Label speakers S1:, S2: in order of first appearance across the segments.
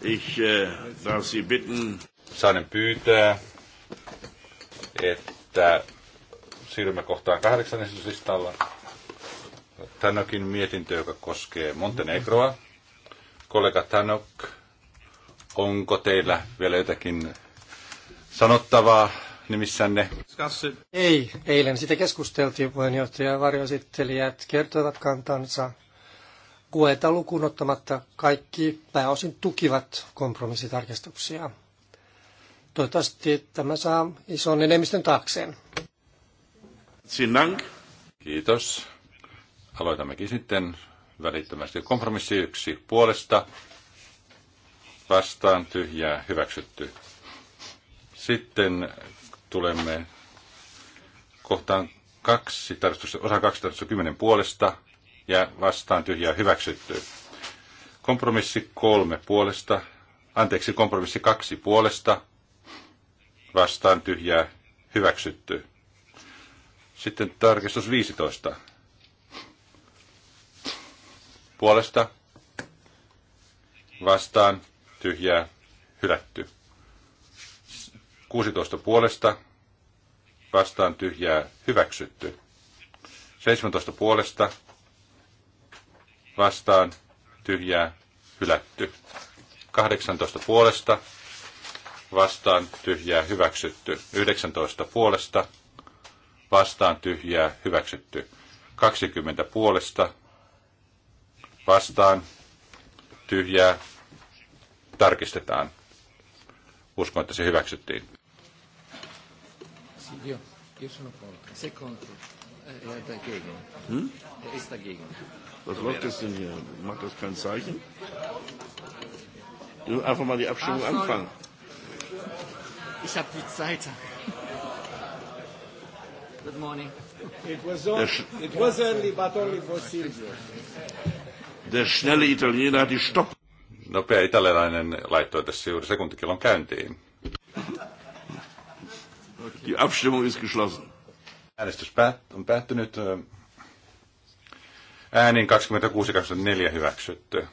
S1: Ich äh, darf Sie bitten. Saanen pyytää, että siirrymme kohtaan kahdeksan esityslistalla. Tänokin mietintö, joka koskee Montenegroa. Kollega Tanok, onko teillä vielä jotakin sanottavaa nimissänne?
S2: Ei, eilen sitä keskusteltiin puheenjohtaja ja varjoesittelijät kertoivat kantansa Kueta lukuun ottamatta kaikki pääosin tukivat kompromissitarkistuksia. Toivottavasti tämä saa ison enemmistön taakseen.
S1: Sinang. Kiitos. Aloitammekin sitten välittömästi kompromissi yksi puolesta. Vastaan tyhjää hyväksytty. Sitten tulemme kohtaan kaksi, osa 210 puolesta ja vastaan tyhjää hyväksytty. Kompromissi kolme puolesta, anteeksi, kompromissi kaksi puolesta, vastaan tyhjää hyväksytty. Sitten tarkistus 15. Puolesta vastaan tyhjää hylätty. 16 puolesta vastaan tyhjää hyväksytty. 17 puolesta vastaan tyhjää hylätty. 18 puolesta vastaan tyhjää hyväksytty. 19 puolesta vastaan tyhjää hyväksytty. 20 puolesta vastaan tyhjää tarkistetaan. Uskon, että se hyväksyttiin.
S2: Io sono contro. Er ist
S1: dagegen. Hm? Er ist dagegen.
S3: Was so läuft das denn hier? Macht das kein Zeichen?
S1: Einfach mal die Abstimmung Ach, anfangen. Ich
S2: habe die Zeit. Good morning. It was, on, it was early, but only for Silvio.
S1: Der schnelle Italiener hat die Stopp. Nopea italialainen laittoi tässä juuri sekuntikilon käyntiin. Okay. Die Abstimmung ist geschlossen. Äänestys on päättynyt. Äänin 26-24 hyväksytty.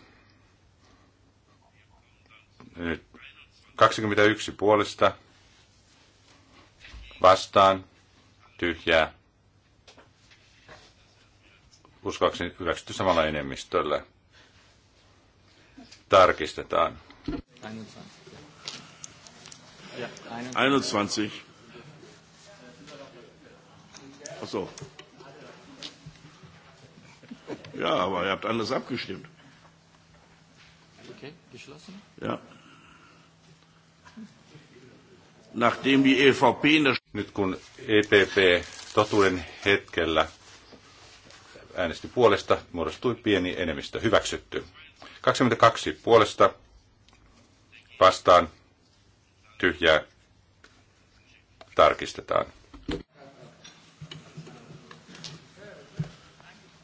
S1: Nyt 21 puolesta. Vastaan. Tyhjää. Uskoakseni hyväksytty samalla enemmistöllä. Tarkistetaan. 21. 21. Ach so. Ja, aber ihr habt anders abgestimmt.
S2: Okay, geschlossen?
S1: Ja. Nachdem die EVP in der Nyt kun EPP totuuden hetkellä äänesti puolesta, muodostui pieni enemmistö. Hyväksytty. 22 puolesta vastaan tyhjää tarkistetaan.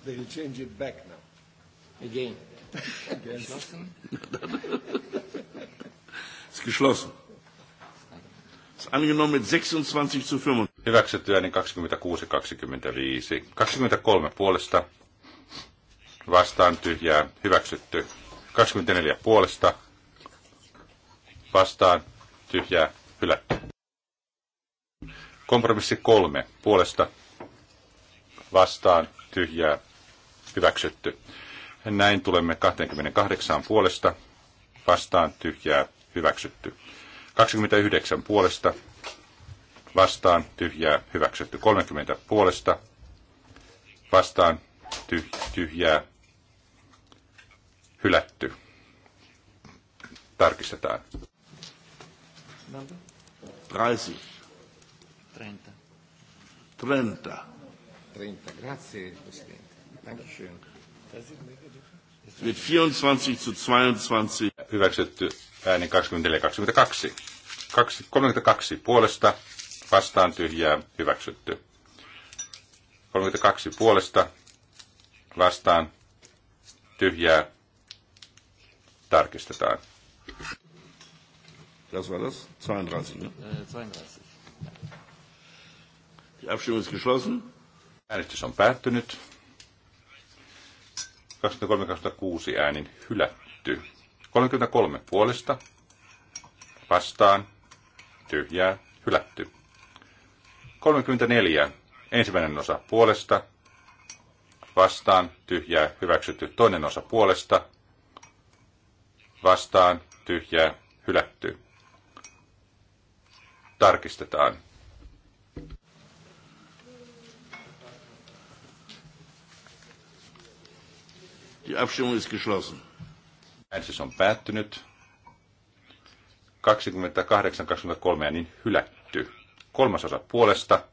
S2: They will change it back now. Again. Es
S1: Ist geschlossen. Es Ist angenommen mit 26 zu 25. Hyväksytty äänin 26-25. 23 puolesta vastaan tyhjää hyväksytty. 24 puolesta vastaan tyhjää hylätty. Kompromissi kolme puolesta vastaan tyhjää hyväksytty. Näin tulemme 28 puolesta, vastaan tyhjää, hyväksytty. 29 puolesta, vastaan tyhjää, hyväksytty. 30 puolesta, vastaan tyh- tyhjää, hylätty. Tarkistetaan. 30. 30. 30. 30,
S2: grazie Presidente. Dankeschön.
S1: Mit 24 zu 22. Hyväksytty äänen 24-22. 32 puolesta vastaan tyhjää hyväksytty. 32 puolesta vastaan tyhjää tarkistetaan. Das war das? 32, ne? 32. Äh, Die Abstimmung ist geschlossen. Äänestys on päättynyt. 23-26 äänin hylätty. 33 puolesta vastaan tyhjää hylätty. 34 ensimmäinen osa puolesta vastaan tyhjää hyväksytty. Toinen osa puolesta vastaan tyhjää hylätty. Tarkistetaan. Die Abstimmung ist geschlossen. Äänestys on päättynyt. 28-23 äänin hylätty. Kolmasosa puolesta.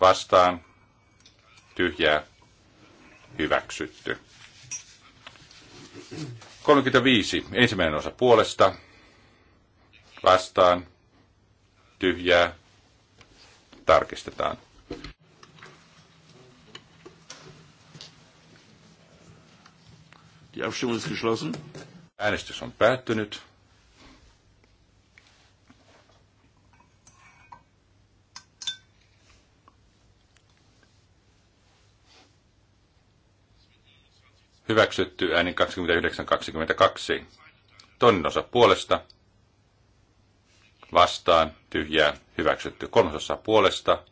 S1: Vastaan. Tyhjää. Hyväksytty. 35. Ensimmäinen osa puolesta. Vastaan. Tyhjää. Tarkistetaan. Die Abstimmung ist geschlossen. Äänestys on päättynyt. Hyväksytty äänin 29-22. Tonnosa puolesta. Vastaan. Tyhjää. Hyväksytty. Kolmasosa puolesta.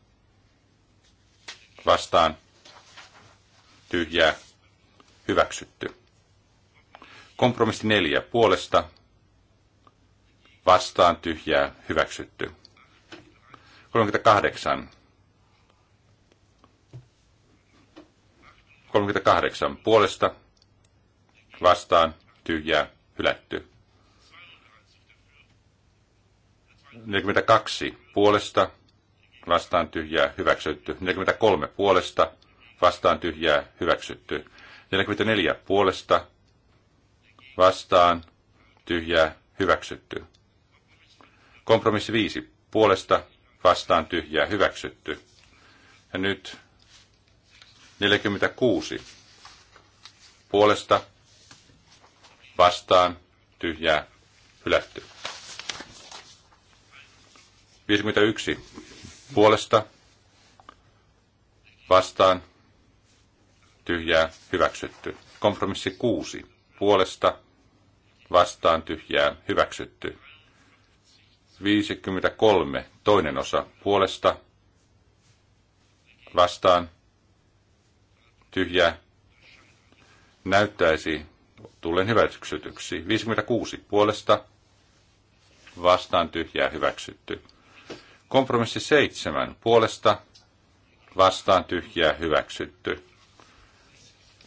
S1: Vastaan. Tyhjää. Hyväksytty. Kompromissi neljä puolesta vastaan tyhjää hyväksytty. 38. 38 puolesta vastaan tyhjää hylätty. 42 puolesta vastaan tyhjää hyväksytty. 43 puolesta vastaan tyhjää hyväksytty. 44 puolesta vastaan, tyhjää, hyväksytty. Kompromissi viisi puolesta, vastaan, tyhjää, hyväksytty. Ja nyt 46, puolesta, vastaan, tyhjää, hylätty. 51, puolesta, vastaan, tyhjää, hyväksytty. Kompromissi 6, puolesta, vastaan tyhjää hyväksytty. 53 toinen osa puolesta vastaan tyhjää näyttäisi tulen hyväksytyksi. 56 puolesta vastaan tyhjää hyväksytty. Kompromissi 7 puolesta vastaan tyhjää hyväksytty.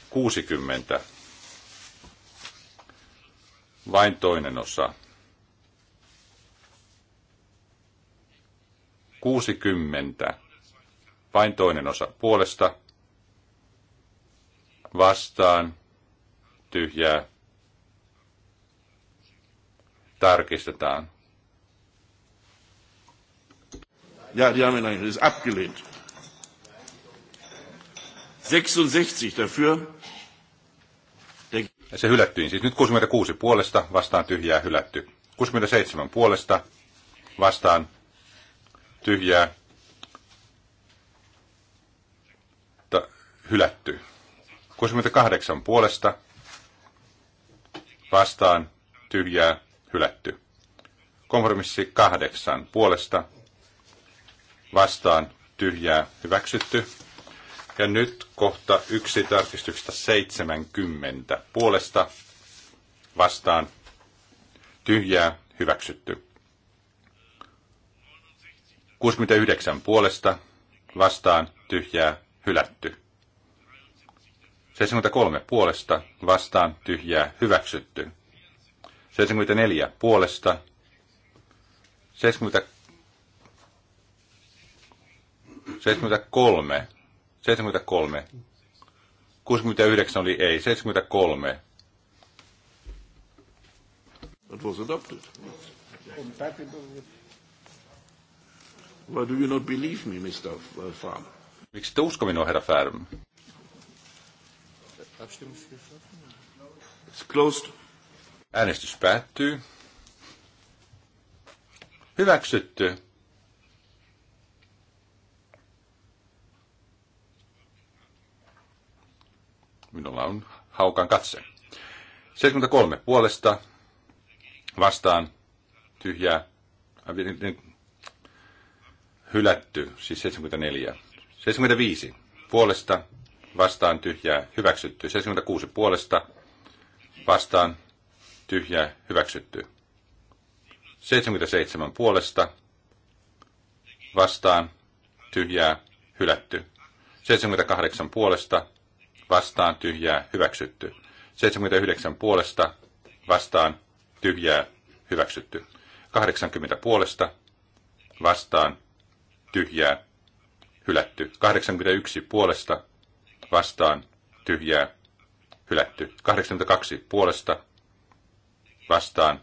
S1: 60 vain toinen osa. 60. Vain toinen osa puolesta. Vastaan. Tyhjää. Tarkistetaan. Ja, die haben ihn abgelehnt. 66 dafür se hylättiin. Siis nyt 66 puolesta vastaan tyhjää hylätty. 67 puolesta vastaan tyhjää ta, hylätty. 68 puolesta vastaan tyhjää hylätty. Kompromissi 8 puolesta vastaan tyhjää hyväksytty. Ja nyt kohta yksi tarkistuksesta 70 puolesta vastaan tyhjää hyväksytty. 69 puolesta vastaan tyhjää hylätty. 73 puolesta vastaan tyhjää hyväksytty. 74 puolesta 70, 73 73. 69 oli ei. 73. That was adopted. Why do you not believe me, Mr. Uh, Farm? Miksi te usko minua, herra Färm? It's closed. Äänestys päättyy. Hyväksytty. Minulla on haukan katse. 73 äh, niin, siis puolesta vastaan tyhjää hylätty, siis 74. 75 puolesta vastaan tyhjää hyväksytty. 76 puolesta vastaan tyhjää hyväksytty. 77 puolesta vastaan tyhjää hylätty. 78 puolesta vastaan tyhjää hyväksytty. 79 puolesta vastaan tyhjää hyväksytty. 80 puolesta vastaan tyhjää hylätty. 81 puolesta vastaan tyhjää hylätty. 82 puolesta vastaan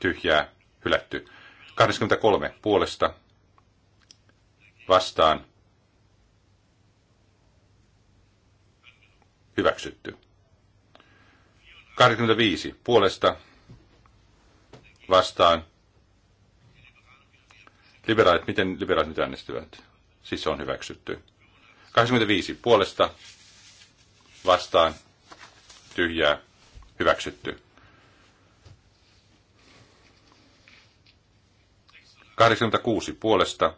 S1: tyhjää hylätty. 83 puolesta vastaan Hyväksytty. 85. Puolesta vastaan. Liberaalit, miten liberaalit nyt äänestyvät? Siis se on hyväksytty. 85. Puolesta vastaan. Tyhjää. Hyväksytty. 86 puolesta,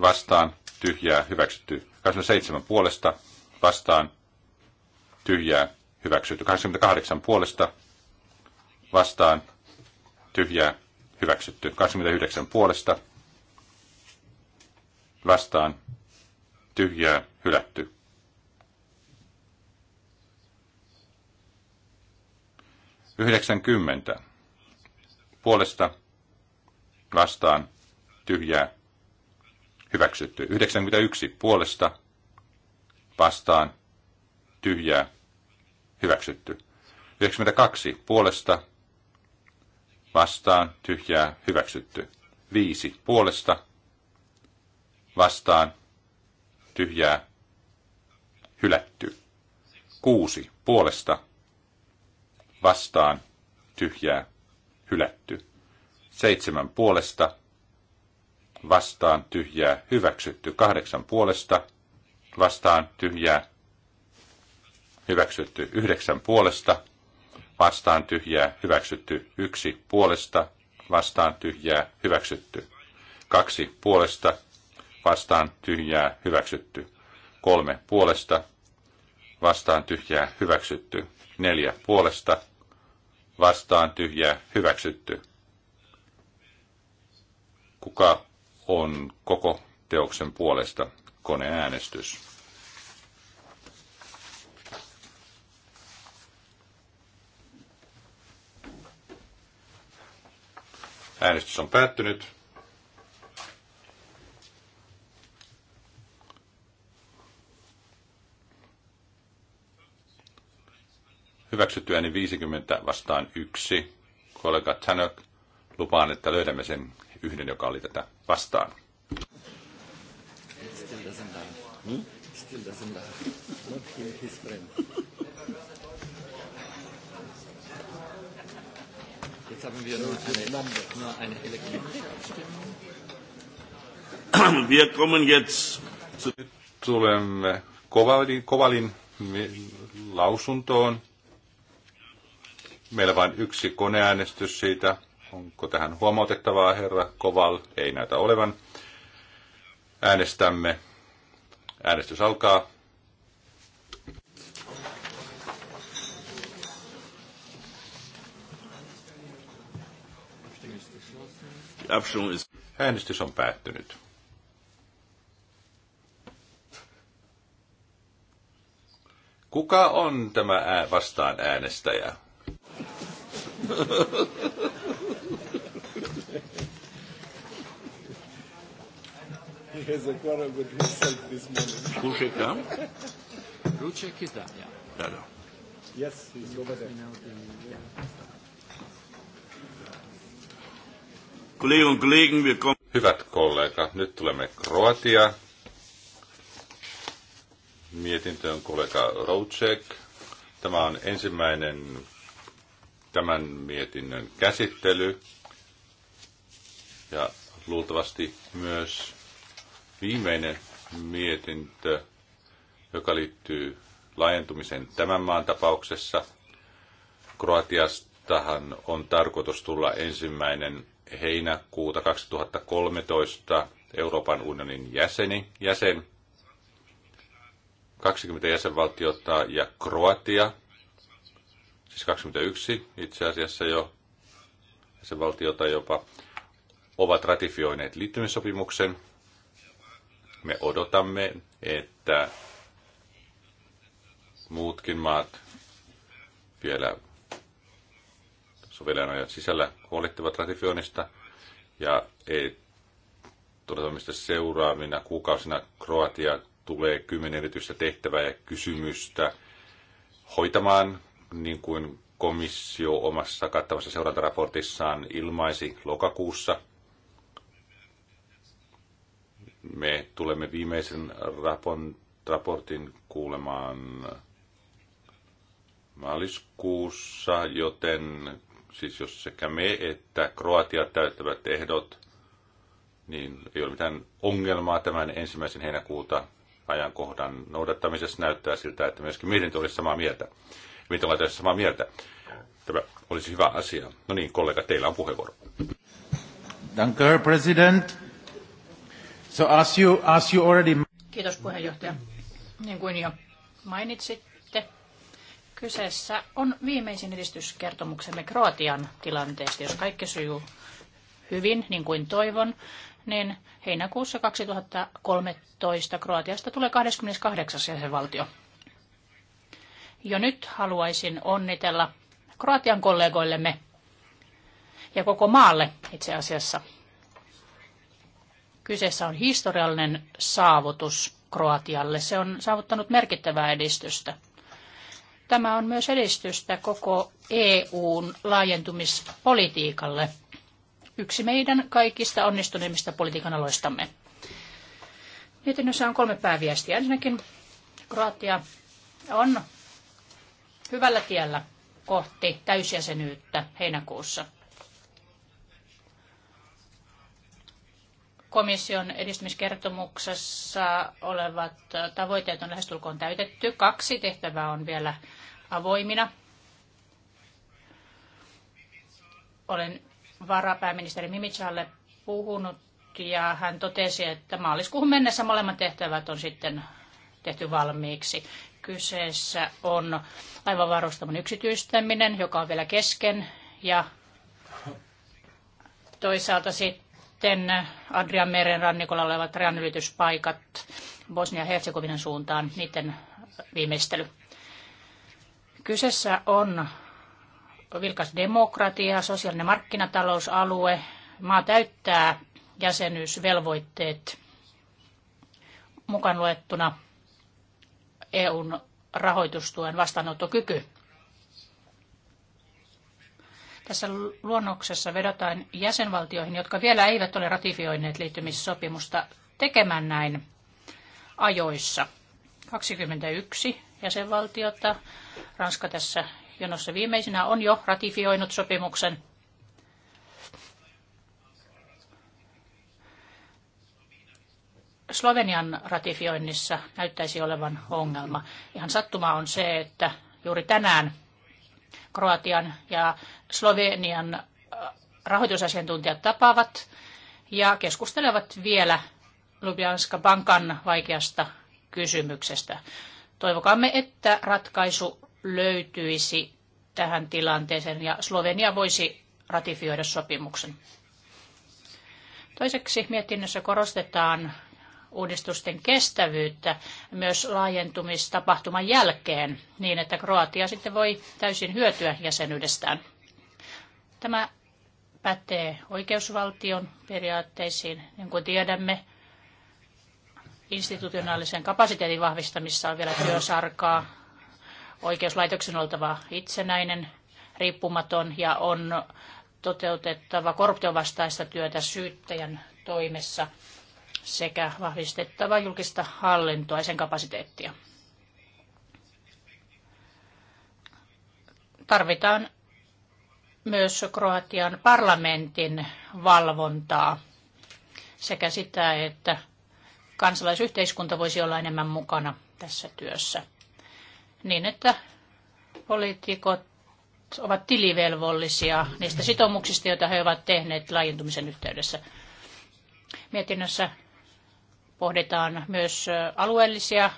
S1: vastaan, tyhjää, hyväksytty. 87 puolesta, vastaan, tyhjää, hyväksytty. 88 puolesta vastaan, tyhjää, hyväksytty. 29 puolesta vastaan, tyhjää, hylätty. Yhdeksänkymmentä. Puolesta vastaan tyhjää hyväksytty. yksi puolesta vastaan tyhjää hyväksytty. 92 puolesta vastaan tyhjää hyväksytty. 5 puolesta vastaan tyhjää hylätty. 6 puolesta vastaan tyhjää hylätty. 7 puolesta vastaan tyhjää hyväksytty. 8 puolesta vastaan tyhjää hyväksytty yhdeksän puolesta, vastaan tyhjää, hyväksytty yksi puolesta, vastaan tyhjää, hyväksytty kaksi puolesta, vastaan tyhjää, hyväksytty kolme puolesta, vastaan tyhjää, hyväksytty neljä puolesta, vastaan tyhjää, hyväksytty. Kuka on koko teoksen puolesta koneäänestys? Äänestys on päättynyt. Hyväksytty ääni 50 vastaan yksi. Kollega Tanok, lupaan, että löydämme sen yhden, joka oli tätä vastaan. Still doesn't die. Hmm? Still
S2: doesn't die. Not him, his friend. Jetzt haben wir nur eine, nur eine
S1: Wir kommen jetzt zu... Tulemme Kovalin, Kovalin lausuntoon. Meillä vain yksi koneäänestys siitä. Onko tähän huomautettavaa, herra Koval? Ei näytä olevan. Äänestämme. Äänestys alkaa. Äänestys on päättynyt. Kuka on tämä ää- vastaan äänestäjä? He has Yes, he's over there. Hyvät kollegat, nyt tulemme Kroatia. Mietintö on kollega Rocek. Tämä on ensimmäinen tämän mietinnön käsittely ja luultavasti myös viimeinen mietintö, joka liittyy laajentumisen tämän maan tapauksessa. Kroatiastahan on tarkoitus tulla ensimmäinen heinäkuuta 2013 Euroopan unionin jäseni, jäsen, 20 jäsenvaltiota ja Kroatia, siis 21 itse asiassa jo jäsenvaltiota jopa, ovat ratifioineet liittymissopimuksen. Me odotamme, että muutkin maat vielä sovellunajan sisällä huolehtivat ratifioinnista ja ei todella seuraavina kuukausina Kroatia tulee kymmenen erityistä tehtävää ja kysymystä hoitamaan, niin kuin komissio omassa kattavassa seurantaraportissaan ilmaisi lokakuussa. Me tulemme viimeisen raportin kuulemaan maaliskuussa, joten siis jos sekä me että Kroatia täyttävät ehdot, niin ei ole mitään ongelmaa tämän ensimmäisen heinäkuuta ajankohdan noudattamisessa. Näyttää siltä, että myöskin mietintö olisi samaa mieltä. Mitä ollaan samaa mieltä? Tämä olisi hyvä asia. No niin, kollega, teillä on puheenvuoro. Danke,
S2: president. So as you, as you already...
S3: Kiitos puheenjohtaja. Niin kuin jo mainitsit. Kyseessä on viimeisin edistyskertomuksemme Kroatian tilanteesta. Jos kaikki sujuu hyvin, niin kuin toivon, niin heinäkuussa 2013 Kroatiasta tulee 28. jäsenvaltio. Jo nyt haluaisin onnitella Kroatian kollegoillemme ja koko maalle itse asiassa. Kyseessä on historiallinen saavutus Kroatialle. Se on saavuttanut merkittävää edistystä. Tämä on myös edistystä koko EUn laajentumispolitiikalle. Yksi meidän kaikista onnistuneimmista politiikan aloistamme. Mietinnössä on kolme pääviestiä. Ensinnäkin Kroatia on hyvällä tiellä kohti täysjäsenyyttä heinäkuussa. Komission edistymiskertomuksessa olevat tavoitteet on lähestulkoon täytetty. Kaksi tehtävää on vielä avoimina. Olen varapääministeri Mimicalle puhunut ja hän totesi, että maaliskuuhun mennessä molemmat tehtävät on sitten tehty valmiiksi. Kyseessä on aivan varustamon yksityistäminen, joka on vielä kesken ja toisaalta sitten Adrian meren rannikolla olevat rajanylityspaikat Bosnia-Herzegovinan suuntaan, niiden viimeistely. Kyseessä on vilkas demokratia, sosiaalinen markkinatalousalue. Maa täyttää jäsenyysvelvoitteet mukaan luettuna EUn rahoitustuen vastaanottokyky. Tässä luonnoksessa vedotaan jäsenvaltioihin, jotka vielä eivät ole ratifioineet liittymissopimusta tekemään näin ajoissa. 21 jäsenvaltiota. Ranska tässä jonossa viimeisinä on jo ratifioinut sopimuksen. Slovenian ratifioinnissa näyttäisi olevan ongelma. Ihan sattuma on se, että juuri tänään Kroatian ja Slovenian äh, rahoitusasiantuntijat tapaavat ja keskustelevat vielä Ljubljanska Bankan vaikeasta kysymyksestä. Toivokaamme, että ratkaisu löytyisi tähän tilanteeseen ja Slovenia voisi ratifioida sopimuksen. Toiseksi mietinnössä korostetaan uudistusten kestävyyttä myös laajentumistapahtuman jälkeen niin, että Kroatia sitten voi täysin hyötyä jäsenyydestään. Tämä pätee oikeusvaltion periaatteisiin, niin kuin tiedämme institutionaalisen kapasiteetin vahvistamissa on vielä työsarkaa. Oikeuslaitoksen on oltava itsenäinen, riippumaton ja on toteutettava korruptiovastaista työtä syyttäjän toimessa sekä vahvistettava julkista hallintoa ja sen kapasiteettia. Tarvitaan myös Kroatian parlamentin valvontaa sekä sitä, että kansalaisyhteiskunta voisi olla enemmän mukana tässä työssä. Niin, että poliitikot ovat tilivelvollisia niistä sitoumuksista, joita he ovat tehneet laajentumisen yhteydessä. Mietinnössä pohditaan myös alueellisia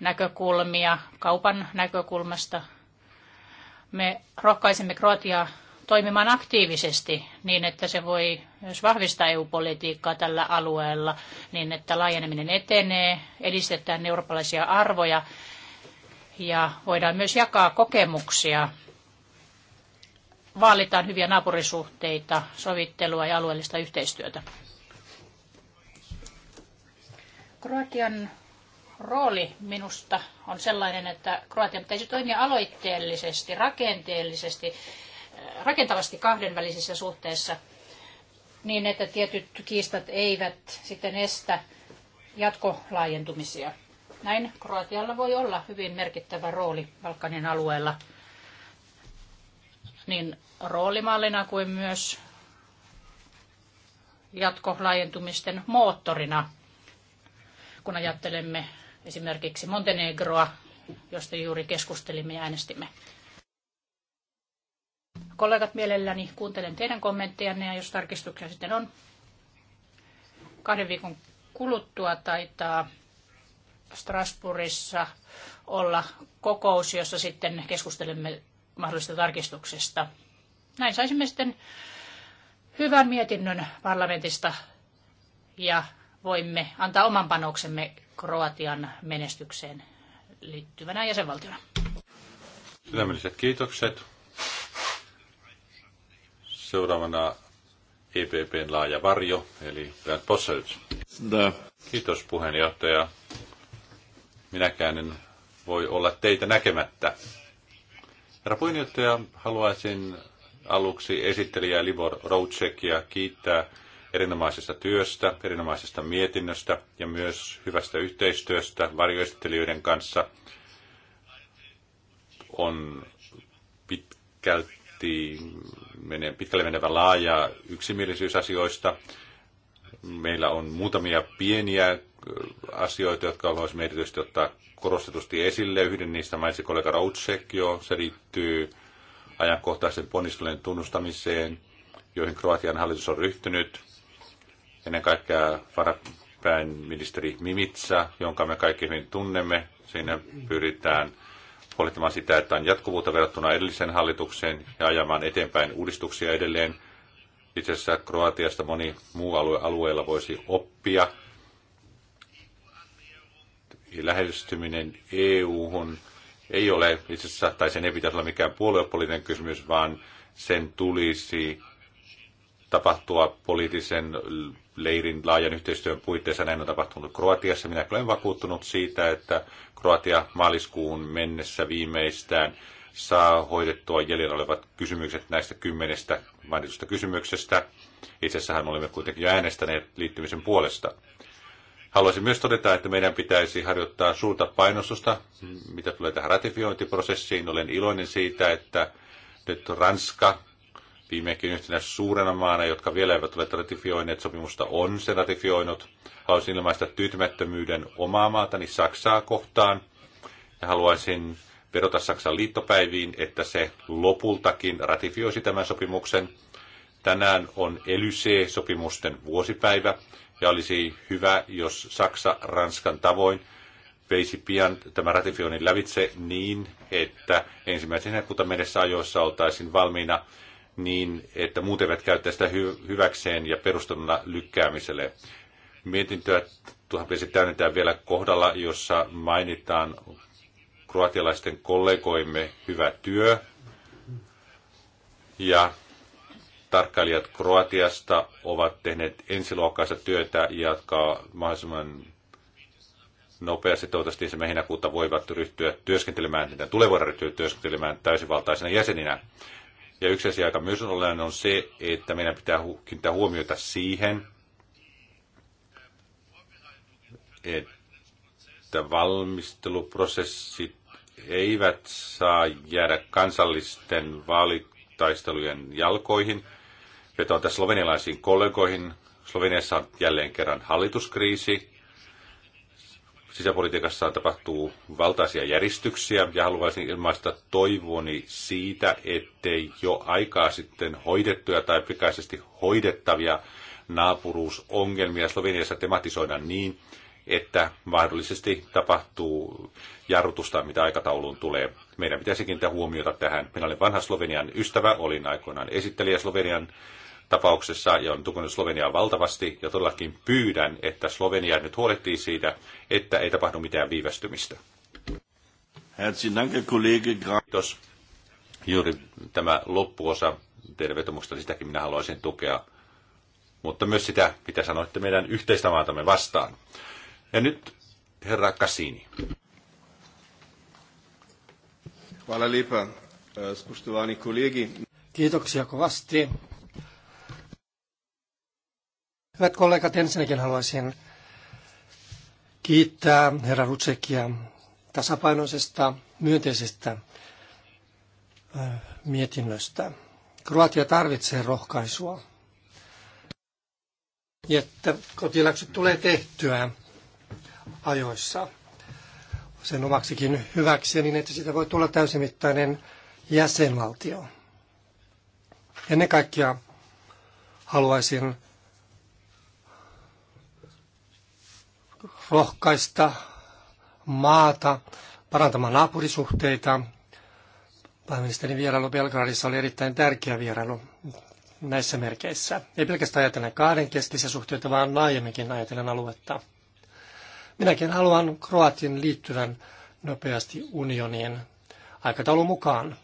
S3: näkökulmia kaupan näkökulmasta. Me rohkaisemme Kroatiaa toimimaan aktiivisesti niin, että se voi myös vahvistaa EU-politiikkaa tällä alueella niin, että laajeneminen etenee, edistetään eurooppalaisia arvoja ja voidaan myös jakaa kokemuksia. Vaalitaan hyviä naapurisuhteita, sovittelua ja alueellista yhteistyötä. Kroatian rooli minusta on sellainen, että Kroatian pitäisi toimia aloitteellisesti, rakenteellisesti rakentavasti kahdenvälisissä suhteissa niin, että tietyt kiistat eivät sitten estä jatkolaajentumisia. Näin Kroatialla voi olla hyvin merkittävä rooli Balkanin alueella niin roolimallina kuin myös jatkolaajentumisten moottorina, kun ajattelemme esimerkiksi Montenegroa, josta juuri keskustelimme ja äänestimme. Kollegat, mielelläni kuuntelen teidän kommenttejanne ja jos tarkistuksia sitten on kahden viikon kuluttua taitaa Strasbourgissa olla kokous, jossa sitten keskustelemme mahdollisista tarkistuksista. Näin saisimme sitten hyvän mietinnön parlamentista ja voimme antaa oman panoksemme Kroatian menestykseen liittyvänä jäsenvaltiona.
S1: Sydämelliset kiitokset. Seuraavana EPPn laaja varjo, eli Brad Posselt. Da. Kiitos puheenjohtaja. Minäkään en voi olla teitä näkemättä. Herra puheenjohtaja, haluaisin aluksi esittelijä Libor Routsekia kiittää erinomaisesta työstä, erinomaisesta mietinnöstä ja myös hyvästä yhteistyöstä varjoesittelijöiden kanssa. On pitkälti tehtiin mene, pitkälle menevä laaja yksimielisyys asioista. Meillä on muutamia pieniä asioita, jotka haluaisimme erityisesti ottaa korostetusti esille. Yhden niistä mainitsi kollega Rautsek jo. Se liittyy ajankohtaisen ponnistelujen tunnustamiseen, joihin Kroatian hallitus on ryhtynyt. Ennen kaikkea varapääministeri Mimitsa, jonka me kaikki hyvin tunnemme. Siinä pyritään huolehtimaan sitä, että on jatkuvuutta verrattuna edelliseen hallitukseen ja ajamaan eteenpäin uudistuksia edelleen. Itse asiassa Kroatiasta moni muu alue, alueella voisi oppia. Lähestyminen EU-hun ei ole itse asiassa, tai sen ei pitäisi olla mikään puoluepoliittinen kysymys, vaan sen tulisi tapahtua poliittisen leirin laajan yhteistyön puitteissa näin on tapahtunut Kroatiassa. Minä olen vakuuttunut siitä, että Kroatia maaliskuun mennessä viimeistään saa hoidettua jäljellä olevat kysymykset näistä kymmenestä mainitusta kysymyksestä. Itse asiassa olemme kuitenkin jo äänestäneet liittymisen puolesta. Haluaisin myös todeta, että meidän pitäisi harjoittaa suurta painostusta, mitä tulee tähän ratifiointiprosessiin. Olen iloinen siitä, että nyt Ranska viimekin yhtenä suurena maana, jotka vielä eivät ole ratifioineet sopimusta, on se ratifioinut. Haluaisin ilmaista tyytymättömyyden omaa maatani Saksaa kohtaan ja haluaisin vedota Saksan liittopäiviin, että se lopultakin ratifioisi tämän sopimuksen. Tänään on ELYC-sopimusten vuosipäivä ja olisi hyvä, jos Saksa Ranskan tavoin veisi pian tämän ratifioinnin lävitse niin, että ensimmäisenä kuuta mennessä ajoissa oltaisiin valmiina niin, että muut eivät käyttää sitä hy- hyväkseen ja perusteluna lykkäämiselle. Mietintöä tuohon pitäisi täydentää vielä kohdalla, jossa mainitaan kroatialaisten kollegoimme hyvä työ. Ja tarkkailijat Kroatiasta ovat tehneet ensiluokkaista työtä, jotka mahdollisimman nopeasti toivottavasti se heinäkuuta voivat ryhtyä työskentelemään, niitä ryhtyä työskentelemään täysivaltaisena jäseninä. Ja yksi asia, joka myös on olennainen, on se, että meidän pitää kiinnittää huomiota siihen, että valmisteluprosessit eivät saa jäädä kansallisten vaalitaistelujen jalkoihin. Vetoan tässä slovenialaisiin kollegoihin. Sloveniassa on jälleen kerran hallituskriisi sisäpolitiikassa tapahtuu valtaisia järjestyksiä ja haluaisin ilmaista toivoni siitä, ettei jo aikaa sitten hoidettuja tai pikaisesti hoidettavia naapuruusongelmia Sloveniassa tematisoida niin, että mahdollisesti tapahtuu jarrutusta, mitä aikatauluun tulee. Meidän pitäisi kiinnittää huomiota tähän. Minä olen vanha Slovenian ystävä, olin aikoinaan esittelijä Slovenian tapauksessa, ja on tukunut Sloveniaa valtavasti, ja todellakin pyydän, että Slovenia nyt huolehtii siitä, että ei tapahdu mitään viivästymistä. Kiitos. Juuri tämä loppuosa teidän vetomuksesta, sitäkin minä haluaisin tukea, mutta myös sitä, mitä sanoitte meidän yhteistä maatamme vastaan. Ja nyt herra Cassini. Hvala lepa,
S2: eh, spoštovani kolegi. Kiitoksia kovasti, Hyvät kollegat, ensinnäkin haluaisin kiittää herra Rutsekia tasapainoisesta myönteisestä mietinnöstä. Kroatia tarvitsee rohkaisua, että kotiläksyt tulee tehtyä ajoissa sen omaksikin hyväksi, niin että siitä voi tulla täysimittainen jäsenvaltio. Ennen kaikkea haluaisin rohkaista maata parantamaan naapurisuhteita. Pääministeri vierailu Belgradissa oli erittäin tärkeä vierailu näissä merkeissä. Ei pelkästään ajatellen kahdenkeskisiä suhteita, vaan laajemminkin ajatellen aluetta. Minäkin haluan Kroatin liittyvän nopeasti unioniin aikataulun mukaan.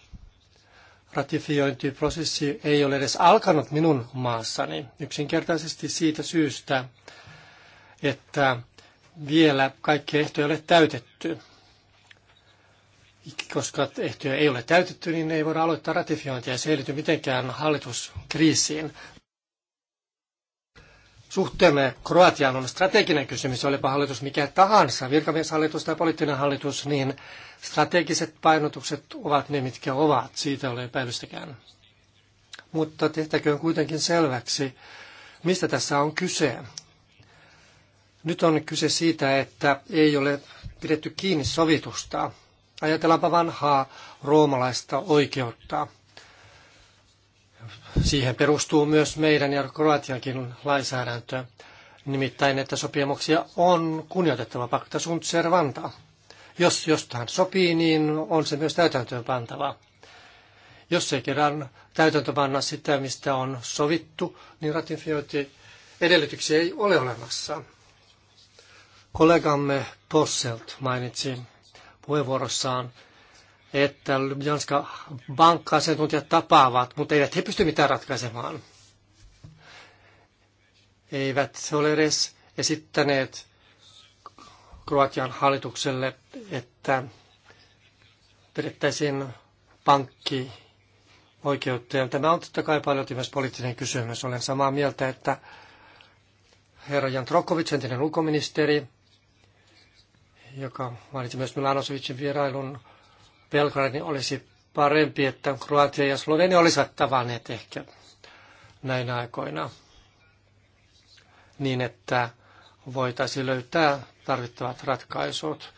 S2: Ratifiointiprosessi ei ole edes alkanut minun maassani yksinkertaisesti siitä syystä, että vielä kaikki ehtoja ole täytetty. Koska ehtoja ei ole täytetty, niin ei voida aloittaa ratifiointia ja se ei liity mitenkään hallituskriisiin. Suhteemme Kroatiaan on strateginen kysymys, olipa hallitus mikä tahansa, virkamieshallitus tai poliittinen hallitus, niin strategiset painotukset ovat ne, mitkä ovat. Siitä ei ole epäilystäkään. Mutta tehtäköön kuitenkin selväksi, mistä tässä on kyse. Nyt on kyse siitä, että ei ole pidetty kiinni sovitusta. Ajatellaanpa vanhaa roomalaista oikeutta. Siihen perustuu myös meidän ja Kroatiankin lainsäädäntö. Nimittäin, että sopimuksia on kunnioitettava pakta sunt servanta. Jos jostain sopii, niin on se myös täytäntöön pantava. Jos ei kerran täytäntö panna sitä, mistä on sovittu, niin ratifiointi edellytyksiä ei ole olemassa. Kollegamme Posselt mainitsi puheenvuorossaan, että Ljubljanska bankka-asiantuntijat tapaavat, mutta eivät he pysty mitään ratkaisemaan. Eivät he ole edes esittäneet Kroatian hallitukselle, että pidettäisiin pankki oikeuteen. Tämä on totta kai paljon myös poliittinen kysymys. Olen samaa mieltä, että herra Jan Trokovic, entinen ulkoministeri, joka mainitsi myös Milanovicin vierailun Belgradin, niin olisi parempi, että Kroatia ja Slovenia olisivat tavanneet ehkä näinä aikoina niin, että voitaisiin löytää tarvittavat ratkaisut.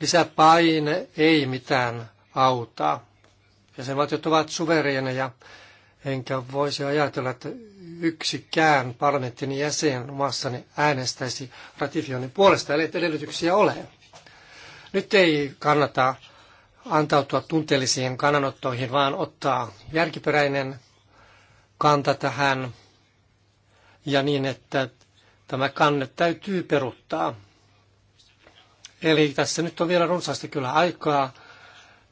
S2: Lisäpaine ei mitään auta. Jäsenvaltiot ovat suvereineja, enkä voisi ajatella, että yksikään parlamentin jäsen maassani äänestäisi ratifioinnin puolesta, eli edellytyksiä ole. Nyt ei kannata antautua tunteellisiin kannanottoihin, vaan ottaa järkiperäinen kanta tähän ja niin, että tämä kanne täytyy peruttaa. Eli tässä nyt on vielä runsaasti kyllä aikaa.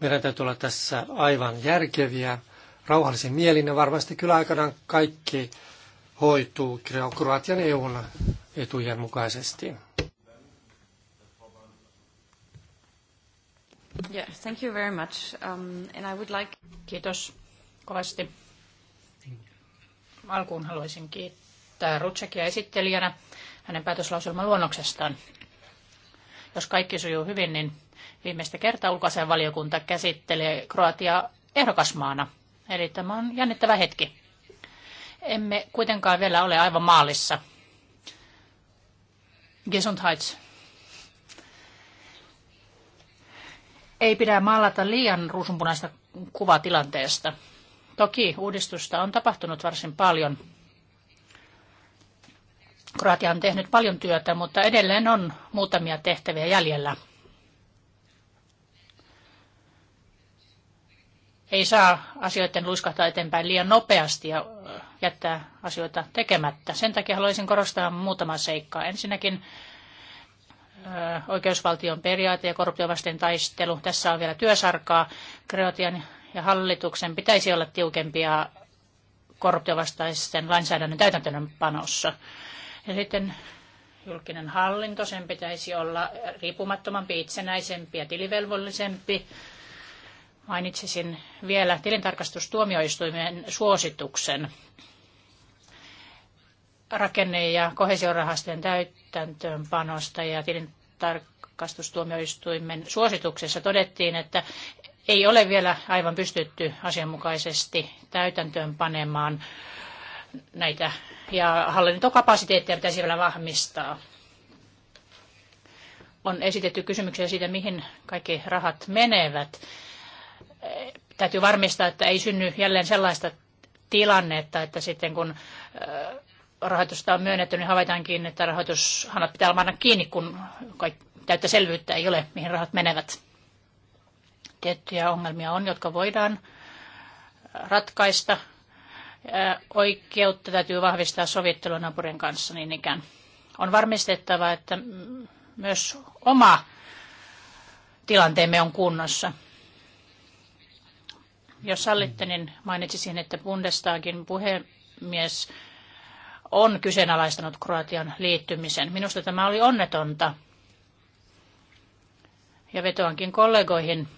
S2: Meidän täytyy olla tässä aivan järkeviä, rauhallisen mielin ja varmasti kyllä aikanaan kaikki hoituu Kroatian EUn etujen mukaisesti.
S3: thank you very much. Um, and I would like... Kiitos kovasti. Alkuun haluaisin kiittää Rutsekia esittelijänä hänen päätöslauselman luonnoksestaan. Jos kaikki sujuu hyvin, niin viimeistä kertaa ulkoisen valiokunta käsittelee Kroatia ehdokasmaana. Eli tämä on jännittävä hetki. Emme kuitenkaan vielä ole aivan maalissa. Gesundheits Ei pidä maalata liian ruusunpunaista kuvaa tilanteesta. Toki uudistusta on tapahtunut varsin paljon. Kroatia on tehnyt paljon työtä, mutta edelleen on muutamia tehtäviä jäljellä. Ei saa asioiden luiskahtaa eteenpäin liian nopeasti ja äh, jättää asioita tekemättä. Sen takia haluaisin korostaa muutama seikkaa. Ensinnäkin Äh, oikeusvaltion periaate ja korruptiovasten taistelu. Tässä on vielä työsarkaa. Kroatian ja hallituksen pitäisi olla tiukempia korruptiovastaisten lainsäädännön täytäntöönpanossa. Ja sitten julkinen hallinto, sen pitäisi olla riippumattomampi, itsenäisempi ja tilivelvollisempi. Mainitsisin vielä tilintarkastustuomioistuimen suosituksen rakenne- ja kohesiorahastojen täytäntöönpanosta ja tilintarkastustuomioistuimen suosituksessa todettiin, että ei ole vielä aivan pystytty asianmukaisesti täytäntöön panemaan näitä ja hallintokapasiteettia pitäisi vielä vahvistaa. On esitetty kysymyksiä siitä, mihin kaikki rahat menevät. Täytyy varmistaa, että ei synny jälleen sellaista tilannetta, että sitten kun rahoitusta on myönnetty, niin havaitaankin, että rahoitushanat pitää olla aina kiinni, kun kaikki, täyttä selvyyttä ei ole, mihin rahat menevät. Tiettyjä ongelmia on, jotka voidaan äh, ratkaista. Äh, oikeutta täytyy vahvistaa sovittelun naapurin kanssa niin ikään. On varmistettava, että myös oma tilanteemme on kunnossa. Jos sallitte, niin mainitsisin, että Bundestagin puhemies on kyseenalaistanut Kroatian liittymisen. Minusta tämä oli onnetonta. Ja vetoankin kollegoihin,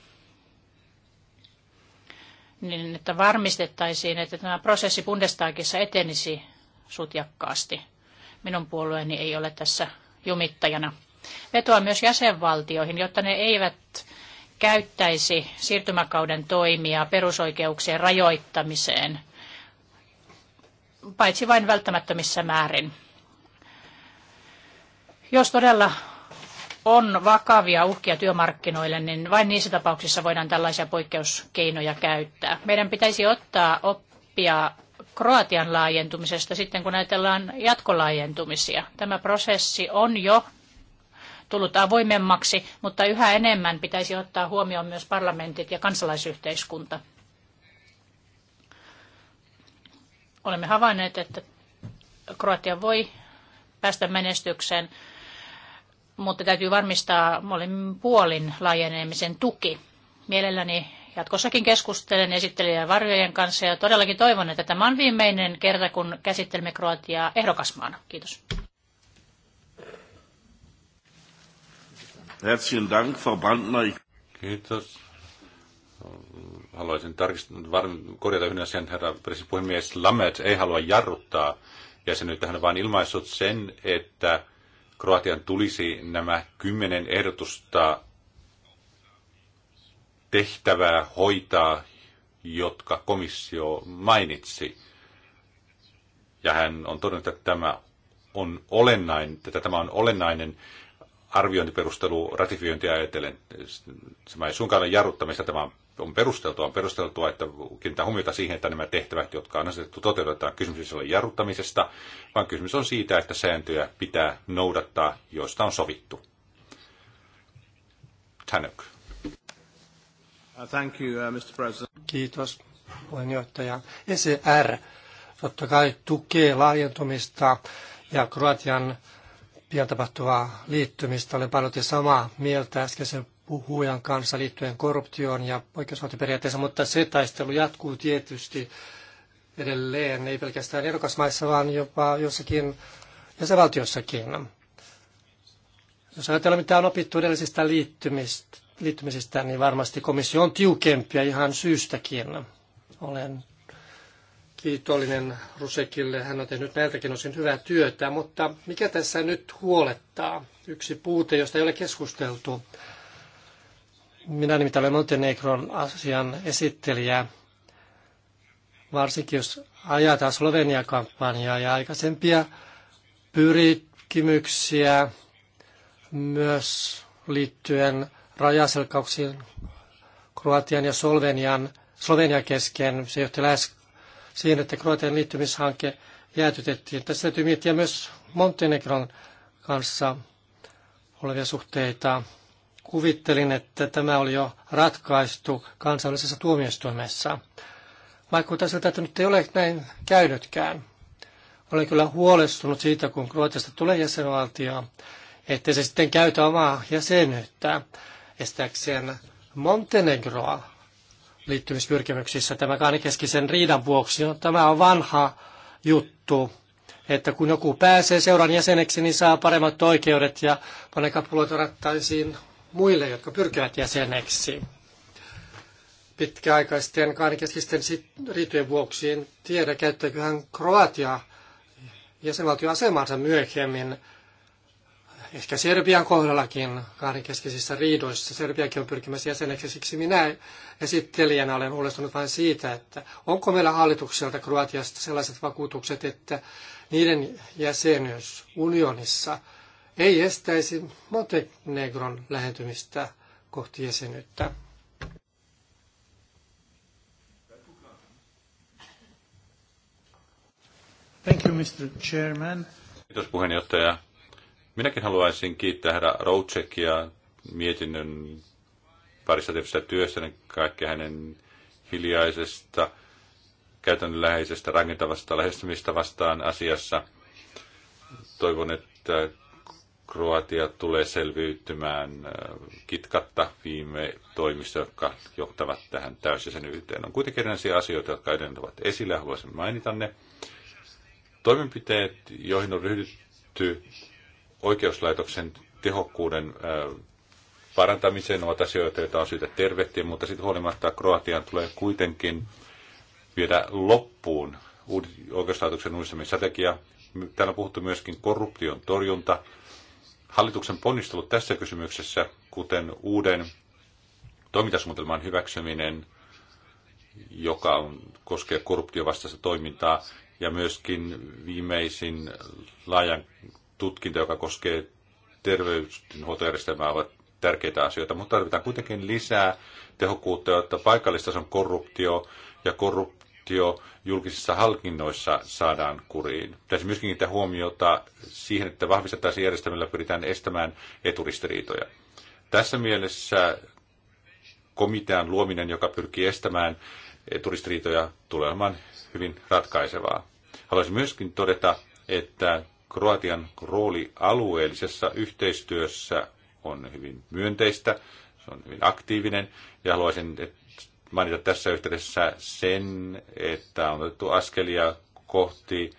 S3: niin että varmistettaisiin, että tämä prosessi Bundestagissa etenisi sutjakkaasti. Minun puolueeni ei ole tässä jumittajana. Vetoa myös jäsenvaltioihin, jotta ne eivät käyttäisi siirtymäkauden toimia perusoikeuksien rajoittamiseen – paitsi vain välttämättömissä määrin. Jos todella on vakavia uhkia työmarkkinoille, niin vain niissä tapauksissa voidaan tällaisia poikkeuskeinoja käyttää. Meidän pitäisi ottaa oppia Kroatian laajentumisesta sitten, kun ajatellaan jatkolaajentumisia. Tämä prosessi on jo tullut avoimemmaksi, mutta yhä enemmän pitäisi ottaa huomioon myös parlamentit ja kansalaisyhteiskunta. Olemme havainneet, että Kroatia voi päästä menestykseen, mutta täytyy varmistaa molemmin puolin laajenemisen tuki. Mielelläni jatkossakin keskustelen esittelijä varjojen kanssa ja todellakin toivon, että tämä on viimeinen kerta, kun käsittelemme Kroatiaa ehdokasmaana. Kiitos.
S1: Herzlichen Dank, Frau Brandner. Kiitos haluaisin tarkistaa, var- korjata yhden asian, herra puhemies. Lamet ei halua jarruttaa jäsenyyttä. Hän on vain ilmaissut sen, että Kroatian tulisi nämä kymmenen ehdotusta tehtävää hoitaa, jotka komissio mainitsi. Ja hän on todennut, että tämä on olennainen, että tämä on olennainen arviointiperustelu ratifiointia ajatellen. Se ei suinkaan ole jarruttamista, tämä on on perusteltua, on perusteltua, että kiinnitetään huomiota siihen, että nämä tehtävät, jotka on asetettu, toteutetaan. Kysymys ei ole jarruttamisesta, vaan kysymys on siitä, että sääntöjä pitää noudattaa, joista on sovittu. Tanök.
S2: Uh, thank you, uh, Mr. President. Kiitos, puheenjohtaja. ECR totta kai tukee laajentumista ja Kroatian pian tapahtuvaa liittymistä. Olen paljon samaa mieltä äskeisen puhujan kanssa liittyen korruptioon ja oikeusvaltioperiaatteeseen, mutta se taistelu jatkuu tietysti edelleen, ei pelkästään ehdokasmaissa, vaan jopa jossakin jäsenvaltiossakin. Jos ajatellaan, mitä on opittu edellisistä liittymisistä, niin varmasti komissio on tiukempia ihan syystäkin. Olen kiitollinen Rusekille, hän on tehnyt näiltäkin osin hyvää työtä, mutta mikä tässä nyt huolettaa? Yksi puute, josta ei ole keskusteltu, minä nimittäin olen Montenegron asian esittelijä, varsinkin jos ajataan Slovenia-kampanjaa ja aikaisempia pyrkimyksiä myös liittyen rajaselkauksiin Kroatian ja Slovenian, Slovenian kesken. Se johti lähes siihen, että Kroatian liittymishanke jäätytettiin. Tässä täytyy miettiä myös Montenegron kanssa olevia suhteita kuvittelin, että tämä oli jo ratkaistu kansallisessa tuomioistuimessa. Vaikuttaa siltä, että nyt ei ole näin käynytkään. Olen kyllä huolestunut siitä, kun Kroatiasta tulee jäsenvaltio, ettei se sitten käytä omaa jäsenyyttä estääkseen Montenegroa liittymispyrkimyksissä tämä kahdenkeskisen riidan vuoksi. No, tämä on vanha juttu, että kun joku pääsee seuran jäseneksi, niin saa paremmat oikeudet ja panee rattaisiin muille, jotka pyrkivät jäseneksi. Pitkäaikaisten kahdenkeskisten riitojen vuoksi en tiedä, käyttääkö hän Kroatia jäsenvaltion asemansa myöhemmin, ehkä Serbian kohdallakin kahdenkeskisissä riidoissa. Serbiakin on pyrkimässä jäseneksi, siksi minä esittelijänä olen huolestunut vain siitä, että onko meillä hallitukselta Kroatiasta sellaiset vakuutukset, että niiden jäsenyys unionissa – ei estäisi Montenegron lähentymistä kohti jäsenyyttä. Thank you, Mr. Chairman.
S1: Kiitos puheenjohtaja. Minäkin haluaisin kiittää herra Rouchekia mietinnön parissa tehdystä työstä, kaikkea hänen hiljaisesta, käytännönläheisestä, rakentavasta lähestymistä vastaan asiassa. Toivon, että Kroatia tulee selviytymään äh, kitkatta viime toimissa, jotka johtavat tähän täysjäsenyyteen. On kuitenkin erilaisia asioita, jotka edelleen ovat esillä, haluaisin mainita ne. Toimenpiteet, joihin on ryhdytty oikeuslaitoksen tehokkuuden äh, parantamiseen, ovat asioita, joita on syytä tervehtiä, mutta sitten huolimatta Kroatian tulee kuitenkin viedä loppuun oikeuslaitoksen uudistamisen strategia. Täällä on puhuttu myöskin korruption torjunta Hallituksen ponnistelut tässä kysymyksessä, kuten uuden toimintasuunnitelman hyväksyminen, joka on, koskee korruptiovastaista toimintaa, ja myöskin viimeisin laajan tutkinta, joka koskee terveydenhuoltojärjestelmää, ovat tärkeitä asioita, mutta tarvitaan kuitenkin lisää tehokkuutta, jotta paikallistason korruptio ja korruptio korruptio julkisissa halkinnoissa saadaan kuriin. Pitäisi myöskin kiinnittää huomiota siihen, että vahvistettaisiin järjestelmällä pyritään estämään eturistiriitoja. Tässä mielessä komitean luominen, joka pyrkii estämään eturistiriitoja, tulee olemaan hyvin ratkaisevaa. Haluaisin myöskin todeta, että Kroatian rooli alueellisessa yhteistyössä on hyvin myönteistä, se on hyvin aktiivinen ja haluaisin mainita tässä yhteydessä sen, että on otettu askelia kohti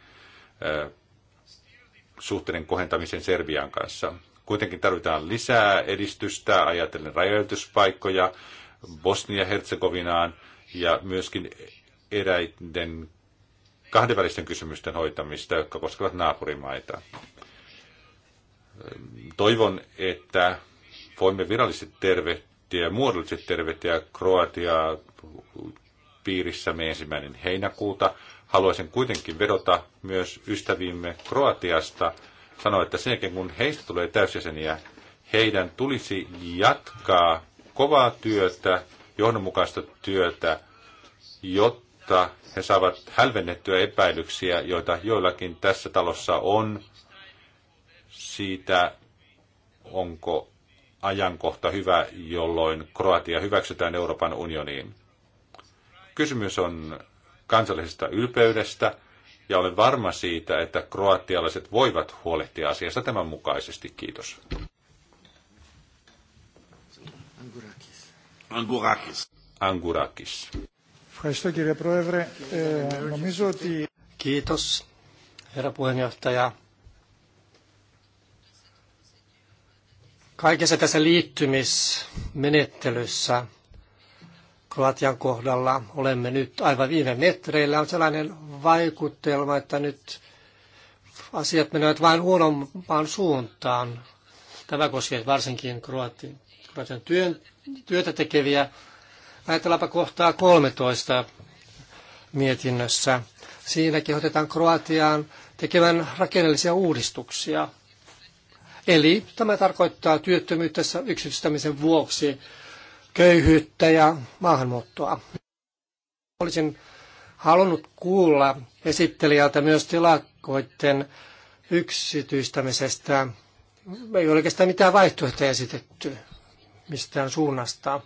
S1: suhteiden kohentamisen Serbian kanssa. Kuitenkin tarvitaan lisää edistystä ajatellen rajoituspaikkoja Bosnia-Herzegovinaan ja myöskin eräiden kahdenvälisten kysymysten hoitamista, jotka koskevat naapurimaita. Toivon, että voimme virallisesti tervehtiä tervehtiä, muodollisesti tervehtiä Kroatiaa piirissämme ensimmäinen heinäkuuta. Haluaisin kuitenkin vedota myös ystäviimme Kroatiasta, sanoa, että sen kun heistä tulee täysjäseniä, heidän tulisi jatkaa kovaa työtä, johdonmukaista työtä, jotta he saavat hälvennettyä epäilyksiä, joita joillakin tässä talossa on siitä, onko ajankohta hyvä, jolloin Kroatia hyväksytään Euroopan unioniin. Kysymys on kansallisesta ylpeydestä, ja olen varma siitä, että kroatialaiset voivat huolehtia asiasta tämän mukaisesti. Kiitos. Angurakis. Angurakis.
S2: Kiitos, herra puheenjohtaja. Kaikessa tässä liittymismenettelyssä Kroatian kohdalla olemme nyt aivan viime metreillä. On sellainen vaikutelma, että nyt asiat menevät vain huonompaan suuntaan. Tämä koskee varsinkin Kroatian, Kroatian työn, työtä tekeviä. Ajatellaanpa kohtaa 13 mietinnössä. Siinäkin otetaan Kroatiaan tekemään rakenteellisia uudistuksia – Eli tämä tarkoittaa työttömyyttä yksityistämisen vuoksi köyhyyttä ja maahanmuuttoa. Olisin halunnut kuulla esittelijältä myös tilakoiden yksityistämisestä. Ei ole oikeastaan mitään vaihtoehtoja esitetty mistään suunnasta.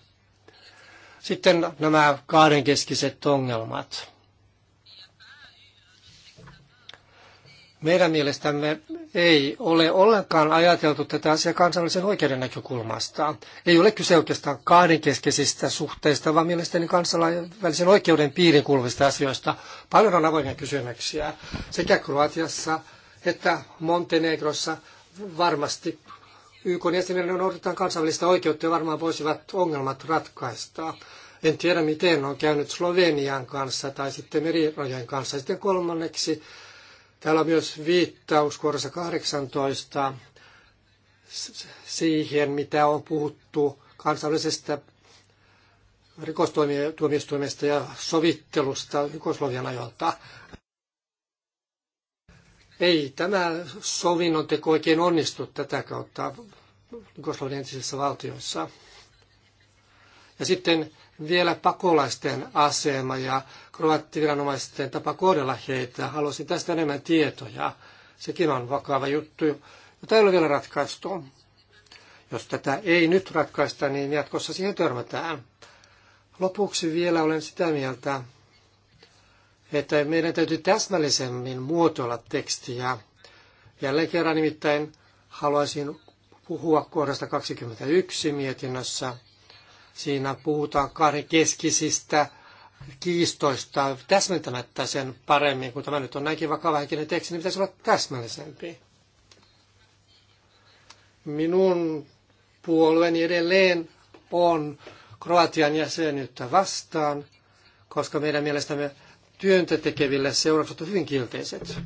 S2: Sitten nämä kahdenkeskiset ongelmat. Meidän mielestämme ei ole ollenkaan ajateltu tätä asiaa kansallisen oikeuden näkökulmasta. Ei ole kyse oikeastaan kahdenkeskeisistä suhteista, vaan mielestäni kansainvälisen oikeuden piirin kuuluvista asioista. Paljon on avoimia kysymyksiä sekä Kroatiassa että Montenegrossa varmasti YK jäsenenä noudatetaan kansainvälistä oikeutta ja varmaan voisivat ongelmat ratkaista. En tiedä, miten on käynyt Slovenian kanssa tai sitten merirajojen kanssa. Sitten kolmanneksi Täällä on myös viittaus kohdassa 18 siihen, mitä on puhuttu kansallisesta rikostuomioistuimesta ja sovittelusta Jugoslovian ajalta. Ei tämä sovinnon teko oikein onnistu tätä kautta Jugoslavian entisissä valtioissa. Ja sitten vielä pakolaisten asema ja kroattiviranomaisten tapa kohdella heitä. Haluaisin tästä enemmän tietoja. Sekin on vakava juttu, jota ei ole vielä ratkaistu. Jos tätä ei nyt ratkaista, niin jatkossa siihen törmätään. Lopuksi vielä olen sitä mieltä, että meidän täytyy täsmällisemmin muotoilla tekstiä. Jälleen kerran nimittäin haluaisin puhua kohdasta 21 mietinnössä – Siinä puhutaan kahden keskisistä kiistoista täsmentämättä sen paremmin, kun tämä nyt on näinkin henkinen teksti, niin pitäisi olla täsmällisempi. Minun puolueeni edelleen on Kroatian jäsenyyttä vastaan, koska meidän mielestämme työntä tekeville seuraukset ovat hyvin kielteiset.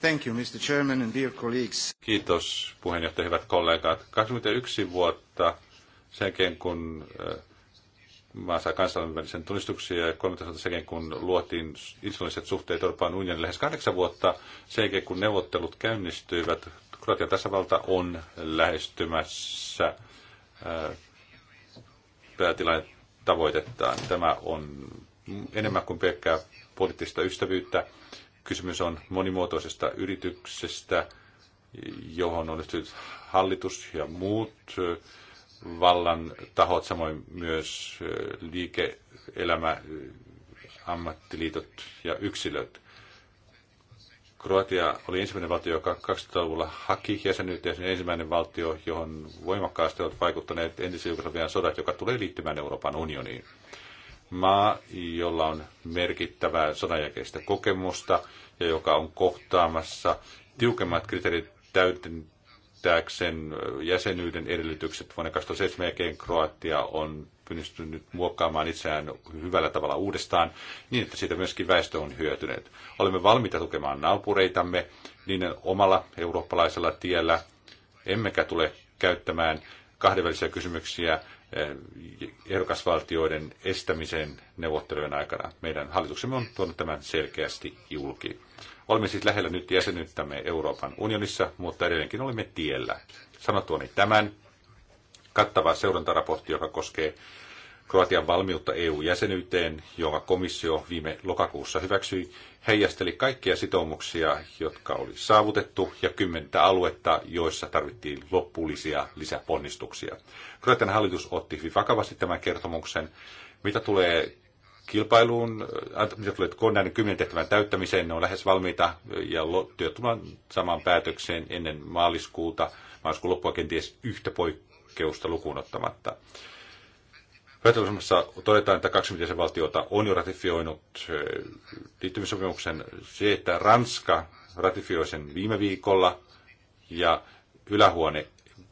S1: Thank you, Mr. Chairman and dear colleagues. Kiitos puheenjohtaja, hyvät kollegat. 21 vuotta sen jälkeen, kun eh, maa saa kansainvälisen tunnistuksen ja 13 sen jälkeen, kun luotiin institutionaaliset suhteet Euroopan unionin lähes kahdeksan vuotta sen jälkeen, kun neuvottelut käynnistyivät, Kroatian tasavalta on lähestymässä eh, päätilain tavoitettaan. Tämä on enemmän kuin pelkkää poliittista ystävyyttä. Kysymys on monimuotoisesta yrityksestä, johon on nyt hallitus ja muut vallan tahot, samoin myös liike-elämä, ammattiliitot ja yksilöt. Kroatia oli ensimmäinen valtio, joka 2000-luvulla haki jäsenyyttä ja sen ensimmäinen valtio, johon voimakkaasti ovat vaikuttaneet entisen Jugoslavian sodat, joka tulee liittymään Euroopan unioniin maa, jolla on merkittävää sodanjälkeistä kokemusta ja joka on kohtaamassa tiukemmat kriteerit täyttääkseen jäsenyyden edellytykset. Vuonna 2007 jälkeen Kroatia on pystynyt muokkaamaan itseään hyvällä tavalla uudestaan niin, että siitä myöskin väestö on hyötynyt. Olemme valmiita tukemaan naapureitamme niiden omalla eurooppalaisella tiellä, emmekä tule käyttämään kahdenvälisiä kysymyksiä Eh, ehdokasvaltioiden estämiseen neuvottelujen aikana. Meidän hallituksemme on tuonut tämän selkeästi julki. Olemme siis lähellä nyt jäsenyyttämme Euroopan unionissa, mutta edelleenkin olemme tiellä. Sanottuani tämän kattava seurantaraportti, joka koskee Kroatian valmiutta EU-jäsenyyteen, jonka komissio viime lokakuussa hyväksyi, heijasteli kaikkia sitoumuksia, jotka oli saavutettu, ja kymmentä aluetta, joissa tarvittiin loppullisia lisäponnistuksia. Kroatian hallitus otti hyvin vakavasti tämän kertomuksen. Mitä tulee kilpailuun, äh, mitä tulee näiden kymmenen tehtävän täyttämiseen, ne on lähes valmiita ja työ tullaan samaan päätökseen ennen maaliskuuta, maaliskuun loppua kenties yhtä poikkeusta lukuun ottamatta. Päätöslausumassa todetaan, että 20 jäsenvaltiota on jo ratifioinut liittymissopimuksen. Se, että Ranska ratifioi sen viime viikolla ja ylähuone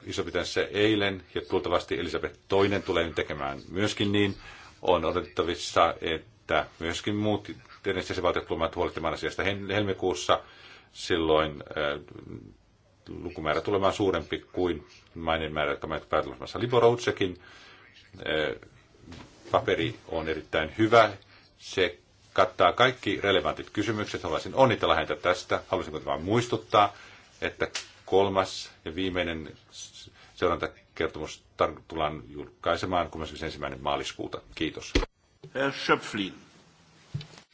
S1: iso se eilen ja tultavasti Elisabeth toinen tulee nyt tekemään myöskin niin, on odotettavissa, että myöskin muut jäsenvaltiot tulevat huolehtimaan asiasta helmikuussa. Silloin lukumäärä tulemaan suurempi kuin mainen määrä, jotka menet paperi on erittäin hyvä. Se kattaa kaikki relevantit kysymykset. Haluaisin onnitella häntä tästä. Haluaisin vain muistuttaa, että kolmas ja viimeinen seurantakertomus tullaan julkaisemaan 31. maaliskuuta. Kiitos. Herr Schöpflin.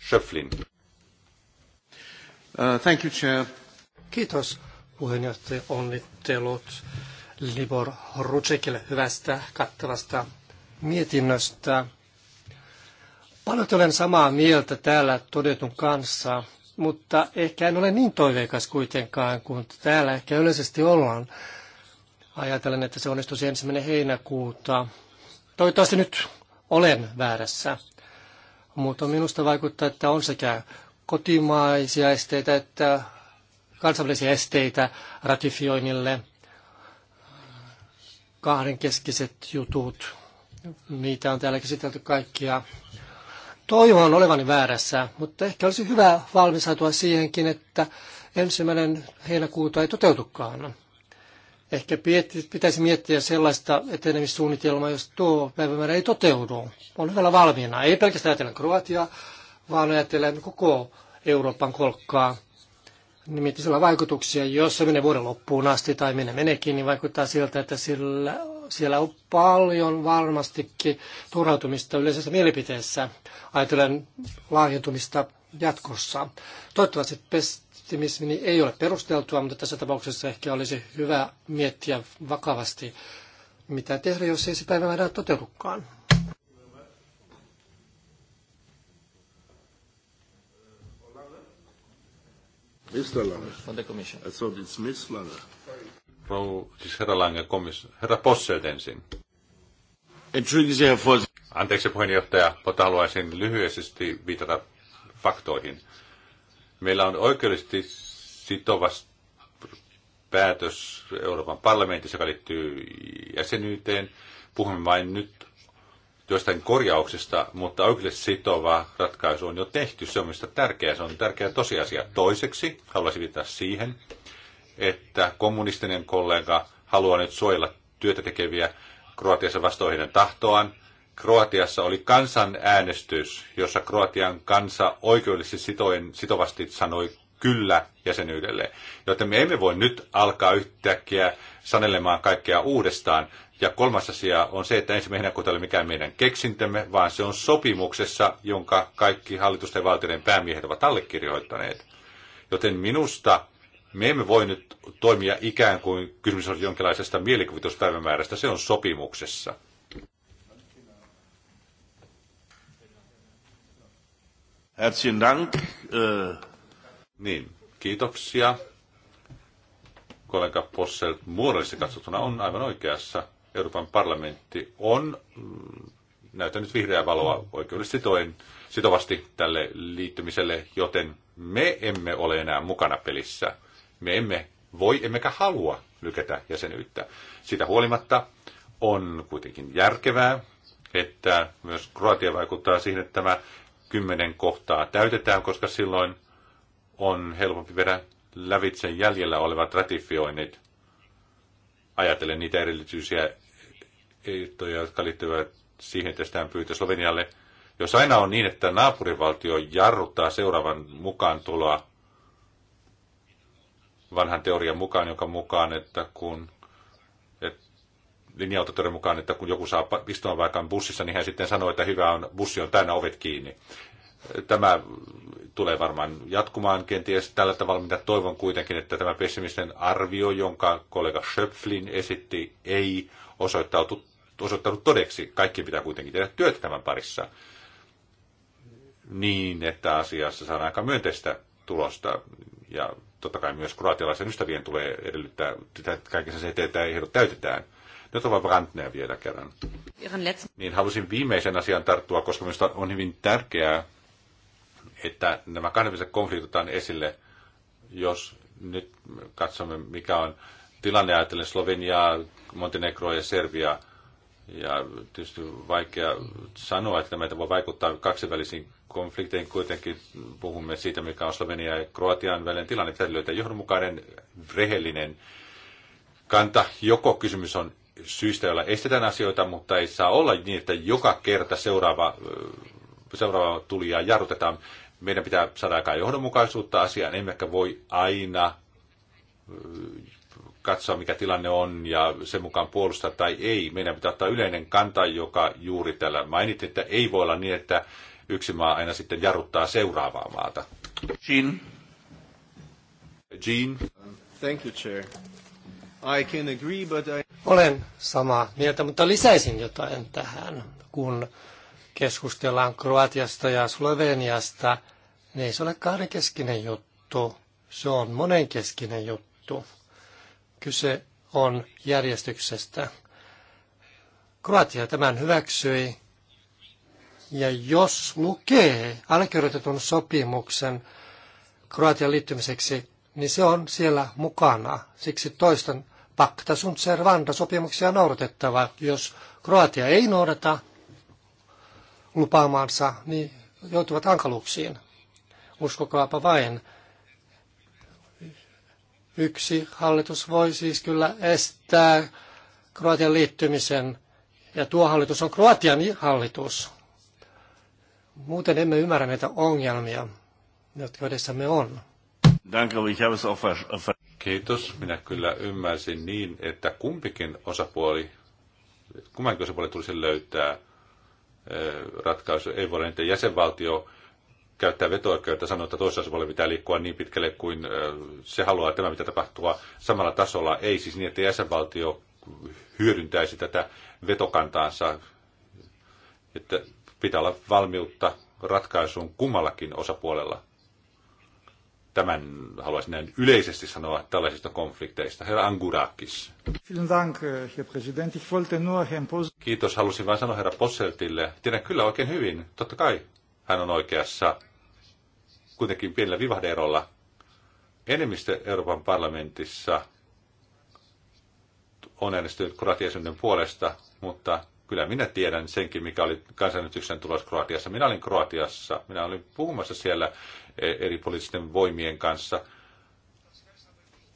S1: Schöpflin.
S2: Uh, thank you, Chair. Kiitos puheenjohtaja. Onnittelut Libor Rutsekille hyvästä kattavasta mietinnöstä. Paljon olen samaa mieltä täällä todetun kanssa, mutta ehkä en ole niin toiveikas kuitenkaan kuin täällä ehkä yleisesti ollaan. Ajatellen, että se onnistuisi ensimmäinen heinäkuuta. Toivottavasti nyt olen väärässä, mutta minusta vaikuttaa, että on sekä kotimaisia esteitä että kansainvälisiä esteitä ratifioinnille, kahdenkeskiset jutut, Niitä on täällä käsitelty kaikkia. Toivon olevani väärässä, mutta ehkä olisi hyvä valmistautua siihenkin, että ensimmäinen heinäkuuta ei toteutukaan. Ehkä pitäisi miettiä sellaista etenemissuunnitelmaa, jos tuo päivämäärä ei toteudu. On hyvällä valmiina. Ei pelkästään ajatellen Kroatiaa, vaan ajatellen koko Euroopan kolkkaa. Nimittäin sillä vaikutuksia, jos se menee vuoden loppuun asti tai minne menekin, niin vaikuttaa siltä, että sillä siellä on paljon varmastikin turhautumista yleisessä mielipiteessä. Ajatellen laajentumista jatkossa. Toivottavasti pessimismi ei ole perusteltua, mutta tässä tapauksessa ehkä olisi hyvä miettiä vakavasti, mitä tehdä, jos ei se päivämäärä toteudukaan. Mr. Lange. From the Commission. I thought it's Miss Lange.
S1: Rou, siis herra Lange, komis, herra Posselt ensin. Anteeksi puheenjohtaja, mutta haluaisin lyhyesti viitata faktoihin. Meillä on oikeudellisesti sitova päätös Euroopan parlamentissa, joka liittyy jäsenyyteen. Puhumme vain nyt joistain korjauksista, mutta oikeudellisesti sitova ratkaisu on jo tehty. Se on mielestäni tärkeää, se on tärkeä tosiasia. Toiseksi haluaisin viitata siihen, että kommunistinen kollega haluaa nyt suojella työtä tekeviä Kroatiassa vastoin heidän tahtoaan. Kroatiassa oli kansanäänestys, jossa Kroatian kansa oikeudellisesti sitoen, sitovasti sanoi kyllä jäsenyydelle. Joten me emme voi nyt alkaa yhtäkkiä sanelemaan kaikkea uudestaan. Ja kolmas asia on se, että ensimmäinen heinäkuuta ei ole mikään meidän keksintömme, vaan se on sopimuksessa, jonka kaikki hallitusten ja valtioiden päämiehet ovat allekirjoittaneet. Joten minusta me emme voi nyt toimia ikään kuin kysymys on jonkinlaisesta mielikuvituspäivämäärästä, se on sopimuksessa. Herzlichen Dank. Äh, niin, kiitoksia. Kollega Possel muodollisesti katsottuna on aivan oikeassa. Euroopan parlamentti on mm, näyttänyt vihreää valoa oikeudellisesti toin sitovasti tälle liittymiselle, joten me emme ole enää mukana pelissä. Me emme voi emmekä halua lykätä jäsenyyttä. Sitä huolimatta on kuitenkin järkevää, että myös Kroatia vaikuttaa siihen, että tämä kymmenen kohtaa täytetään, koska silloin on helpompi vedä lävitse jäljellä olevat ratifioinnit. Ajatellen niitä erityisiä ehtoja, jotka liittyvät siihen, että sitä pyytä Slovenialle. Jos aina on niin, että naapurivaltio jarruttaa seuraavan mukaan tuloa, vanhan teorian mukaan, joka mukaan, että kun linja mukaan, että kun joku saa istumaan vaikka bussissa, niin hän sitten sanoo, että hyvä on, bussi on täynnä ovet kiinni. Tämä tulee varmaan jatkumaan kenties tällä tavalla, mitä toivon kuitenkin, että tämä pessimisten arvio, jonka kollega Schöpflin esitti, ei osoittanut todeksi. Kaikki pitää kuitenkin tehdä työtä tämän parissa niin, että asiassa saadaan aika myönteistä tulosta. Ja totta kai myös kroatialaisen ystävien tulee edellyttää, että kaikessa se eteen ei ehdot täytetään. Nyt ovat Brandnea vielä kerran. Niin halusin viimeisen asian tarttua, koska minusta on hyvin tärkeää, että nämä kahdenväliset konfliktit otetaan esille, jos nyt katsomme, mikä on tilanne ajatellen Sloveniaa, Montenegroa ja Serbiaa ja tietysti vaikea sanoa, että meitä voi vaikuttaa kaksivälisiin konflikteihin. Kuitenkin puhumme siitä, mikä on Slovenia ja Kroatian välinen tilanne. Täytyy löytää johdonmukainen, rehellinen kanta. Joko kysymys on syistä, jolla estetään asioita, mutta ei saa olla niin, että joka kerta seuraava, seuraava tuli ja jarrutetaan. Meidän pitää saada aikaan johdonmukaisuutta asiaan, emmekä voi aina katsoa, mikä tilanne on ja sen mukaan puolustaa tai ei. Meidän pitää ottaa yleinen kanta, joka juuri tällä mainittiin, että ei voi olla niin, että yksi maa aina sitten jarruttaa seuraavaa maata. Jean. Jean.
S2: Thank you, Chair. I can agree, but I... Olen samaa mieltä, mutta lisäisin jotain tähän, kun keskustellaan Kroatiasta ja Sloveniasta, niin ei se ole kahdenkeskinen juttu, se on monenkeskinen juttu. Kyse on järjestyksestä. Kroatia tämän hyväksyi. Ja jos lukee allekirjoitetun sopimuksen Kroatian liittymiseksi, niin se on siellä mukana. Siksi toistan pakta sunt servanda sopimuksia noudatettava. Jos Kroatia ei noudata lupaamaansa, niin joutuvat hankaluuksiin. Uskokaapa vain, Yksi hallitus voi siis kyllä estää Kroatian liittymisen, ja tuo hallitus on Kroatian hallitus. Muuten emme ymmärrä näitä ongelmia, jotka edessämme on.
S1: Kiitos. Minä kyllä ymmärsin niin, että kumpikin osapuoli, kummankin osapuoli tulisi löytää eh, ratkaisu. Ei voi, että jäsenvaltio käyttää veto-oikeutta sanoa, että toisessa osapuolella pitää liikkua niin pitkälle kuin se haluaa. Tämä mitä tapahtua samalla tasolla ei siis niin, että jäsenvaltio hyödyntäisi tätä vetokantaansa, että pitää olla valmiutta ratkaisuun kummallakin osapuolella. Tämän haluaisin näin yleisesti sanoa tällaisista konflikteista. Herra Angurakis.
S2: Äh,
S1: Kiitos, halusin vain sanoa herra Posseltille. Tiedän kyllä oikein hyvin, totta kai hän on oikeassa kuitenkin pienellä vivahdeerolla. Enemmistö Euroopan parlamentissa on äänestynyt Kroatiasyyden puolesta, mutta kyllä minä tiedän senkin, mikä oli kansanäänestyksen tulos Kroatiassa. Minä olin Kroatiassa, minä olin puhumassa siellä e, eri poliittisten voimien kanssa.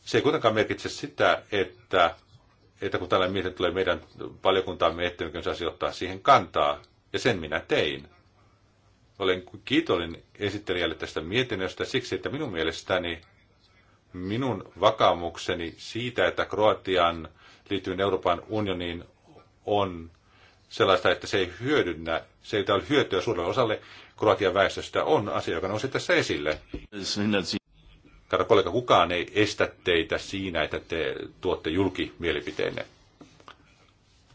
S1: Se ei kuitenkaan merkitse sitä, että, että kun tällainen mietintö tulee meidän valiokuntaamme eteen, se ottaa siihen kantaa. Ja sen minä tein. Olen kiitollinen esittelijälle tästä mietinnöstä siksi, että minun mielestäni minun vakaumukseni siitä, että Kroatian liittyminen Euroopan unioniin on sellaista, että se ei hyödynnä, se ei ole hyötyä suurelle osalle Kroatian väestöstä, on asia, joka nousi tässä esille. Kato kollega, kukaan ei estä teitä siinä, että te tuotte julki mielipiteenne.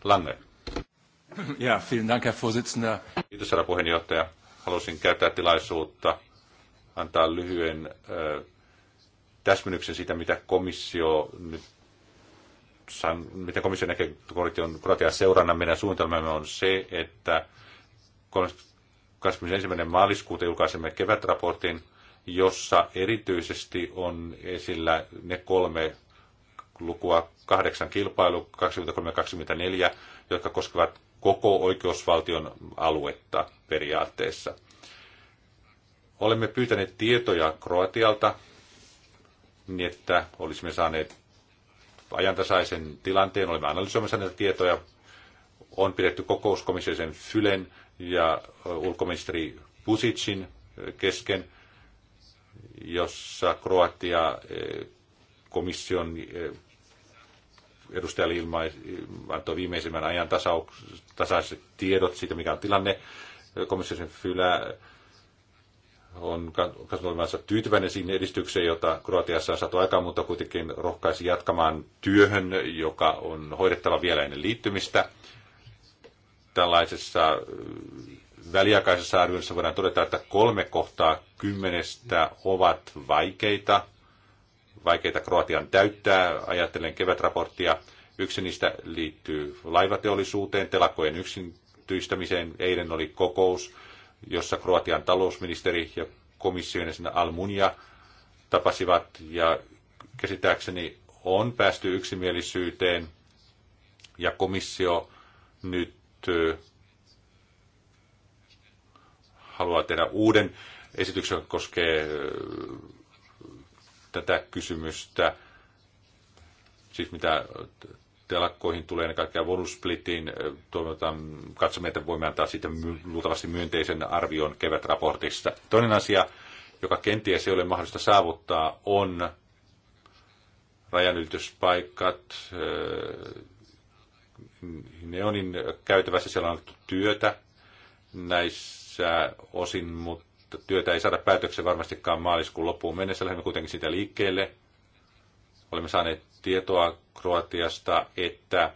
S1: Lange. Ja, vielen Dank, Herr Vorsitzender. Kiitos, herra puheenjohtaja halusin käyttää tilaisuutta antaa lyhyen täsmennyksen siitä, mitä komissio nyt san, mitä komissio näkee Kroatian, Kroatian seurannan. Meidän suunnitelmamme on se, että 21. maaliskuuta julkaisemme kevätraportin, jossa erityisesti on esillä ne kolme lukua kahdeksan kilpailu 23-24, jotka koskevat koko oikeusvaltion aluetta periaatteessa. Olemme pyytäneet tietoja Kroatialta, niin että olisimme saaneet ajantasaisen tilanteen. Olemme analysoimassa näitä tietoja. On pidetty kokouskomissiosen Fylen ja ulkoministeri Pusicin kesken, jossa Kroatia eh, komission eh, edustajalle antoi viimeisimmän ajan tasaiset tiedot siitä, mikä on tilanne. Komission Fylä on kasvattamansa tyytyväinen siihen edistykseen, jota Kroatiassa on saatu aikaan, mutta kuitenkin rohkaisi jatkamaan työhön, joka on hoidettava vielä ennen liittymistä. Tällaisessa äh, väliaikaisessa arvioinnissa voidaan todeta, että kolme kohtaa kymmenestä ovat vaikeita vaikeita Kroatian täyttää. Ajattelen kevätraporttia. Yksi niistä liittyy laivateollisuuteen, telakojen yksityistämiseen. Eilen oli kokous, jossa Kroatian talousministeri ja komission jäsen Almunia tapasivat ja käsittääkseni on päästy yksimielisyyteen ja komissio nyt haluaa tehdä uuden esityksen, joka koskee tätä kysymystä, siis mitä telakkoihin tulee, ennen kaikkea bonussplitiin, katsomme, että voimme antaa siitä luultavasti myönteisen arvion kevätraportista. Toinen asia, joka kenties ei ole mahdollista saavuttaa, on rajanylityspaikat. Neonin käytävässä siellä on työtä näissä osin, mutta työtä ei saada päätöksen varmastikaan maaliskuun loppuun mennessä. Lähdemme kuitenkin sitä liikkeelle. Olemme saaneet tietoa Kroatiasta, että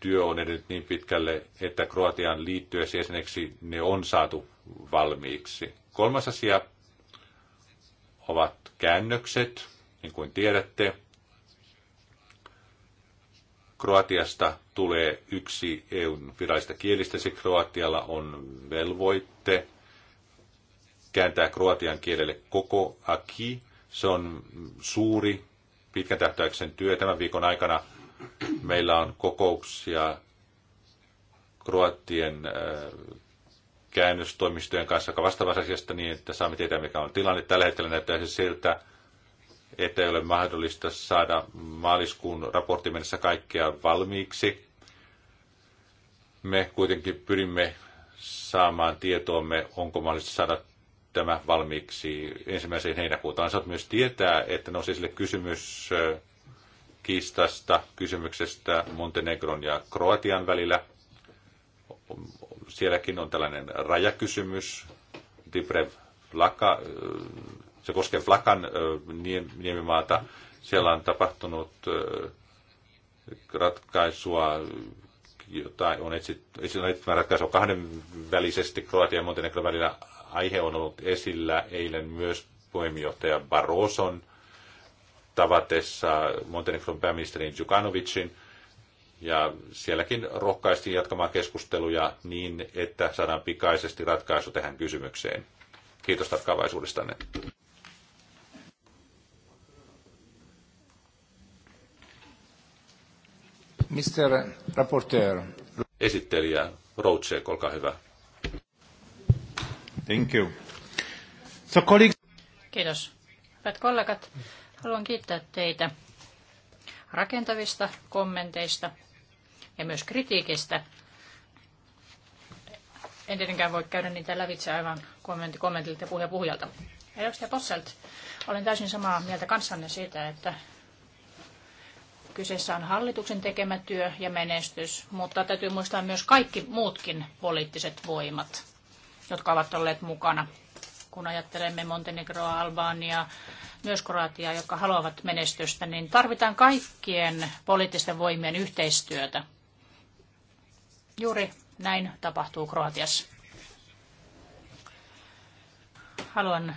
S1: työ on edennyt niin pitkälle, että Kroatian liittyessä jäseneksi ne on saatu valmiiksi. Kolmas asia ovat käännökset, niin kuin tiedätte. Kroatiasta tulee yksi EUn virallista kielistä, se Kroatialla on velvoitte kääntää kroatian kielelle koko aki. Se on suuri pitkän tähtäyksen työ. Tämän viikon aikana meillä on kokouksia kroattien äh, käännöstoimistojen kanssa vastaavasta asiasta niin, että saamme tietää, mikä on tilanne. Tällä hetkellä näyttää se siltä, että ei ole mahdollista saada maaliskuun raportti mennessä kaikkea valmiiksi. Me kuitenkin pyrimme saamaan tietoomme, onko mahdollista saada tämä valmiiksi ensimmäiseen heinäkuuta. saat myös tietää, että nousi esille kysymys kiistasta, kysymyksestä Montenegron ja Kroatian välillä. Sielläkin on tällainen rajakysymys, Dibre Laka, se koskee Flakan niemimaata. Siellä on tapahtunut ratkaisua, jota on etsitty, etsitty ratkaisua kahdenvälisesti Kroatian ja Montenegron välillä aihe on ollut esillä eilen myös puheenjohtaja Barroson tavatessa Montenegron pääministerin Djukanovicin. Ja sielläkin rohkaistiin jatkamaan keskusteluja niin, että saadaan pikaisesti ratkaisu tähän kysymykseen. Kiitos tarkkaavaisuudestanne. Mr. Rapporteur. Esittelijä Roche, olkaa hyvä. Thank you. So, colleagues...
S3: Kiitos. Hyvät kollegat, haluan kiittää teitä rakentavista kommenteista ja myös kritiikistä. En tietenkään voi käydä niitä lävitse aivan kommentti kommentilta ja puhuja puhujalta. Edustaja Posselt, olen täysin samaa mieltä kanssanne siitä, että kyseessä on hallituksen tekemä työ ja menestys, mutta täytyy muistaa myös kaikki muutkin poliittiset voimat – jotka ovat olleet mukana. Kun ajattelemme Montenegroa, Albaniaa, myös Kroatiaa, jotka haluavat menestystä, niin tarvitaan kaikkien poliittisten voimien yhteistyötä. Juuri näin tapahtuu Kroatiassa. Haluan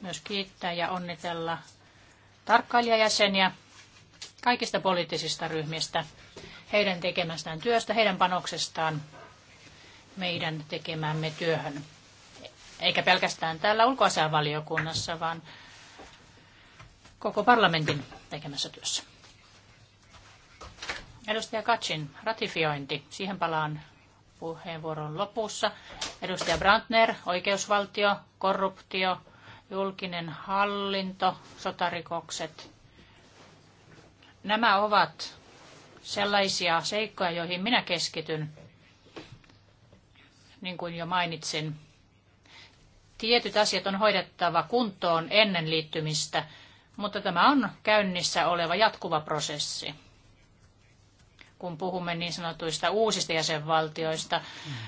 S3: myös kiittää ja onnitella tarkkailijajäseniä kaikista poliittisista ryhmistä, heidän tekemästään työstä, heidän panoksestaan meidän tekemämme työhön. Eikä pelkästään täällä ulkoasianvaliokunnassa, vaan koko parlamentin tekemässä työssä. Edustaja Katsin ratifiointi. Siihen palaan puheenvuoron lopussa. Edustaja Brandner, oikeusvaltio, korruptio, julkinen hallinto, sotarikokset. Nämä ovat sellaisia seikkoja, joihin minä keskityn niin kuin jo mainitsin, tietyt asiat on hoidettava kuntoon ennen liittymistä, mutta tämä on käynnissä oleva jatkuva prosessi. Kun puhumme niin sanotuista uusista jäsenvaltioista,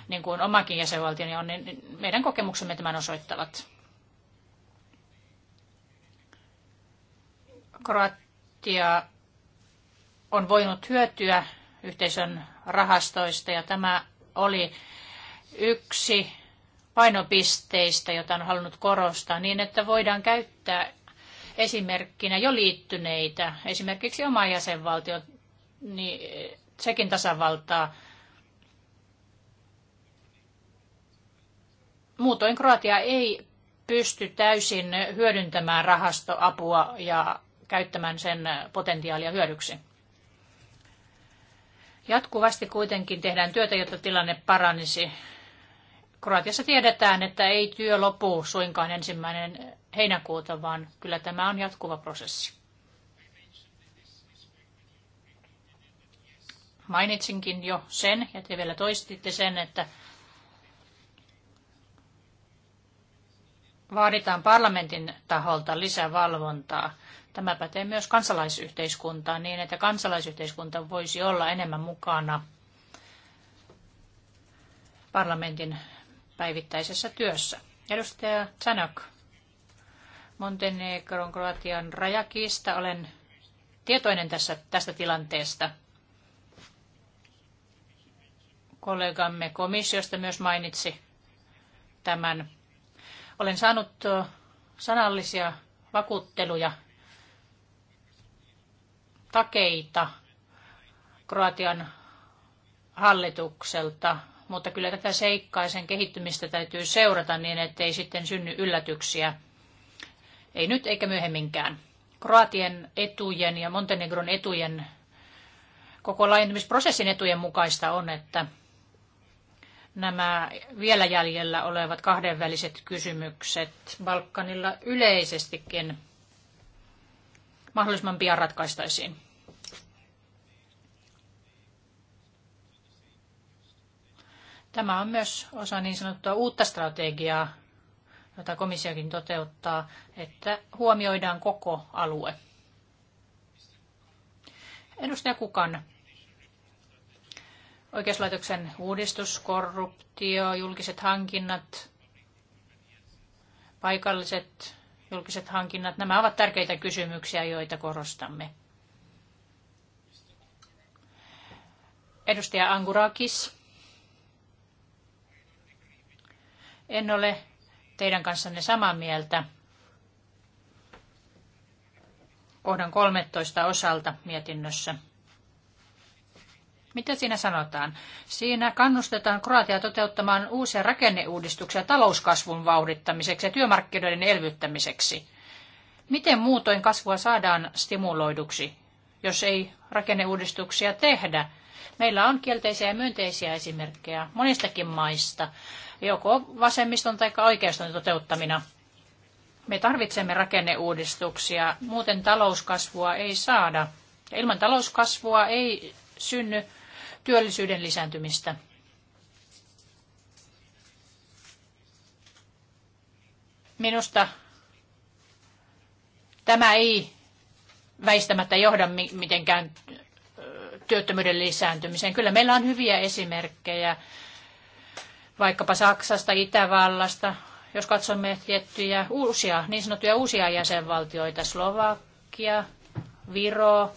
S3: niin kuin omakin jäsenvaltioni on, niin meidän kokemuksemme tämän osoittavat. Kroatia on voinut hyötyä yhteisön rahastoista ja tämä oli yksi painopisteistä, jota on halunnut korostaa, niin että voidaan käyttää esimerkkinä jo liittyneitä, esimerkiksi oma jäsenvaltio, niin sekin tasavaltaa. Muutoin Kroatia ei pysty täysin hyödyntämään rahastoapua ja käyttämään sen potentiaalia hyödyksi. Jatkuvasti kuitenkin tehdään työtä, jotta tilanne paranisi. Kroatiassa tiedetään, että ei työ lopu suinkaan ensimmäinen heinäkuuta, vaan kyllä tämä on jatkuva prosessi. Mainitsinkin jo sen, ja te vielä toistitte sen, että vaaditaan parlamentin taholta lisävalvontaa. Tämä pätee myös kansalaisyhteiskuntaan niin, että kansalaisyhteiskunta voisi olla enemmän mukana parlamentin päivittäisessä työssä. Edustaja Tanok, Montenegron Kroatian rajakiista. Olen tietoinen tässä, tästä tilanteesta. Kollegamme komissiosta myös mainitsi tämän. Olen saanut sanallisia vakuutteluja, takeita Kroatian hallitukselta mutta kyllä tätä seikkaa sen kehittymistä täytyy seurata niin, ettei sitten synny yllätyksiä. Ei nyt eikä myöhemminkään. Kroatien etujen ja Montenegron etujen, koko laajentumisprosessin etujen mukaista on, että nämä vielä jäljellä olevat kahdenväliset kysymykset Balkanilla yleisestikin mahdollisimman pian ratkaistaisiin. Tämä on myös osa niin sanottua uutta strategiaa, jota komissiokin toteuttaa, että huomioidaan koko alue. Edustaja Kukan. Oikeuslaitoksen uudistus, korruptio, julkiset hankinnat, paikalliset julkiset hankinnat, nämä ovat tärkeitä kysymyksiä, joita korostamme. Edustaja Angurakis. En ole teidän kanssanne samaa mieltä kohdan 13 osalta mietinnössä. Mitä siinä sanotaan? Siinä kannustetaan Kroatiaa toteuttamaan uusia rakenneuudistuksia talouskasvun vauhdittamiseksi ja työmarkkinoiden elvyttämiseksi. Miten muutoin kasvua saadaan stimuloiduksi, jos ei rakenneuudistuksia tehdä? Meillä on kielteisiä ja myönteisiä esimerkkejä monistakin maista, joko vasemmiston tai oikeiston toteuttamina. Me tarvitsemme rakenneuudistuksia, muuten talouskasvua ei saada. Ja ilman talouskasvua ei synny työllisyyden lisääntymistä. Minusta tämä ei väistämättä johda mitenkään työttömyyden lisääntymiseen. Kyllä meillä on hyviä esimerkkejä vaikkapa Saksasta, Itävallasta, jos katsomme tiettyjä uusia, niin sanottuja uusia jäsenvaltioita, Slovakia, Viro,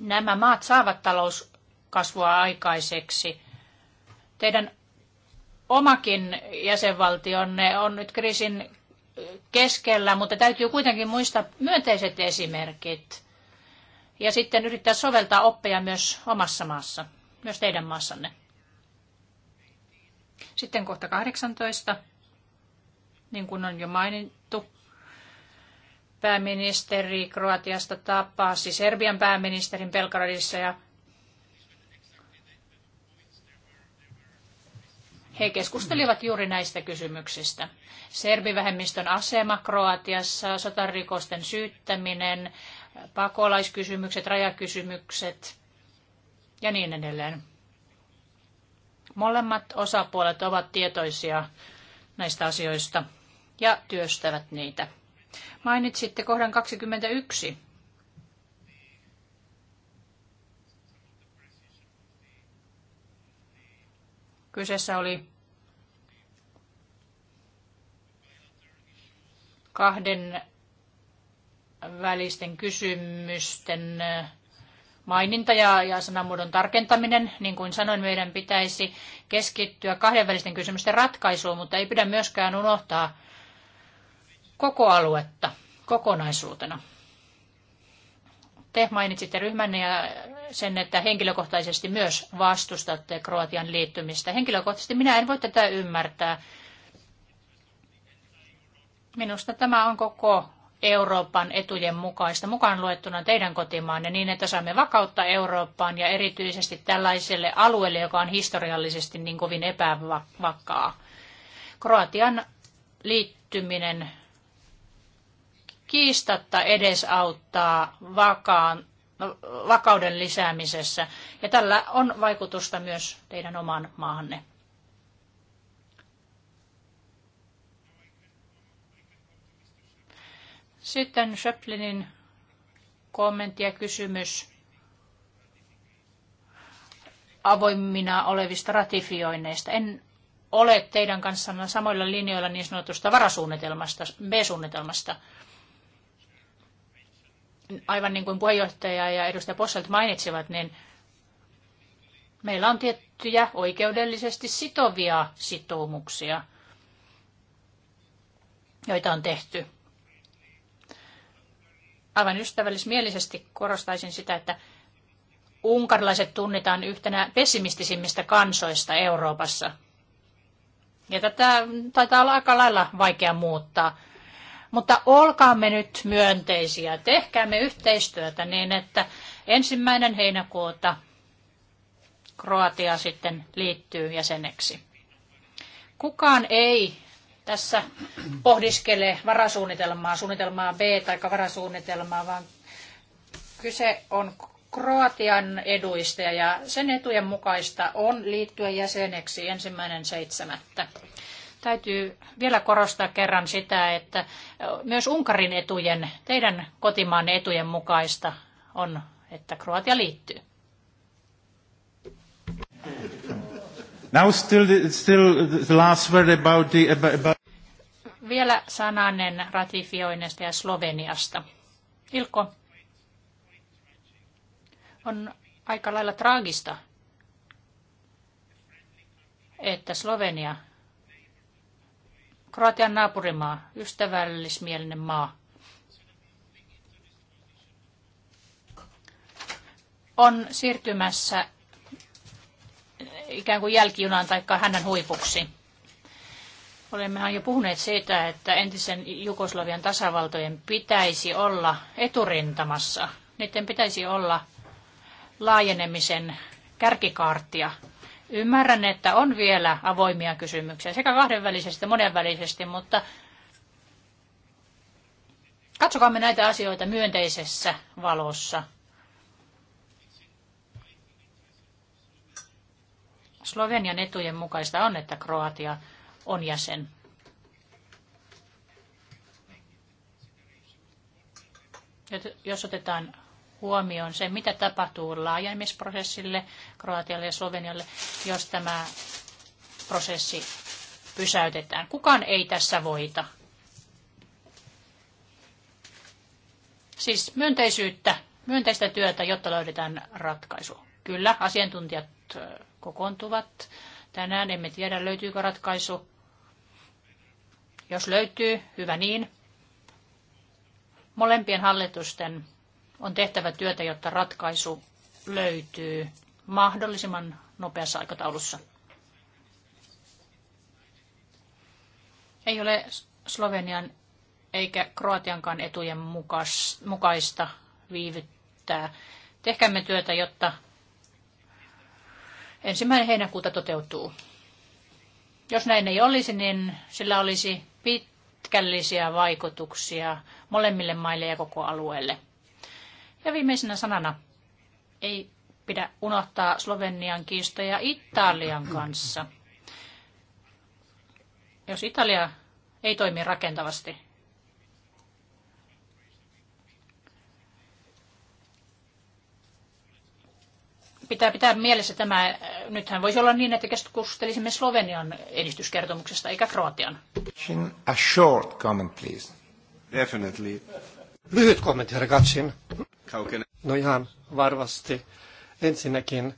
S3: nämä maat saavat talouskasvua aikaiseksi. Teidän omakin jäsenvaltionne on nyt kriisin keskellä, mutta täytyy kuitenkin muistaa myönteiset esimerkit ja sitten yrittää soveltaa oppeja myös omassa maassa, myös teidän maassanne. Sitten kohta 18, niin kuin on jo mainittu, pääministeri Kroatiasta tapasi Serbian pääministerin Belgradissa ja he keskustelivat juuri näistä kysymyksistä. Serbivähemmistön asema Kroatiassa, sotarikosten syyttäminen, pakolaiskysymykset, rajakysymykset ja niin edelleen. Molemmat osapuolet ovat tietoisia näistä asioista ja työstävät niitä. Mainitsitte kohdan 21. Kyseessä oli kahden välisten kysymysten maininta ja, ja sanamuodon tarkentaminen. Niin kuin sanoin, meidän pitäisi keskittyä kahdenvälisten kysymysten ratkaisuun, mutta ei pidä myöskään unohtaa koko aluetta kokonaisuutena. Te mainitsitte ryhmänne ja sen, että henkilökohtaisesti myös vastustatte Kroatian liittymistä. Henkilökohtaisesti minä en voi tätä ymmärtää. Minusta tämä on koko Euroopan etujen mukaista, mukaan luettuna teidän kotimaanne, niin että saamme vakautta Eurooppaan ja erityisesti tällaiselle alueelle, joka on historiallisesti niin kovin epävakaa. Kroatian liittyminen kiistatta edesauttaa vakaan, vakauden lisäämisessä, ja tällä on vaikutusta myös teidän oman maahanne. Sitten Schöplinin kommentti ja kysymys avoimina olevista ratifioinneista. En ole teidän kanssanne samoilla linjoilla niin sanotusta varasuunnitelmasta, B-suunnitelmasta. Aivan niin kuin puheenjohtaja ja edustaja Posselt mainitsivat, niin meillä on tiettyjä oikeudellisesti sitovia sitoumuksia, joita on tehty aivan ystävällismielisesti korostaisin sitä, että unkarilaiset tunnetaan yhtenä pessimistisimmistä kansoista Euroopassa. Ja tätä taitaa olla aika lailla vaikea muuttaa. Mutta olkaamme nyt myönteisiä, tehkäämme yhteistyötä niin, että ensimmäinen heinäkuuta Kroatia sitten liittyy jäseneksi. Kukaan ei tässä pohdiskele varasuunnitelmaa, suunnitelmaa B tai varasuunnitelmaa, vaan kyse on Kroatian eduista ja sen etujen mukaista on liittyä jäseneksi ensimmäinen seitsemättä. Täytyy vielä korostaa kerran sitä, että myös Unkarin etujen, teidän kotimaan etujen mukaista on, että Kroatia liittyy.
S1: Now still, the, still the last word about the about, about
S3: vielä sananen ratifioinnista ja Sloveniasta. Ilko, on aika lailla traagista, että Slovenia, Kroatian naapurimaa, ystävällismielinen maa, on siirtymässä ikään kuin jälkijunaan tai hänen huipuksi. Olemme jo puhuneet siitä, että entisen Jugoslavian tasavaltojen pitäisi olla eturintamassa. Niiden pitäisi olla laajenemisen kärkikaartia. Ymmärrän, että on vielä avoimia kysymyksiä sekä kahdenvälisesti että monenvälisesti, mutta katsokaamme näitä asioita myönteisessä valossa. Slovenian etujen mukaista on, että Kroatia on jäsen. Jos otetaan huomioon se, mitä tapahtuu laajenemisprosessille Kroatialle ja Slovenialle, jos tämä prosessi pysäytetään. Kukaan ei tässä voita. Siis myönteisyyttä, myönteistä työtä, jotta löydetään ratkaisu. Kyllä, asiantuntijat kokoontuvat tänään. Emme tiedä, löytyykö ratkaisu jos löytyy, hyvä niin. Molempien hallitusten on tehtävä työtä, jotta ratkaisu löytyy mahdollisimman nopeassa aikataulussa. Ei ole Slovenian eikä Kroatiankaan etujen mukaista viivyttää. Tehkäämme työtä, jotta ensimmäinen heinäkuuta toteutuu. Jos näin ei olisi, niin sillä olisi pitkällisiä vaikutuksia molemmille maille ja koko alueelle. Ja viimeisenä sanana ei pidä unohtaa Slovenian kiistoja Italian kanssa. Jos Italia ei toimi rakentavasti, pitää pitää mielessä tämä, nythän voisi olla niin, että keskustelisimme Slovenian edistyskertomuksesta eikä Kroatian.
S2: A short comment, please. Definitely. Lyhyt kommentti, herra Katsin. No ihan varmasti. Ensinnäkin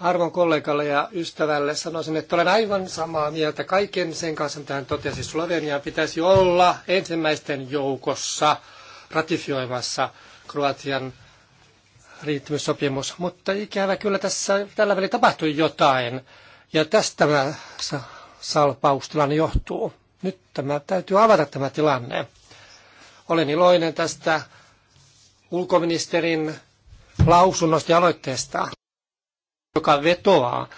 S2: arvon kollegalle ja ystävälle sanoisin, että olen aivan samaa mieltä kaiken sen kanssa, mitä hän totesi. Slovenian pitäisi olla ensimmäisten joukossa ratifioimassa Kroatian liittymissopimus, mutta ikävä kyllä tässä tällä välillä tapahtui jotain. Ja tästä tämä salpaustilanne johtuu. Nyt tämä, täytyy avata tämä tilanne. Olen iloinen tästä ulkoministerin lausunnosta ja aloitteesta, joka vetoaa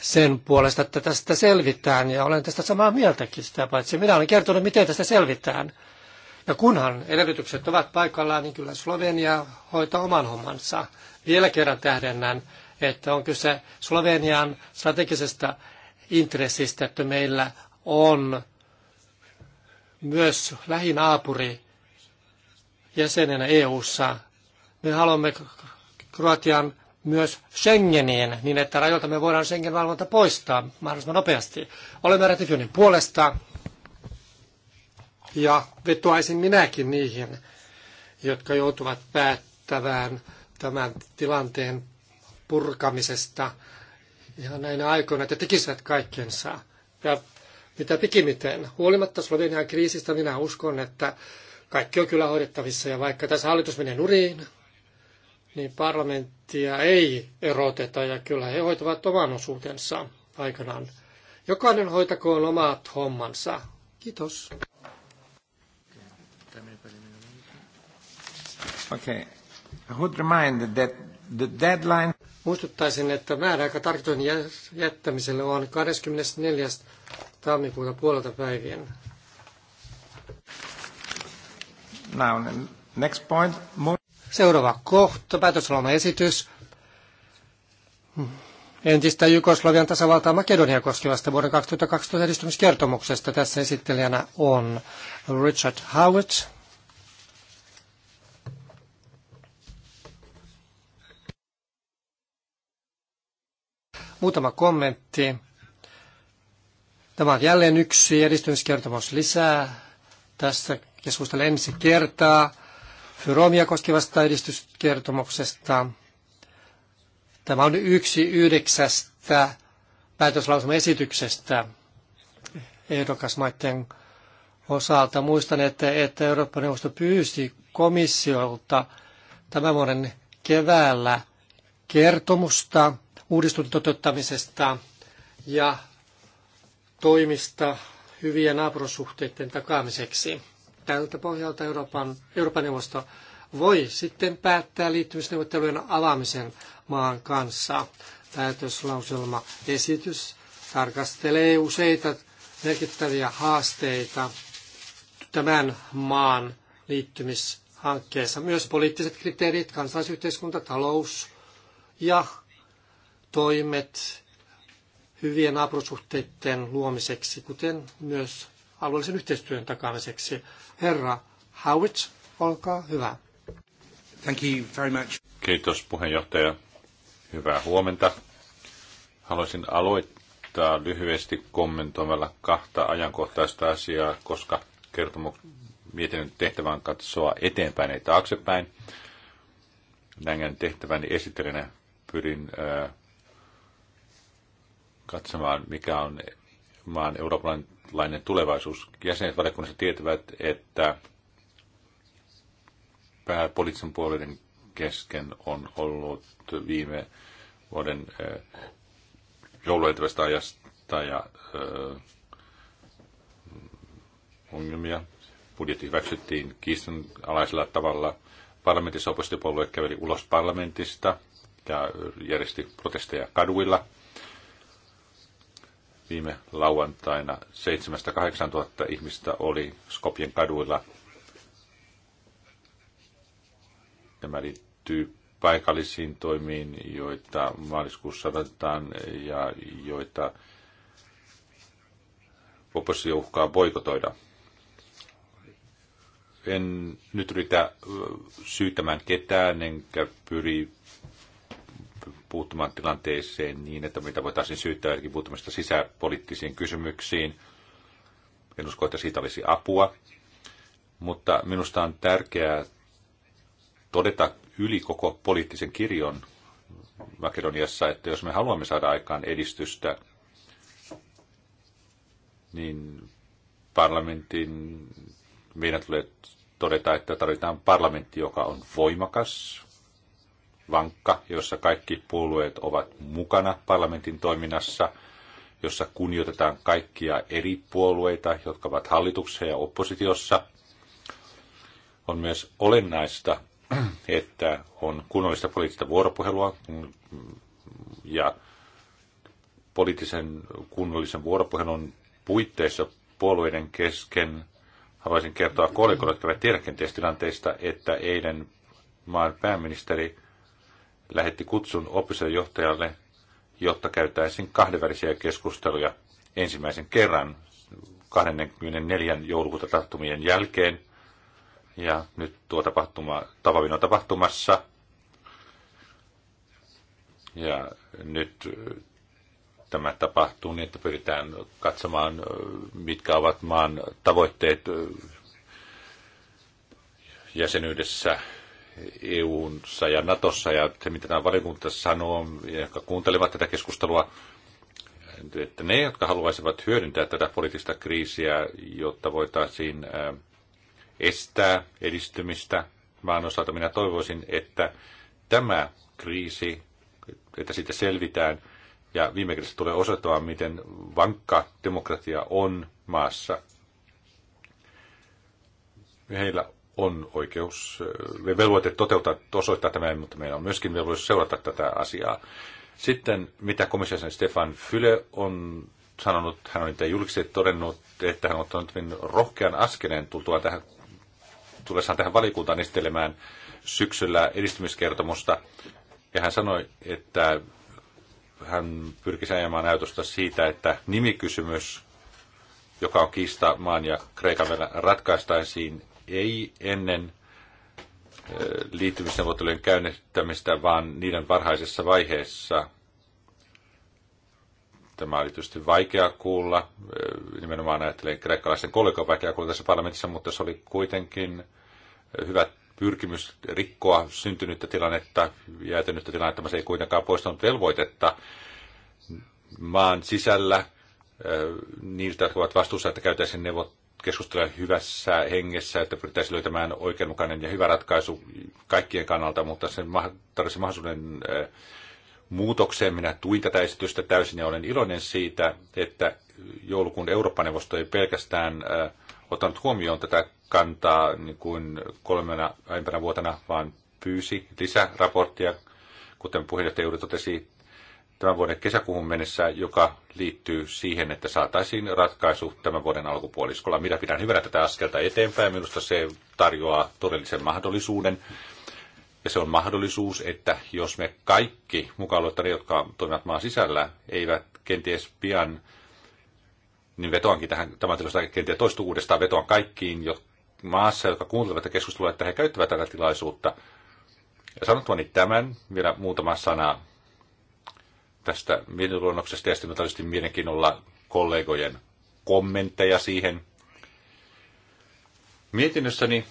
S2: sen puolesta, että tästä selvitään. Ja olen tästä samaa mieltäkin sitä paitsi. Minä olen kertonut, miten tästä selvitään. Ja kunhan edellytykset ovat paikallaan, niin kyllä Slovenia hoitaa oman hommansa. Vielä kerran tähdennän, että on kyse Slovenian strategisesta intressistä, että meillä on myös lähinaapuri jäsenenä EU-ssa. Me haluamme Kroatian myös Schengeniin, niin että rajoiltamme voidaan Schengen-valvonta poistaa mahdollisimman nopeasti. Olemme ratifioinnin puolesta ja vetoaisin minäkin niihin, jotka joutuvat päättävään tämän tilanteen purkamisesta ihan näinä aikoina, että tekisivät kaikkensa. Ja mitä pikimiten, huolimatta Slovenian kriisistä, minä uskon, että kaikki on kyllä hoidettavissa. Ja vaikka tässä hallitus menee nuriin, niin parlamenttia ei eroteta ja kyllä he hoitavat oman osuutensa aikanaan. Jokainen hoitakoon omat hommansa. Kiitos. Okay. would remind that the deadline... Muistuttaisin, että määräaika tarkitun jättämiselle on 24. tammikuuta puolelta päivien. Now, next point. Seuraava kohta, päätöslomaesitys. esitys entistä Jugoslavian tasavaltaa Makedonia koskevasta vuoden 2012 edistymiskertomuksesta. Tässä esittelijänä on Richard Howard. Muutama kommentti. Tämä on jälleen yksi edistymiskertomus lisää. Tässä keskustelen ensi kertaa Fyromia koskevasta edistyskertomuksesta. Tämä on yksi yhdeksästä päätöslausumaesityksestä ehdokasmaiden osalta. Muistan, että, että Euroopan neuvosto pyysi komissiolta tämän vuoden keväällä kertomusta uudistuksen toteuttamisesta ja toimista hyvien naapurussuhteiden takaamiseksi. Tältä pohjalta Euroopan, Euroopan neuvosto voi sitten päättää liittymisneuvottelujen avaamisen maan kanssa. Päätöslauselma esitys tarkastelee useita merkittäviä haasteita tämän maan liittymishankkeessa. Myös poliittiset kriteerit, kansalaisyhteiskunta, talous ja toimet hyvien naapurusuhteiden luomiseksi, kuten myös alueellisen yhteistyön takaamiseksi. Herra Howitt, olkaa hyvä.
S1: Thank you very much. Kiitos puheenjohtaja. Hyvää huomenta. Haluaisin aloittaa lyhyesti kommentoimalla kahta ajankohtaista asiaa, koska kertomus mietinnön tehtävä on katsoa eteenpäin ja taaksepäin. Näin tehtäväni esittelenä pyrin äh, katsomaan, mikä on maan eurooppalainen tulevaisuus. Jäsenet valiokunnassa tietävät, että pääpoliittisen puolueiden kesken on ollut viime vuoden eh, jouluetävästä ajasta ja eh, ongelmia. Budjetti hyväksyttiin alaisella tavalla. Parlamentissa oppositiopuolue käveli ulos parlamentista ja järjesti protesteja kaduilla. Viime lauantaina 7-8 000 ihmistä oli Skopjen kaduilla Tämä liittyy paikallisiin toimiin, joita maaliskuussa otetaan ja joita oppositio uhkaa boikotoida. En nyt yritä syytämään ketään, enkä pyri puuttumaan tilanteeseen niin, että mitä voitaisiin syyttää jotenkin puuttumista sisäpoliittisiin kysymyksiin. En usko, että siitä olisi apua. Mutta minusta on tärkeää todeta yli koko poliittisen kirjon Makedoniassa, että jos me haluamme saada aikaan edistystä, niin parlamentin, meidän tulee todeta, että tarvitaan parlamentti, joka on voimakas, vankka, jossa kaikki puolueet ovat mukana parlamentin toiminnassa, jossa kunnioitetaan kaikkia eri puolueita, jotka ovat hallituksessa ja oppositiossa. On myös olennaista, että on kunnollista poliittista vuoropuhelua ja poliittisen kunnollisen vuoropuhelun puitteissa puolueiden kesken haluaisin kertoa kollegoille, jotka eivät tiedä kenties tilanteista, että eilen maan pääministeri lähetti kutsun johtajalle, jotta käytäisiin kahdenvälisiä keskusteluja ensimmäisen kerran 24. joulukuuta tapahtumien jälkeen – ja nyt tuo tapahtuma, Tavavin on tapahtumassa. Ja nyt tämä tapahtuu niin, että pyritään katsomaan, mitkä ovat maan tavoitteet jäsenyydessä EU:ssa ja Natossa ja se, mitä tämä valiokunta sanoo, ja jotka kuuntelevat tätä keskustelua, että ne, jotka haluaisivat hyödyntää tätä poliittista kriisiä, jotta voitaisiin estää edistymistä maan osalta. Minä toivoisin, että tämä kriisi, että siitä selvitään ja viime kädessä tulee osoittamaan, miten vankka demokratia on maassa. Heillä on oikeus, velvoite toteuttaa, osoittaa tämä, mutta meillä on myöskin velvollisuus seurata tätä asiaa. Sitten mitä komissiossa Stefan Fyle on sanonut, hän on itse julkisesti todennut, että hän on ottanut hyvin rohkean askeleen tultua tähän tullessaan tähän valikuntaan esittelemään syksyllä edistymiskertomusta. Ja hän sanoi, että hän pyrkisi ajamaan ajatusta siitä, että nimikysymys, joka on kiista maan ja Kreikan välillä, ratkaistaisiin ei ennen liittymisneuvottelujen käynnistämistä, vaan niiden varhaisessa vaiheessa. Tämä oli tietysti vaikea kuulla, nimenomaan ajattelen kreikkalaisten kollegoja vaikea kuulla tässä parlamentissa, mutta se oli kuitenkin hyvä pyrkimys rikkoa syntynyttä tilannetta, jäätynyttä tilannetta, mutta se ei kuitenkaan poistanut velvoitetta maan sisällä niiltä, jotka ovat vastuussa, että käytäisiin neuvot, keskustella hyvässä hengessä, että pyrittäisiin löytämään oikeudenmukainen ja hyvä ratkaisu kaikkien kannalta, mutta se tarvitsisi mahdollisuuden muutokseen. Minä tuin tätä esitystä täysin ja olen iloinen siitä, että joulukuun Eurooppa-neuvosto ei pelkästään äh, ottanut huomioon tätä kantaa niin kuin kolmena aiempana vuotena, vaan pyysi lisäraporttia, kuten puheenjohtaja juuri totesi, tämän vuoden kesäkuuhun mennessä, joka liittyy siihen, että saataisiin ratkaisu tämän vuoden alkupuoliskolla. Minä pidän hyvänä tätä askelta eteenpäin. Minusta se tarjoaa todellisen mahdollisuuden ja se on mahdollisuus, että jos me kaikki, mukaan jotka toimivat maan sisällä, eivät kenties pian, niin vetoankin tähän, tämä tilaisuus kenties toistuu uudestaan, vetoan kaikkiin jo maassa, jotka kuuntelevat tätä keskustelua, että he käyttävät tätä tilaisuutta. Ja sanottuani tämän, vielä muutama sana tästä mietintöluonnoksesta ja sitten tietysti mielenkiinnolla kollegojen kommentteja siihen. Mietinnössäni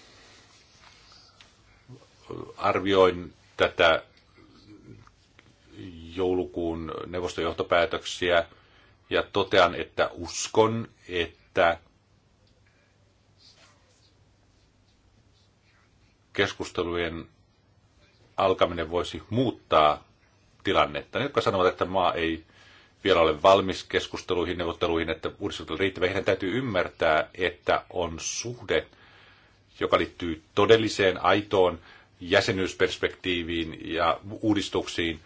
S1: arvioin tätä joulukuun neuvostojohtopäätöksiä ja totean, että uskon, että keskustelujen alkaminen voisi muuttaa tilannetta. Ne, jotka sanovat, että maa ei vielä ole valmis keskusteluihin, neuvotteluihin, että uudistukset on riittävä, heidän täytyy ymmärtää, että on suhde, joka liittyy todelliseen, aitoon jäsenyysperspektiiviin ja uudistuksiin.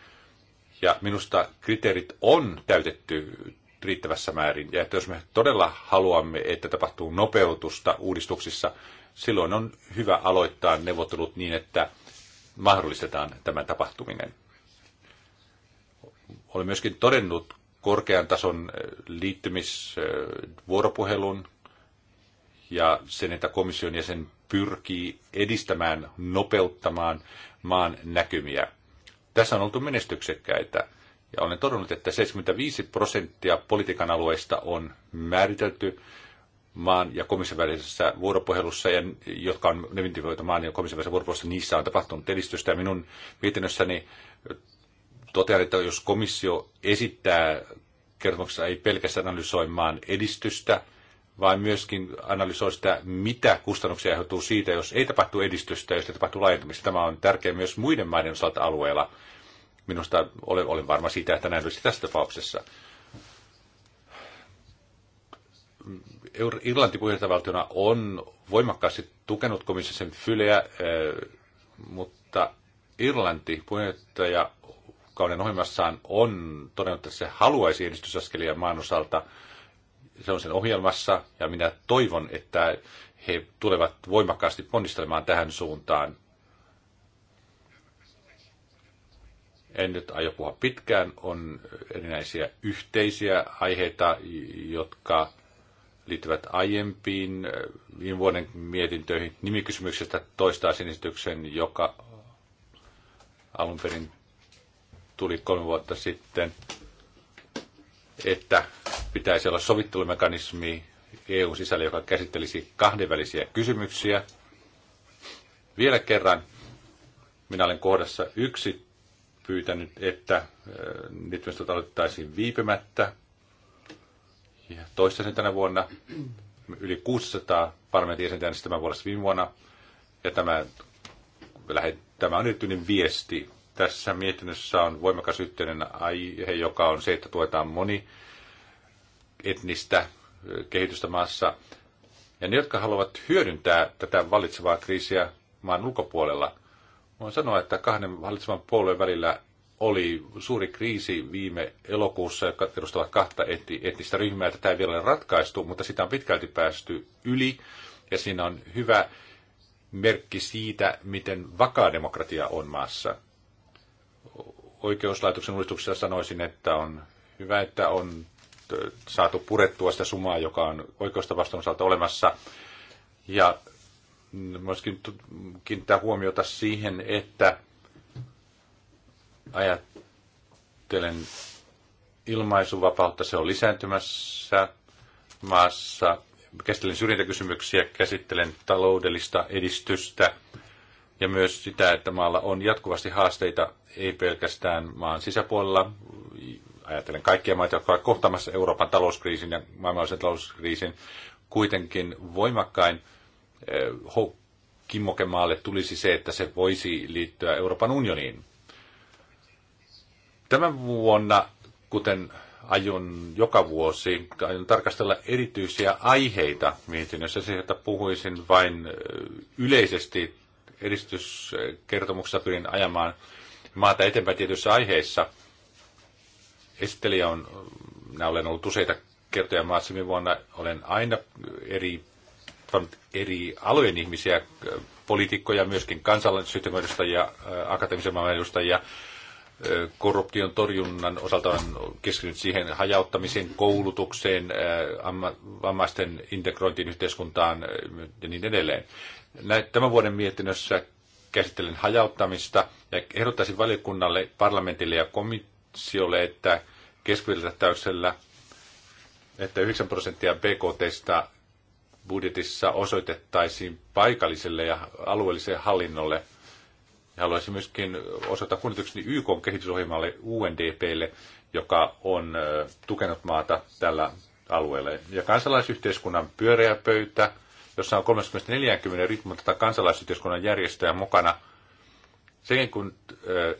S1: Ja minusta kriteerit on täytetty riittävässä määrin. Ja että jos me todella haluamme, että tapahtuu nopeutusta uudistuksissa, silloin on hyvä aloittaa neuvottelut niin, että mahdollistetaan tämän tapahtuminen. Olen myöskin todennut korkean tason eh, liittymisvuoropuhelun eh, ja sen, että komission jäsen pyrkii edistämään, nopeuttamaan maan näkymiä. Tässä on oltu menestyksekkäitä. Ja olen todennut, että 75 prosenttia politiikan alueista on määritelty maan ja komission välisessä vuoropuhelussa, ja, jotka on nevintivoitu maan ja komission välisessä vuoropuhelussa, niissä on tapahtunut edistystä. Ja minun mietinnössäni totean, että jos komissio esittää kertomuksessa ei pelkästään analysoimaan edistystä, vaan myöskin analysoi sitä, mitä kustannuksia aiheutuu siitä, jos ei tapahtu edistystä, jos ei tapahtu laajentumista. Tämä on tärkeää myös muiden maiden osalta alueella. Minusta olen, olen varma siitä, että näin olisi tässä tapauksessa. Irlanti puheenjohtajavaltiona on voimakkaasti tukenut komission fyleä, eh, mutta Irlanti puheenjohtajakauden ohjelmassaan on todennut, että se haluaisi edistysaskelia maan osalta – se on sen ohjelmassa, ja minä toivon, että he tulevat voimakkaasti ponnistelemaan tähän suuntaan. En nyt aio puhua pitkään, on erinäisiä yhteisiä aiheita, jotka liittyvät aiempiin viime vuoden mietintöihin. Nimikysymyksestä toistaa esityksen, joka alun perin tuli kolme vuotta sitten että pitäisi olla sovittelumekanismi EUn sisällä, joka käsittelisi kahdenvälisiä kysymyksiä. Vielä kerran, minä olen kohdassa yksi pyytänyt, että liittymiset äh, aloittaisiin viipymättä. Ja toistaisin tänä vuonna yli 600 parlamentin jäsentä tämän vuodesta viime vuonna. Ja tämä, tämä on erityinen viesti tässä mietinnössä on voimakas yhteinen aihe, joka on se, että tuetaan moni etnistä kehitystä maassa. Ja ne, jotka haluavat hyödyntää tätä vallitsevaa kriisiä maan ulkopuolella, voin sanoa, että kahden hallitsevan puolueen välillä oli suuri kriisi viime elokuussa, joka edustavat kahta etnistä ryhmää. Tätä ei vielä ole ratkaistu, mutta sitä on pitkälti päästy yli. Ja siinä on hyvä merkki siitä, miten vakaa demokratia on maassa oikeuslaitoksen uudistuksessa sanoisin, että on hyvä, että on saatu purettua sitä sumaa, joka on oikeusta vastaan osalta olemassa. Ja myöskin kiinnittää huomiota siihen, että ajattelen ilmaisuvapautta, se on lisääntymässä maassa. Käsittelen syrjintäkysymyksiä, käsittelen taloudellista edistystä, ja myös sitä, että maalla on jatkuvasti haasteita, ei pelkästään maan sisäpuolella, Ajattelen kaikkia maita, jotka ovat kohtaamassa Euroopan talouskriisin ja maailmanlaisen talouskriisin, kuitenkin voimakkain eh, kimmokemaalle tulisi se, että se voisi liittyä Euroopan unioniin. Tämän vuonna, kuten aion joka vuosi, aion tarkastella erityisiä aiheita mietinnössä. Se, että puhuisin vain eh, yleisesti edistyskertomuksessa pyrin ajamaan maata eteenpäin tietyissä aiheissa. Esittelijä on, minä olen ollut useita kertoja maassa viime vuonna, olen aina eri, eri alojen ihmisiä, poliitikkoja, myöskin kansalaisyhteiskunnan ja akateemisen maailman edustajia, korruption torjunnan osalta on keskittynyt siihen hajauttamiseen, koulutukseen, vammaisten integrointiin yhteiskuntaan ja niin edelleen. Tämän vuoden mietinnössä käsittelen hajauttamista ja ehdottaisin valiokunnalle, parlamentille ja komissiolle, että keskivertäyksellä, että 9 prosenttia BKTstä budjetissa osoitettaisiin paikalliselle ja alueelliselle hallinnolle – ja haluaisin myöskin osoittaa kunnioitukseni YK kehitysohjelmalle UNDPlle, joka on tukenut maata tällä alueella. Ja kansalaisyhteiskunnan pyöreä pöytä, jossa on 30-40 riippumatta kansalaisyhteiskunnan järjestöjä mukana. Sen kun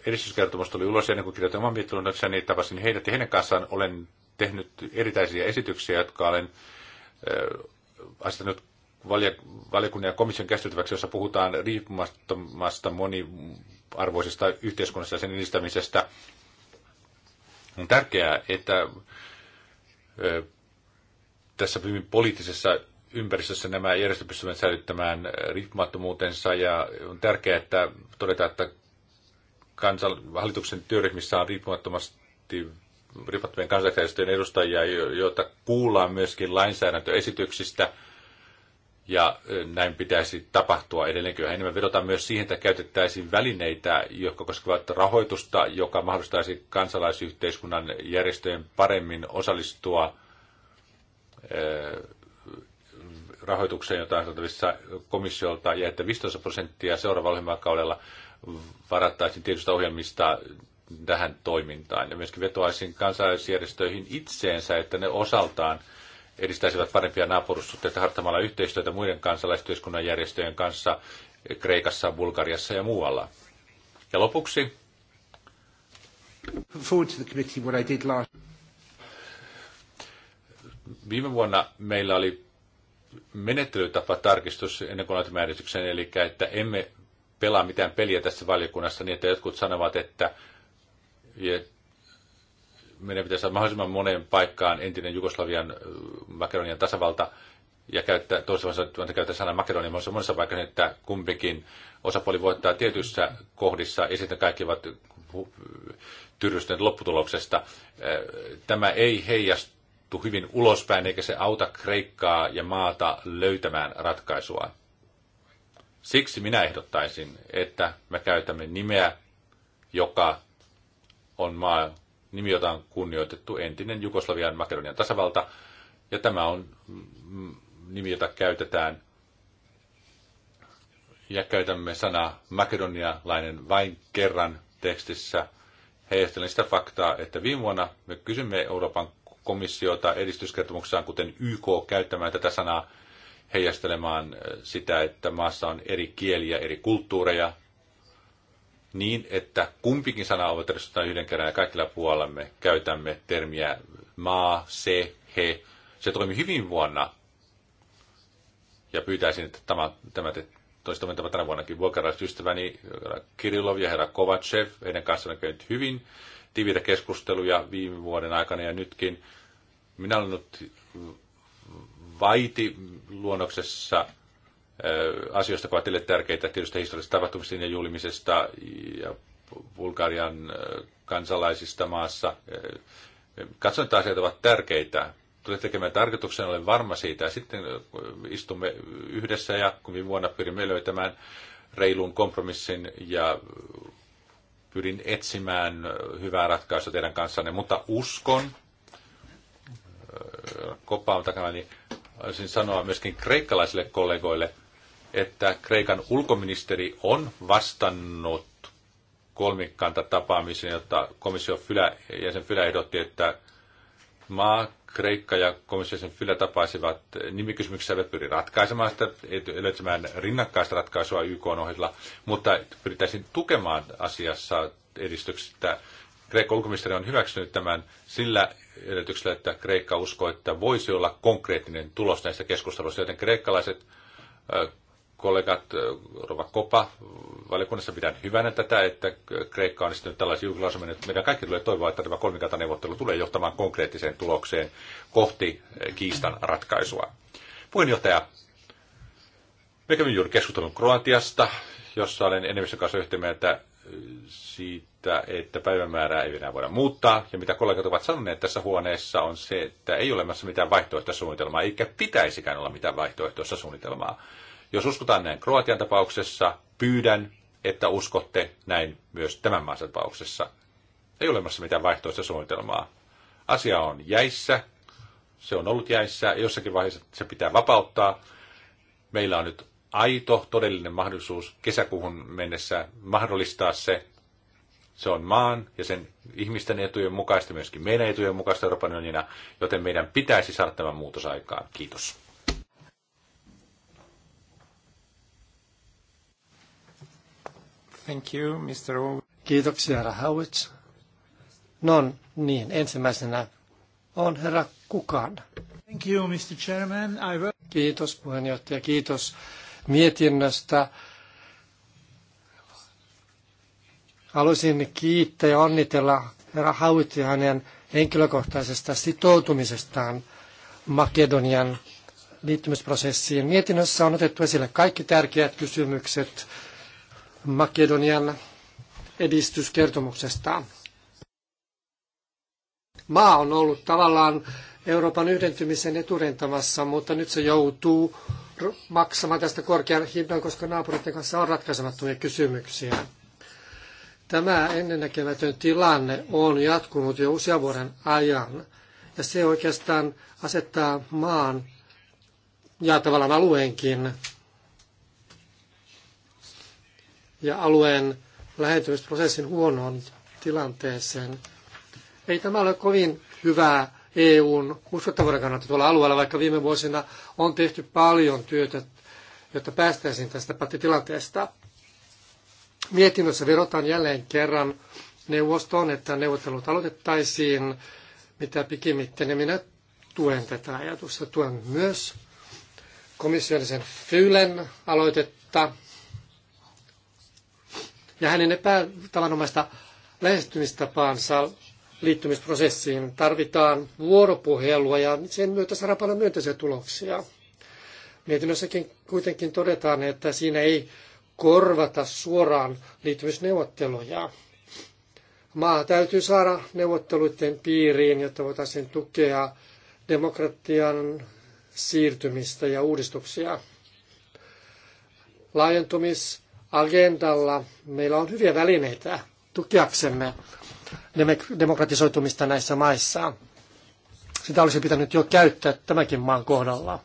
S1: edistyskertomus tuli ulos ennen kuin kirjoitin oman mietinnökseni, niin tapasin heidät ja heidän kanssaan olen tehnyt eritäisiä esityksiä, jotka olen asettanut valiokunnan ja komission käsiteltäväksi, jossa puhutaan riippumattomasta moniarvoisesta yhteiskunnasta ja sen edistämisestä. On tärkeää, että tässä hyvin poliittisessa ympäristössä nämä järjestöt pystyvät säilyttämään riippumattomuutensa ja on tärkeää, että todetaan, että kansan, hallituksen työryhmissä on riippumattomasti riippumattomien kansalaisjärjestöjen edustajia, joita kuullaan myöskin lainsäädäntöesityksistä – ja näin pitäisi tapahtua edelleen. ja enemmän vedotaan myös siihen, että käytettäisiin välineitä, jotka koskevat rahoitusta, joka mahdollistaisi kansalaisyhteiskunnan järjestöjen paremmin osallistua rahoitukseen, jota on saatavissa komissiolta, ja että 15 prosenttia seuraavalla ohjelmakaudella varattaisiin tietystä ohjelmista tähän toimintaan. Ja myöskin vetoaisin kansalaisjärjestöihin itseensä, että ne osaltaan – edistäisivät parempia naapurussuhteita harttamalla yhteistyötä muiden kansalaistyöskunnan järjestöjen kanssa Kreikassa, Bulgariassa ja muualla. Ja lopuksi Viime vuonna meillä oli menettelytapa tarkistus ennen kuin otimme äänestyksen, eli että emme pelaa mitään peliä tässä valiokunnassa niin, että jotkut sanovat, että meidän pitäisi saada mahdollisimman moneen paikkaan entinen Jugoslavian Makedonian tasavalta ja käyttää, toisaalta käyttää sana Makedonia monessa, monessa paikassa, niin, että kumpikin osapuoli voittaa tietyissä kohdissa ja sitten kaikki ovat tyrrystyneet lopputuloksesta. Tämä ei heijastu hyvin ulospäin eikä se auta Kreikkaa ja maata löytämään ratkaisua. Siksi minä ehdottaisin, että me käytämme nimeä, joka on maa, nimi, jota on kunnioitettu entinen Jugoslavian Makedonian tasavalta. Ja tämä on mm, nimi, jota käytetään ja käytämme sanaa makedonialainen vain kerran tekstissä. Heijastelen sitä faktaa, että viime vuonna me kysymme Euroopan komissiota edistyskertomuksessaan, kuten YK, käyttämään tätä sanaa heijastelemaan äh, sitä, että maassa on eri kieliä, eri kulttuureja, niin, että kumpikin sana avatarissa yhden kerran ja kaikilla puolemme käytämme termiä maa, se, he. Se toimi hyvin vuonna. Ja pyytäisin, että tämä, tämä te toistamme tämä tänä vuonnakin vuokralaiset ystäväni Kirillov ja herra Kovacev. Heidän kanssaan on käynyt hyvin tiiviitä keskusteluja viime vuoden aikana ja nytkin. Minä olen ollut vaiti luonnoksessa asioista, jotka ovat tärkeitä, tietysti historiallisista tapahtumista ja julimisesta ja Bulgarian kansalaisista maassa. Katson, että asiat ovat tärkeitä. Tulee tekemään tarkoituksen, olen varma siitä. Sitten istumme yhdessä ja kun viime vuonna pyrimme löytämään reilun kompromissin ja pyrin etsimään hyvää ratkaisua teidän kanssanne, mutta uskon, kopaan takana, niin sanoa myöskin kreikkalaisille kollegoille, että Kreikan ulkoministeri on vastannut kolmikanta tapaamiseen, jotta komissio Fylä, jäsen Fylä ehdotti, että maa, Kreikka ja komissio jäsen Fylä tapaisivat nimikysymyksessä, eivät pyri ratkaisemaan sitä, löytämään rinnakkaista ratkaisua YK ohjella, mutta pyritäisiin tukemaan asiassa edistyksestä. Kreikka ulkoministeri on hyväksynyt tämän sillä edellytyksellä, että Kreikka uskoo, että voisi olla konkreettinen tulos näistä keskusteluista, joten kreikkalaiset kollegat, Rova Kopa, valiokunnassa pidän hyvänä tätä, että Kreikka on sitten tällaisen julkilausuminen, että meidän kaikki tulee toivoa, että tämä kolmikantaneuvottelu tulee johtamaan konkreettiseen tulokseen kohti kiistan ratkaisua. Puheenjohtaja, me kävimme juuri keskustelun Kroatiasta, jossa olen enemmistön kanssa yhtä mieltä siitä, että päivämäärää ei enää voida muuttaa. Ja mitä kollegat ovat sanoneet tässä huoneessa on se, että ei ole olemassa mitään vaihtoehtoista suunnitelmaa, eikä pitäisikään olla mitään vaihtoehtoista suunnitelmaa jos uskotaan näin Kroatian tapauksessa, pyydän, että uskotte näin myös tämän maan tapauksessa. Ei ole olemassa mitään vaihtoista suunnitelmaa. Asia on jäissä, se on ollut jäissä, ja jossakin vaiheessa se pitää vapauttaa. Meillä on nyt aito, todellinen mahdollisuus kesäkuuhun mennessä mahdollistaa se. Se on maan ja sen ihmisten etujen mukaista, myöskin meidän etujen mukaista Euroopan unionina, joten meidän pitäisi saada tämä muutos aikaan. Kiitos. Thank you, Mr.
S2: Kiitoksia, herra Howitz. niin, ensimmäisenä on herra Kukan. Thank you, Mr. Chairman. I... Kiitos puheenjohtaja, kiitos mietinnöstä. Haluaisin kiittää ja onnitella herra Hautia hänen henkilökohtaisesta sitoutumisestaan Makedonian liittymisprosessiin. Mietinnössä on otettu esille kaikki tärkeät kysymykset, Makedonian edistyskertomuksestaan. Maa on ollut tavallaan Euroopan yhdentymisen eturintamassa, mutta nyt se joutuu maksamaan tästä korkean hinnan, koska naapuritten kanssa on ratkaisemattomia kysymyksiä. Tämä ennennäkemätön tilanne on jatkunut jo usean vuoden ajan, ja se oikeastaan asettaa maan ja tavallaan alueenkin ja alueen lähentymisprosessin huonoon tilanteeseen. Ei tämä ole kovin hyvää EUn uskottavuuden kannalta tuolla alueella, vaikka viime vuosina on tehty paljon työtä, jotta päästäisiin tästä pattitilanteesta. Mietinnössä verotaan jälleen kerran neuvostoon, että neuvottelut aloitettaisiin mitä pikimitten, ja minä tuen tätä ajatusta. Tuen myös komissiolisen Fyylen aloitetta ja hänen epätavanomaista lähestymistapaansa liittymisprosessiin tarvitaan vuoropuhelua ja sen myötä saadaan paljon myönteisiä tuloksia. Mietinnössäkin kuitenkin todetaan, että siinä ei korvata suoraan liittymisneuvotteluja. Maa täytyy saada neuvotteluiden piiriin, jotta voitaisiin tukea demokratian siirtymistä ja uudistuksia. Laajentumis- agendalla meillä on hyviä välineitä tukiaksemme demokratisoitumista näissä maissa. Sitä olisi pitänyt jo käyttää tämäkin maan kohdalla.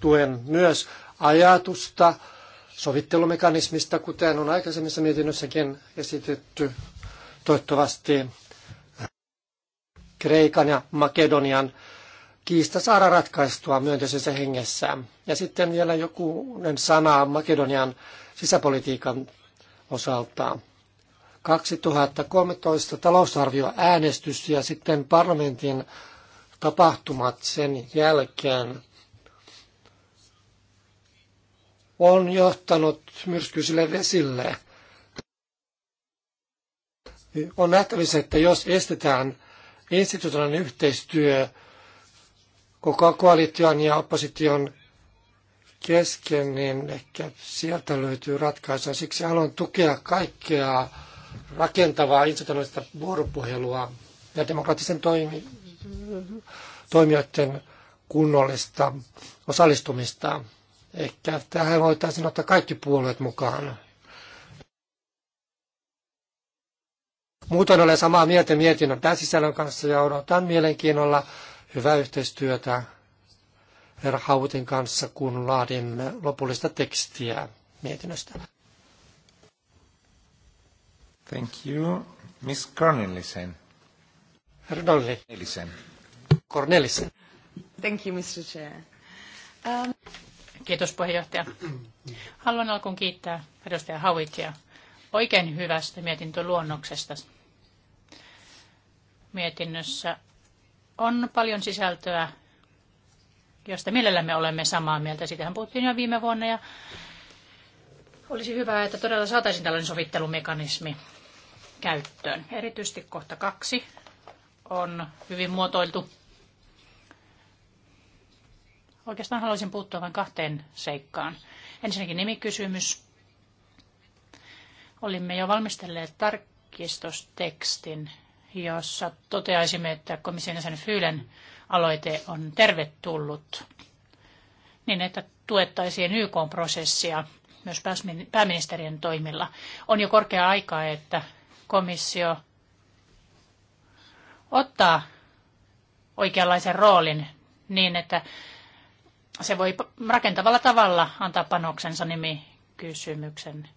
S2: Tuen myös ajatusta sovittelumekanismista, kuten on aikaisemmissa mietinnössäkin esitetty. Toivottavasti Kreikan ja Makedonian kiista saada ratkaistua myönteisessä hengessä. Ja sitten vielä joku sana Makedonian sisäpolitiikan osalta. 2013 talousarvioäänestys ja sitten parlamentin tapahtumat sen jälkeen on johtanut myrskyisille vesille. On nähtävissä, että jos estetään institutionaalinen yhteistyö koko koalition ja opposition kesken, niin ehkä sieltä löytyy ratkaisu. Siksi haluan tukea kaikkea rakentavaa institutionaalista vuoropuhelua ja demokraattisen toimi, toimijoiden kunnollista osallistumista. Ehkä tähän voitaisiin ottaa kaikki puolueet mukaan. Muuten olen samaa mieltä mietinnön pääsisällön kanssa ja odotan mielenkiinnolla hyvää yhteistyötä herra Hautin kanssa, kun laadimme lopullista tekstiä mietinnöstä.
S1: Thank you. Miss Cornelissen. Herra Dolli. Cornelissen.
S2: Cornelissen.
S3: Thank you, Mr. Chair. Um... Kiitos puheenjohtaja. Haluan alkuun kiittää edustaja Hauitia oikein hyvästä mietintöluonnoksesta. Mietinnössä on paljon sisältöä, josta mielellämme olemme samaa mieltä. Siitähän puhuttiin jo viime vuonna ja olisi hyvä, että todella saataisiin tällainen sovittelumekanismi käyttöön. Erityisesti kohta kaksi on hyvin muotoiltu. Oikeastaan haluaisin puuttua vain kahteen seikkaan. Ensinnäkin nimikysymys. Olimme jo valmistelleet tarkistustekstin, jossa toteaisimme, että komission jäsen Fyylen aloite on tervetullut niin, että tuettaisiin YK-prosessia myös pääministerien toimilla. On jo korkea aika, että komissio ottaa oikeanlaisen roolin niin, että se voi rakentavalla tavalla antaa panoksensa nimikysymyksen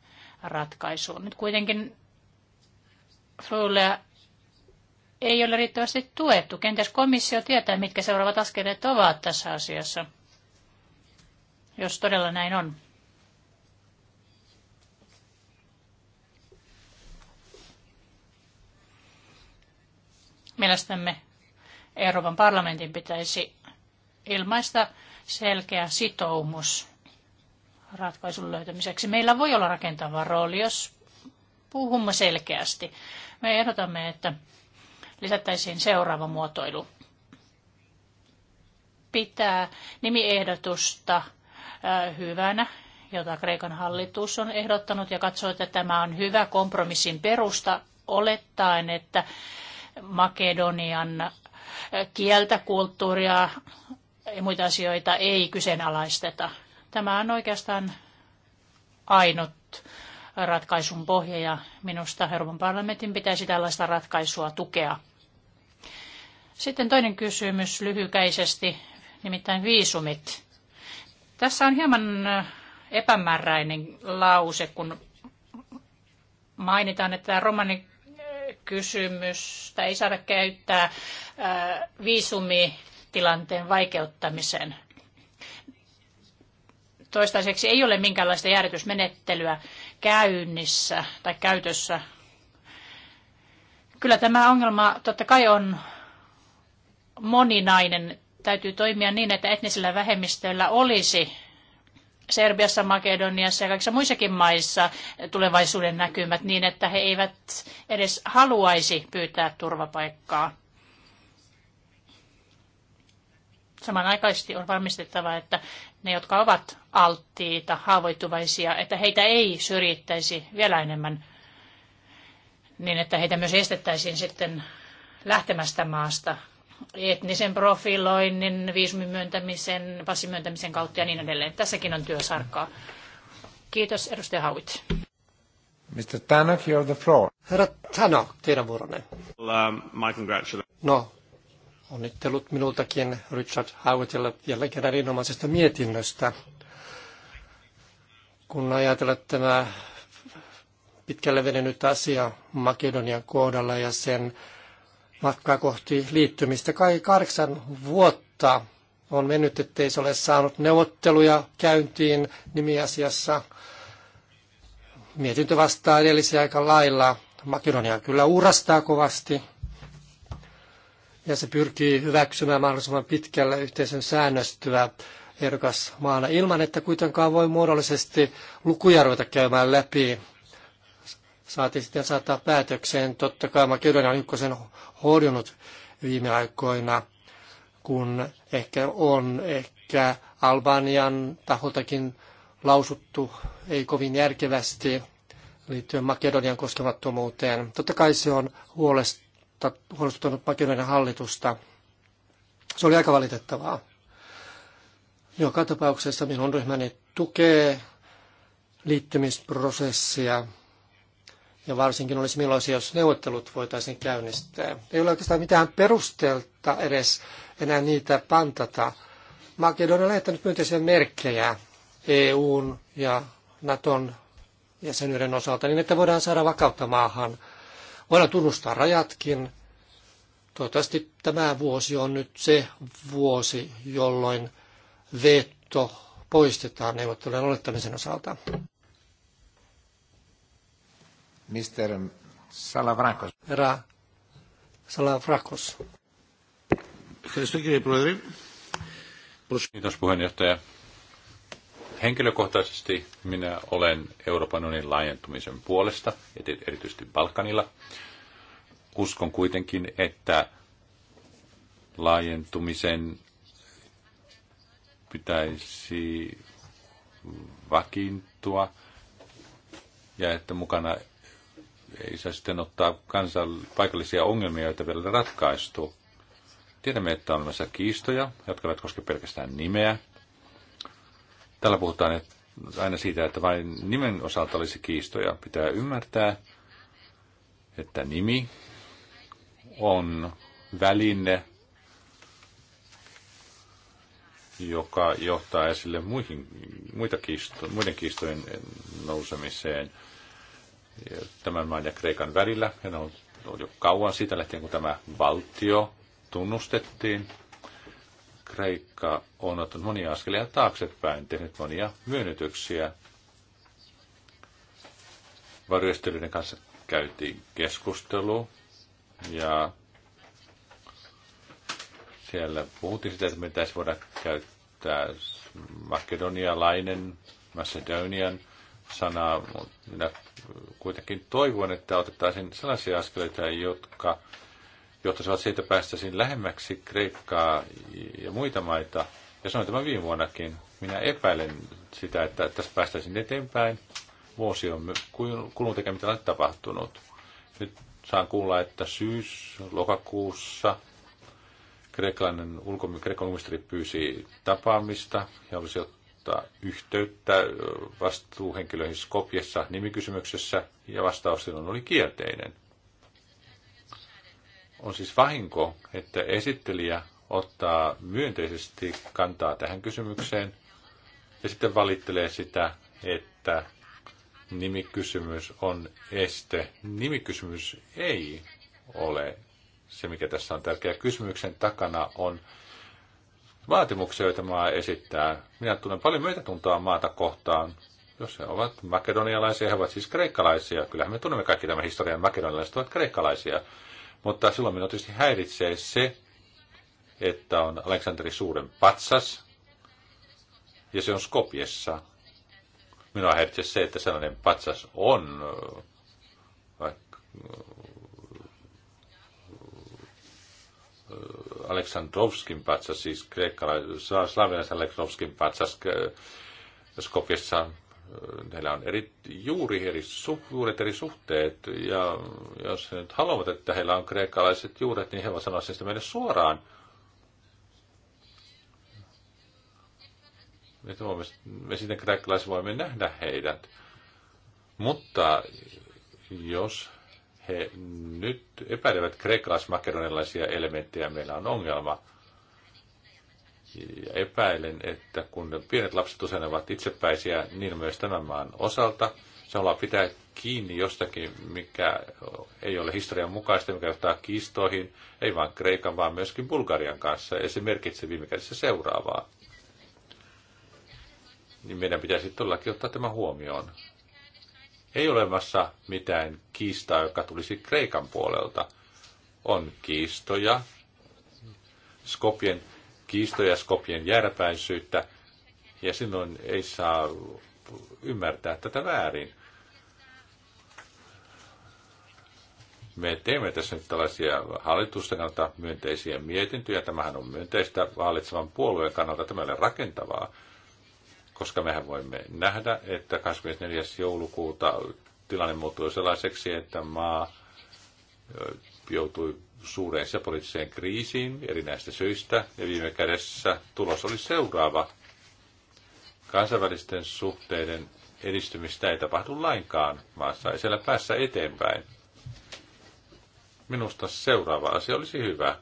S3: ratkaisuun. Nyt kuitenkin Frulle ei ole riittävästi tuettu. Kenties komissio tietää, mitkä seuraavat askeleet ovat tässä asiassa, jos todella näin on. Mielestämme Euroopan parlamentin pitäisi ilmaista selkeä sitoumus ratkaisun löytämiseksi. Meillä voi olla rakentava rooli, jos puhumme selkeästi. Me ehdotamme, että lisättäisiin seuraava muotoilu. Pitää nimiehdotusta äh, hyvänä, jota Kreikan hallitus on ehdottanut ja katsoo, että tämä on hyvä kompromissin perusta olettaen, että Makedonian äh, kieltä, kulttuuria ja muita asioita ei kyseenalaisteta. Tämä on oikeastaan ainut ratkaisun pohja ja minusta Euroopan parlamentin pitäisi tällaista ratkaisua tukea. Sitten toinen kysymys lyhykäisesti, nimittäin viisumit. Tässä on hieman epämääräinen lause, kun mainitaan, että romani kysymystä ei saada käyttää viisumitilanteen vaikeuttamiseen. Toistaiseksi ei ole minkäänlaista järjestysmenettelyä käynnissä tai käytössä. Kyllä tämä ongelma totta kai on moninainen. Täytyy toimia niin, että etnisillä vähemmistöillä olisi Serbiassa, Makedoniassa ja kaikissa muissakin maissa tulevaisuuden näkymät niin, että he eivät edes haluaisi pyytää turvapaikkaa. Samanaikaisesti on varmistettava, että ne, jotka ovat alttiita, haavoittuvaisia, että heitä ei syrjittäisi vielä enemmän niin, että heitä myös estettäisiin sitten lähtemästä maasta etnisen profiloinnin, viisumin myöntämisen, passin myöntämisen kautta ja niin edelleen. Tässäkin on työsarkaa. Kiitos, edustaja Hauit.
S2: Mr. Tanak, you have the floor. Herra Tanak, teidän vuoronne.
S1: Well, um, my congratulations.
S2: No, onnittelut minultakin Richard Howitille jälleen kerran erinomaisesta mietinnöstä. Kun ajatellaan tämä pitkälle venynyt asia Makedonian kohdalla ja sen matkaa kohti liittymistä. Kai kahdeksan vuotta on mennyt, ettei se ole saanut neuvotteluja käyntiin nimiasiassa. Mietintö vastaa edellisiä aika lailla. Makedonia kyllä uurastaa kovasti ja se pyrkii hyväksymään mahdollisimman pitkälle yhteisön säännöstyä maana ilman, että kuitenkaan voi muodollisesti lukuja ruveta käymään läpi. Saatiin sitten saattaa päätökseen. Totta kai Makedonian ykkösen horjunut viime aikoina, kun ehkä on ehkä Albanian taholtakin lausuttu ei kovin järkevästi liittyen Makedonian koskemattomuuteen. Totta kai se on huolestuttanut Makedonian hallitusta. Se oli aika valitettavaa. Joka tapauksessa minun ryhmäni tukee liittymisprosessia ja varsinkin olisi iloisia, jos neuvottelut voitaisiin käynnistää. Ei ole oikeastaan mitään perustelta edes enää niitä pantata. Makedonia on lähettänyt myönteisiä merkkejä EUn ja Naton jäsenyyden osalta, niin että voidaan saada vakautta maahan. Voidaan tunnustaa rajatkin. Toivottavasti tämä vuosi on nyt se vuosi, jolloin veto poistetaan neuvottelujen olettamisen osalta. Mr. Salavrakos. Herra Salavrakos.
S1: Kiitos puheenjohtaja. Henkilökohtaisesti minä olen Euroopan unionin laajentumisen puolesta, erityisesti Balkanilla. Uskon kuitenkin, että laajentumisen pitäisi vakiintua ja että mukana ei saa sitten ottaa kansan paikallisia ongelmia, joita vielä ratkaistuu. Tiedämme, että on olemassa kiistoja, jotka eivät koske pelkästään nimeä. Täällä puhutaan aina siitä, että vain nimen osalta olisi kiistoja. Pitää ymmärtää, että nimi on väline, joka johtaa esille muihin, muita kiisto, muiden kiistojen nousemiseen – tämän maan ja Kreikan välillä. Ja ne on jo kauan siitä lähtien, kun tämä valtio tunnustettiin. Kreikka on ottanut monia askelia taaksepäin, tehnyt monia myönnytyksiä. Varjoistelijoiden kanssa käytiin keskustelu ja siellä puhuttiin sitä, että mitä voida käyttää makedonialainen, macedonian – sanaa, mutta minä kuitenkin toivon, että otettaisiin sellaisia askeleita, jotka johtaisivat siitä päästäisiin lähemmäksi Kreikkaa ja muita maita. Ja sanoin tämän viime vuonnakin. Minä epäilen sitä, että tässä päästäisiin eteenpäin. Vuosi on kulunut eikä mitään tapahtunut. Nyt saan kuulla, että syys-lokakuussa kreikkalainen ulkoministeri pyysi tapaamista ja olisi ottanut ottaa yhteyttä vastuuhenkilöihin Skopjessa nimikysymyksessä ja vastaus silloin oli kielteinen. On siis vahinko, että esittelijä ottaa myönteisesti kantaa tähän kysymykseen ja sitten valittelee sitä, että nimikysymys on este. Nimikysymys ei ole se, mikä tässä on tärkeä. Kysymyksen takana on vaatimuksia, joita maa esittää. Minä tunnen paljon myötätuntoa maata kohtaan. Jos he ovat makedonialaisia, he ovat siis kreikkalaisia. Kyllähän me tunnemme kaikki tämän historian, makedonialaiset ovat kreikkalaisia. Mutta silloin minua tietysti häiritsee se, että on Aleksanteri Suuren patsas, ja se on Skopjessa. Minua häiritsee se, että sellainen patsas on, vaikka Aleksandrovskin patsas, siis kreikkalaisen, Aleksandrovskin patsas skopjessa, äh, heillä on eri, juuri eri, su, juuret eri suhteet, ja jos he nyt haluavat, että heillä on kreikkalaiset juuret, niin he voivat sanoa sen meille suoraan. Me, me sitten kreikkalaiset voimme nähdä heidät. Mutta jos he nyt epäilevät kreikkalais-makedonilaisia elementtejä. Meillä on ongelma. Ja epäilen, että kun pienet lapset usein ovat itsepäisiä, niin myös tämän maan osalta, se ollaan pitää kiinni jostakin, mikä ei ole historian mukaista, mikä johtaa kiistoihin, ei vain Kreikan, vaan myöskin Bulgarian kanssa, ja se merkitsee viime kädessä seuraavaa. Niin meidän pitäisi todellakin ottaa tämä huomioon. Ei ole olemassa mitään kiistaa, joka tulisi Kreikan puolelta. On kiistoja, Skopien, kiistoja Skopien järpäisyyttä, ja silloin ei saa ymmärtää tätä väärin. me teemme tässä nyt tällaisia hallitusten kannalta myönteisiä mietintöjä. Tämähän on myönteistä hallitsevan puolueen kannalta, tämä ei rakentavaa koska mehän voimme nähdä, että 24. joulukuuta tilanne muuttui sellaiseksi, että maa joutui suureen poliittiseen kriisiin erinäistä syistä, ja viime kädessä tulos oli seuraava. Kansainvälisten suhteiden edistymistä ei tapahdu lainkaan maassa, ei siellä päässä eteenpäin. Minusta seuraava asia olisi hyvä.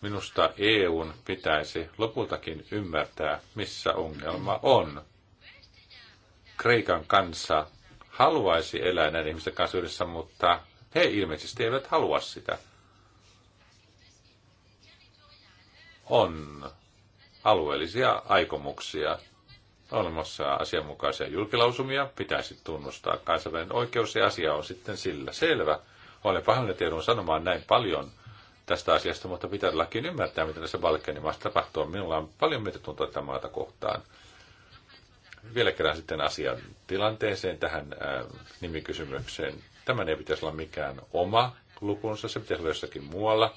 S1: Minusta EUn pitäisi lopultakin ymmärtää, missä ongelma on. Kreikan kanssa haluaisi elää näiden ihmisten kanssa yhdessä, mutta he ilmeisesti eivät halua sitä. On alueellisia aikomuksia, olemassa asianmukaisia julkilausumia, pitäisi tunnustaa kansainvälinen oikeus ja asia on sitten sillä selvä. Olen pahoin tiedon sanomaan näin paljon, tästä asiasta, mutta pitää todellakin ymmärtää, mitä tässä Balkanin maassa tapahtuu. Minulla on paljon myötätuntoa tätä maata kohtaan. Vielä kerran sitten asian tilanteeseen, tähän äh, nimikysymykseen. Tämän ei pitäisi olla mikään oma lukunsa, se pitäisi olla jossakin muualla.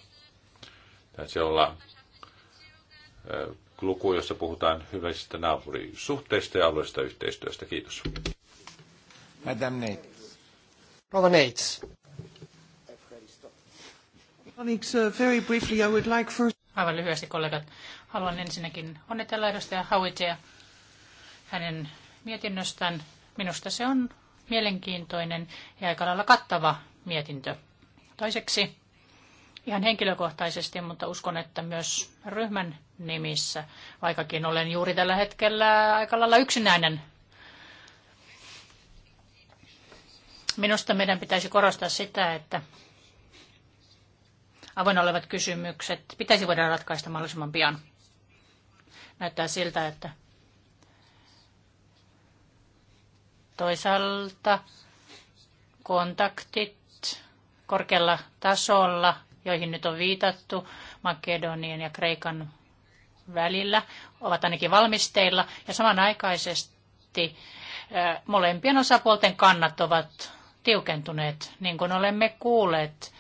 S1: Täytyy olla äh, luku, jossa puhutaan hyvistä naapurisuhteista ja alueellisesta yhteistyöstä. Kiitos.
S2: Madame Neitz. Rova Neitz. Uh,
S3: Aivan lyhyesti kollegat. Haluan ensinnäkin onnitella edustaja Hauitia hänen mietinnöstään. Minusta se on mielenkiintoinen ja aika lailla kattava mietintö. Toiseksi ihan henkilökohtaisesti, mutta uskon, että myös ryhmän nimissä, vaikkakin olen juuri tällä hetkellä aika lailla yksinäinen. Minusta meidän pitäisi korostaa sitä, että avoin olevat kysymykset pitäisi voida ratkaista mahdollisimman pian. Näyttää siltä, että toisaalta kontaktit korkealla tasolla, joihin nyt on viitattu Makedonian ja Kreikan välillä, ovat ainakin valmisteilla ja samanaikaisesti molempien osapuolten kannat ovat tiukentuneet, niin kuin olemme kuulleet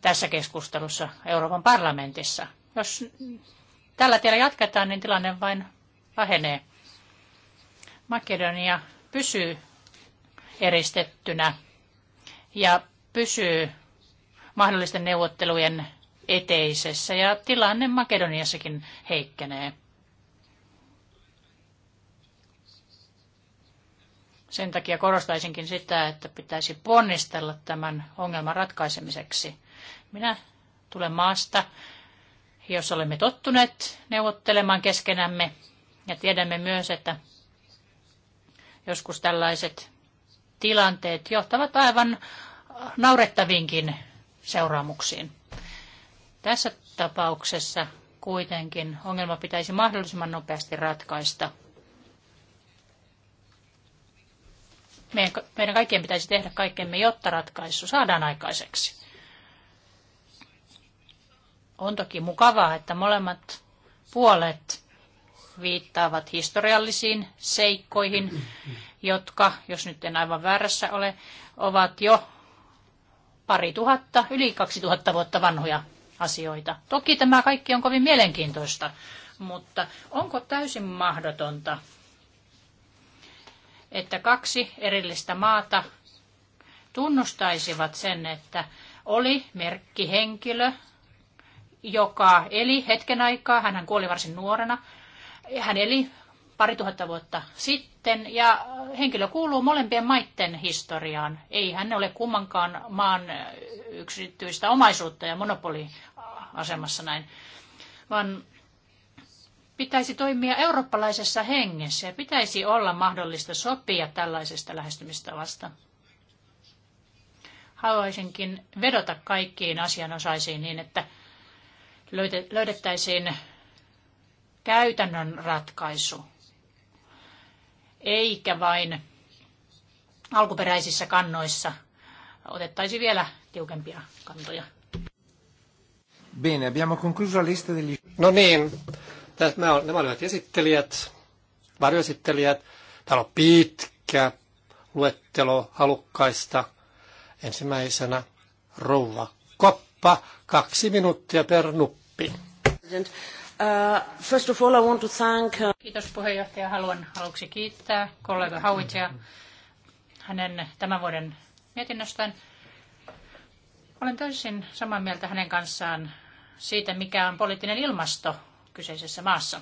S3: tässä keskustelussa Euroopan parlamentissa. Jos tällä tiellä jatketaan, niin tilanne vain pahenee. Makedonia pysyy eristettynä ja pysyy mahdollisten neuvottelujen eteisessä ja tilanne Makedoniassakin heikkenee. Sen takia korostaisinkin sitä, että pitäisi ponnistella tämän ongelman ratkaisemiseksi. Minä tulen maasta, jos olemme tottuneet neuvottelemaan keskenämme ja tiedämme myös, että joskus tällaiset tilanteet johtavat aivan naurettavinkin seuraamuksiin. Tässä tapauksessa kuitenkin ongelma pitäisi mahdollisimman nopeasti ratkaista. Meidän, meidän kaikkien pitäisi tehdä kaikkemme, jotta ratkaisu saadaan aikaiseksi. On toki mukavaa, että molemmat puolet viittaavat historiallisiin seikkoihin, jotka, jos nyt en aivan väärässä ole, ovat jo pari tuhatta, yli kaksi tuhatta vuotta vanhoja asioita. Toki tämä kaikki on kovin mielenkiintoista, mutta onko täysin mahdotonta, että kaksi erillistä maata tunnustaisivat sen, että oli merkkihenkilö, joka eli hetken aikaa, hän kuoli varsin nuorena, hän eli pari tuhatta vuotta sitten, ja henkilö kuuluu molempien maiden historiaan. Ei hän ole kummankaan maan yksityistä omaisuutta ja monopoliasemassa näin, vaan pitäisi toimia eurooppalaisessa hengessä ja pitäisi olla mahdollista sopia tällaisesta lähestymistavasta. Haluaisinkin vedota kaikkiin asianosaisiin niin, että löydettäisiin käytännön ratkaisu, eikä vain alkuperäisissä kannoissa otettaisiin vielä tiukempia kantoja.
S1: Bene,
S2: abbiamo concluso la lista degli... No niin, Nämä, nämä olivat esittelijät, varjoesittelijät. Täällä on pitkä luettelo halukkaista. Ensimmäisenä rouva Koppa, kaksi minuuttia per
S3: nuppi. Uh, first of all, I want to thank... Uh, Kiitos puheenjohtaja. Haluan aluksi kiittää kollega Hauitia hänen tämän vuoden mietinnöstään. Olen täysin samaa mieltä hänen kanssaan siitä, mikä on poliittinen ilmasto kyseisessä maassa.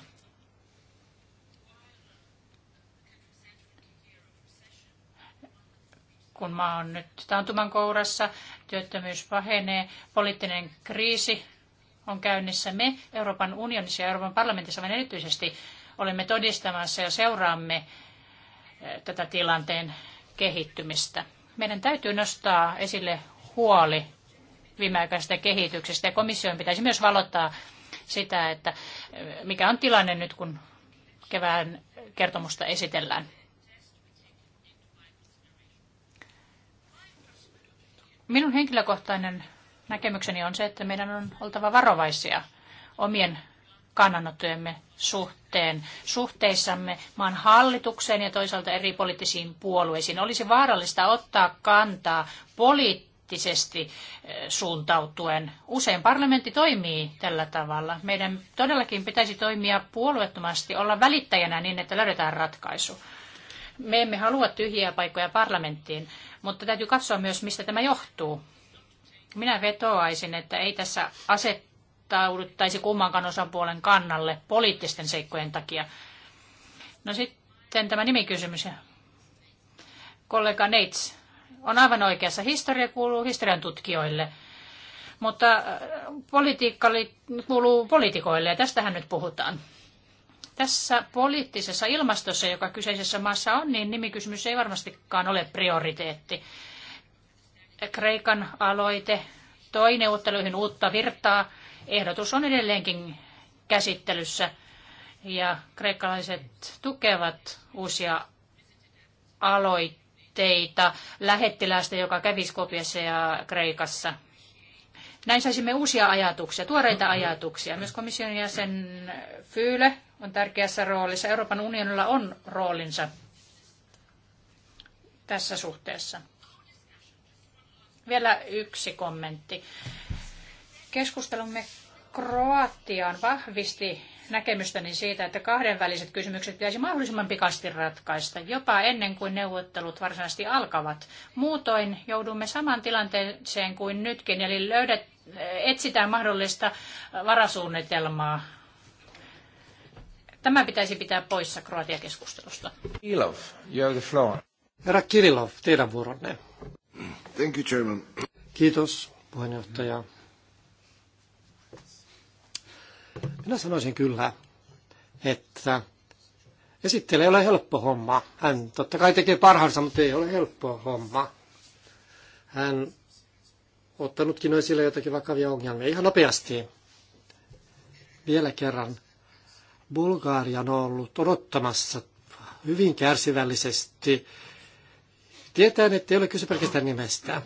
S3: Kun maa on nyt taantuman kourassa, työttömyys pahenee, poliittinen kriisi on käynnissä. Me Euroopan unionissa ja Euroopan parlamentissa vain erityisesti olemme todistamassa ja seuraamme eh, tätä tilanteen kehittymistä. Meidän täytyy nostaa esille huoli viimeaikaisesta kehityksestä ja komission pitäisi myös valottaa sitä, että eh, mikä on tilanne nyt, kun kevään kertomusta esitellään. Minun henkilökohtainen näkemykseni on se, että meidän on oltava varovaisia omien kannanottojemme suhteen, suhteissamme maan hallitukseen ja toisaalta eri poliittisiin puolueisiin. Olisi vaarallista ottaa kantaa poliittisesti eh, suuntautuen. Usein parlamentti toimii tällä tavalla. Meidän todellakin pitäisi toimia puolueettomasti, olla välittäjänä niin, että löydetään ratkaisu. Me emme halua tyhjiä paikkoja parlamenttiin, mutta täytyy katsoa myös, mistä tämä johtuu. Minä vetoaisin, että ei tässä asettauduttaisi kummankaan osapuolen kannalle poliittisten seikkojen takia. No sitten tämä nimikysymys. Kollega Neits on aivan oikeassa. Historia kuuluu historian tutkijoille, mutta äh, politiikka kuuluu poliitikoille ja tästähän nyt puhutaan. Tässä poliittisessa ilmastossa, joka kyseisessä maassa on, niin nimikysymys ei varmastikaan ole prioriteetti. Kreikan aloite toi neuvotteluihin uutta virtaa. Ehdotus on edelleenkin käsittelyssä ja kreikkalaiset tukevat uusia aloitteita lähettilästä, joka kävi Skopiassa ja Kreikassa. Näin saisimme uusia ajatuksia, tuoreita ajatuksia. Myös komission jäsen Fyyle on tärkeässä roolissa. Euroopan unionilla on roolinsa tässä suhteessa. Vielä yksi kommentti. Keskustelumme Kroatiaan vahvisti näkemystäni siitä, että kahdenväliset kysymykset pitäisi mahdollisimman pikasti ratkaista, jopa ennen kuin neuvottelut varsinaisesti alkavat. Muutoin joudumme saman tilanteeseen kuin nytkin, eli löydät, etsitään mahdollista varasuunnitelmaa. Tämä pitäisi pitää poissa Kroatia-keskustelusta.
S2: you have the floor. Herra Kirilov, teidän vuoronne.
S1: Thank you, Chairman.
S2: Kiitos, puheenjohtaja. Minä sanoisin kyllä, että esittelee ei ole helppo homma. Hän totta kai tekee parhaansa, mutta ei ole helppo homma. Hän ottanutkin esille jotakin vakavia ongelmia ihan nopeasti. Vielä kerran. Bulgaria on ollut odottamassa hyvin kärsivällisesti Tietään, että ei ole kyse pelkästään nimestä.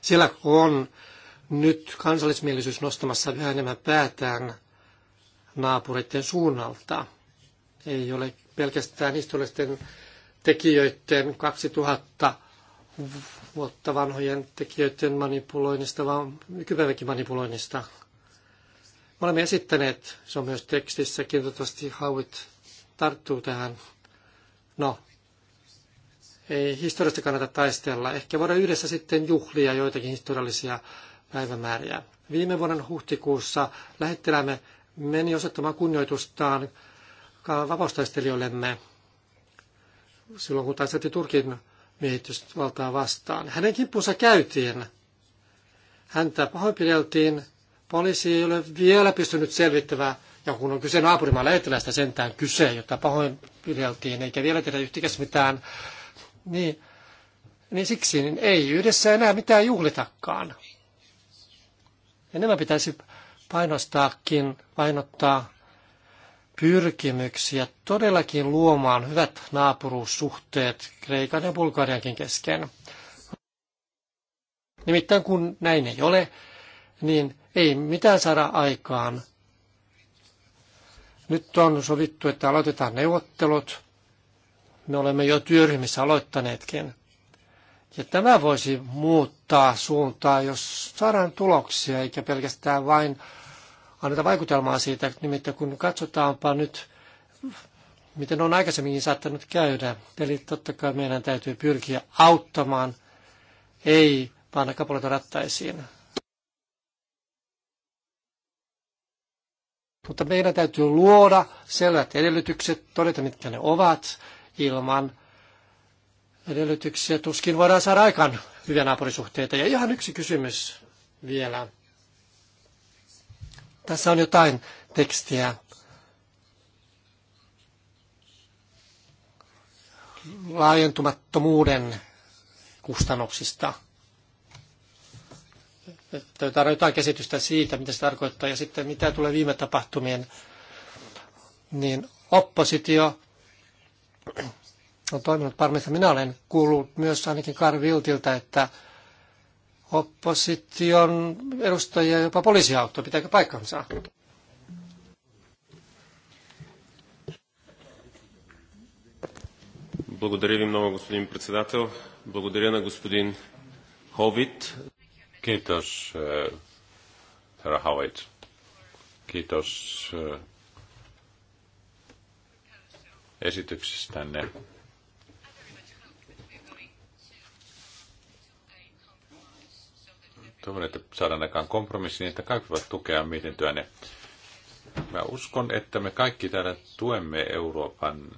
S2: Siellä kun on nyt kansallismielisyys nostamassa vähän enemmän päätään naapureiden suunnalta, ei ole pelkästään historiallisten tekijöiden 2000 vuotta vanhojen tekijöiden manipuloinnista, vaan nykypäiväkin manipuloinnista. Me olemme esittäneet, se on myös tekstissäkin, toivottavasti Hauit tarttuu tähän. No, ei historiasta kannata taistella. Ehkä voidaan yhdessä sitten juhlia joitakin historiallisia päivämääriä. Viime vuoden huhtikuussa lähettiläämme meni osoittamaan kunnioitustaan vapaustaistelijoillemme silloin, kun taisteltiin Turkin miehitysvaltaa vastaan. Hänen kippunsa käytiin. Häntä pahoinpideltiin. Poliisi ei ole vielä pystynyt selvittämään, ja kun on kyse naapurimaan lähettilästä sentään kyse, jota pahoinpideltiin, eikä vielä tehdä yhtikäs mitään niin, niin siksi niin ei yhdessä enää mitään juhlitakaan. Enemmän pitäisi painostaakin, painottaa pyrkimyksiä todellakin luomaan hyvät naapuruussuhteet Kreikan ja Bulgariankin kesken. Nimittäin kun näin ei ole, niin ei mitään saada aikaan. Nyt on sovittu, että aloitetaan neuvottelut me olemme jo työryhmissä aloittaneetkin. Ja tämä voisi muuttaa suuntaa, jos saadaan tuloksia, eikä pelkästään vain anneta vaikutelmaa siitä. Nimittäin kun katsotaanpa nyt, miten on aikaisemminkin saattanut käydä. Eli totta kai meidän täytyy pyrkiä auttamaan, ei panna kapuloita rattaisiin. Mutta meidän täytyy luoda selvät edellytykset, todeta mitkä ne ovat, ilman edellytyksiä tuskin voidaan saada aikaan hyviä naapurisuhteita. Ja ihan yksi kysymys vielä. Tässä on jotain tekstiä. Laajentumattomuuden kustannuksista. tarvitaan käsitystä siitä, mitä se tarkoittaa ja sitten mitä tulee viime tapahtumien, niin oppositio on toiminut parmissa. Minä olen kuullut myös ainakin Karviltilta, että opposition edustajia jopa poliisiauto. Pitääkö paikkansa?
S1: Благодаря ви много, господин председател. Благодаря на господин Ховит. Kiitos, herra Havit. Kiitos esityksestänne. Toivon, että saadaan aikaan kompromissi niin, että kaikki voivat tukea mietintöänne. Mä uskon, että me kaikki täällä tuemme Euroopan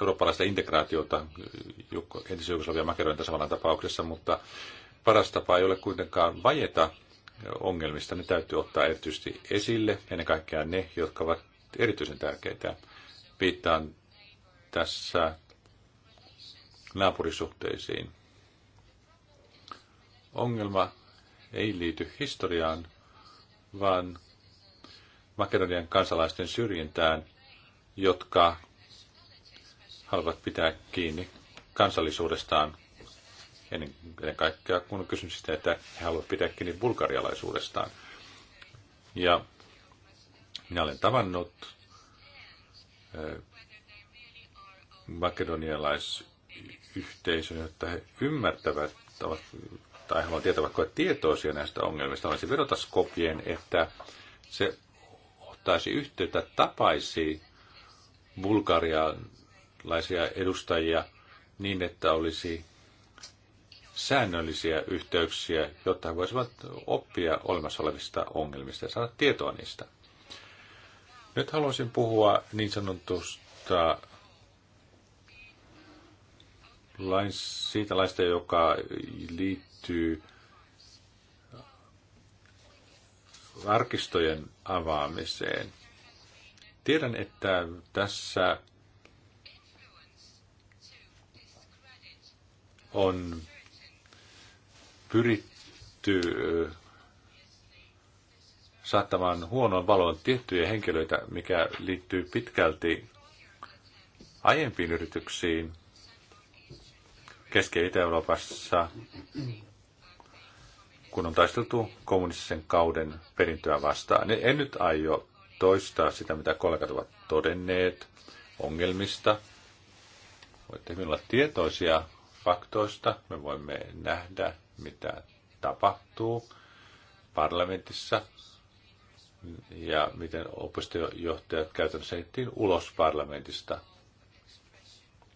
S1: eurooppalaista integraatiota entisyyksellä Jugoslavian Makedonian tasavallan tapauksessa, mutta paras tapa ei ole kuitenkaan vajeta ongelmista. Ne täytyy ottaa erityisesti esille, ennen kaikkea ne, jotka ovat erityisen tärkeitä. Viittaan tässä naapurisuhteisiin. Ongelma ei liity historiaan, vaan Makedonian kansalaisten syrjintään, jotka haluavat pitää kiinni kansallisuudestaan ennen, kaikkea, kun on kysymys sitä, että he haluavat pitää kiinni bulgarialaisuudestaan. Ja minä olen tavannut makedonialaisyhteisön, jotta he ymmärtävät tai haluan tietävät vaikka tietoisia näistä ongelmista, olisi vedota skopien, että se ottaisi yhteyttä, tapaisi bulgarialaisia edustajia niin, että olisi säännöllisiä yhteyksiä, jotta he voisivat oppia olemassa olevista ongelmista ja saada tietoa niistä. Nyt haluaisin puhua niin sanotusta lain, siitä laista, joka liittyy arkistojen avaamiseen. Tiedän, että tässä on pyritty saattamaan huonoon valoon tiettyjä henkilöitä, mikä liittyy pitkälti aiempiin yrityksiin Keski- Itä-Euroopassa, kun on taisteltu kommunistisen kauden perintöä vastaan. Niin en nyt aio toistaa sitä, mitä kollegat ovat todenneet ongelmista. Voitte hyvin olla tietoisia faktoista. Me voimme nähdä, mitä tapahtuu parlamentissa ja miten oppositiojohtajat käytännössä heittiin ulos parlamentista.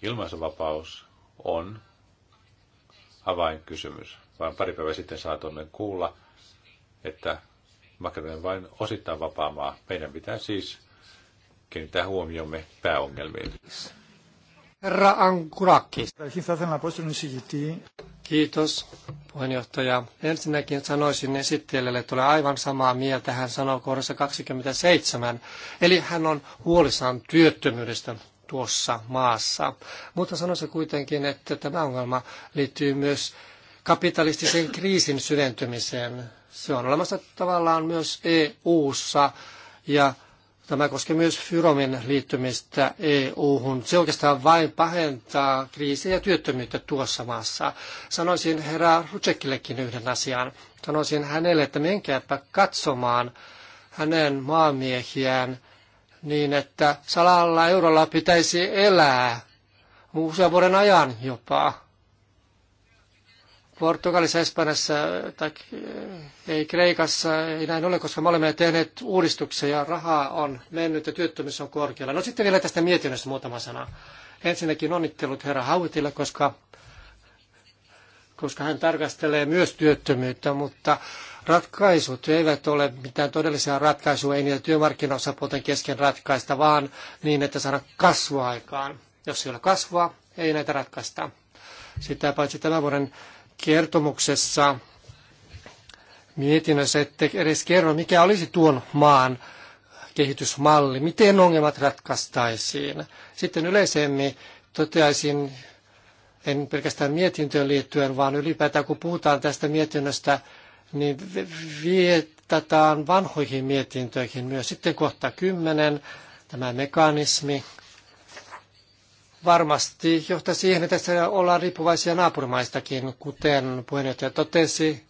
S1: Ilmaisuvapaus on avainkysymys. Vain pari päivää sitten saatoimme kuulla, että Makedonia vain osittain maa. Meidän pitää siis kiinnittää huomiomme pääongelmiin. Herra
S2: Ankurakis. Kiitos puheenjohtaja. Ensinnäkin sanoisin esittelijälle, että olen aivan samaa mieltä. Hän sanoo kohdassa 27. Eli hän on huolissaan työttömyydestä tuossa maassa. Mutta sanoisin kuitenkin, että tämä ongelma liittyy myös kapitalistisen kriisin syventymiseen. Se on olemassa tavallaan myös EU-ssa ja Tämä koskee myös Fyromin liittymistä EU-hun. Se oikeastaan vain pahentaa kriisiä ja työttömyyttä tuossa maassa. Sanoisin herra Rutsekillekin yhden asian. Sanoisin hänelle, että menkääpä katsomaan hänen maamiehiään niin, että salalla eurolla pitäisi elää usean vuoden ajan jopa. Portugalissa, Espanjassa tai eh, ei Kreikassa, ei näin ole, koska me olemme tehneet uudistuksia ja rahaa on mennyt ja työttömyys on korkealla. No sitten vielä tästä mietinnöstä muutama sana. Ensinnäkin onnittelut herra Hautille, koska, koska hän tarkastelee myös työttömyyttä, mutta ratkaisut eivät ole mitään todellisia ratkaisuja, ei niitä työmarkkinaosapuolten kesken ratkaista, vaan niin, että saada kasvua aikaan. Jos ei ole kasvua, ei näitä ratkaista. Sitä paitsi tämän vuoden kertomuksessa mietinnössä ette edes kerro, mikä olisi tuon maan kehitysmalli, miten ongelmat ratkaistaisiin. Sitten yleisemmin toteaisin, en pelkästään mietintöön liittyen, vaan ylipäätään kun puhutaan tästä mietinnöstä, niin vietataan vanhoihin mietintöihin myös. Sitten kohta kymmenen tämä mekanismi, varmasti johtaa siihen, että tässä ollaan riippuvaisia naapurimaistakin, kuten puheenjohtaja totesi.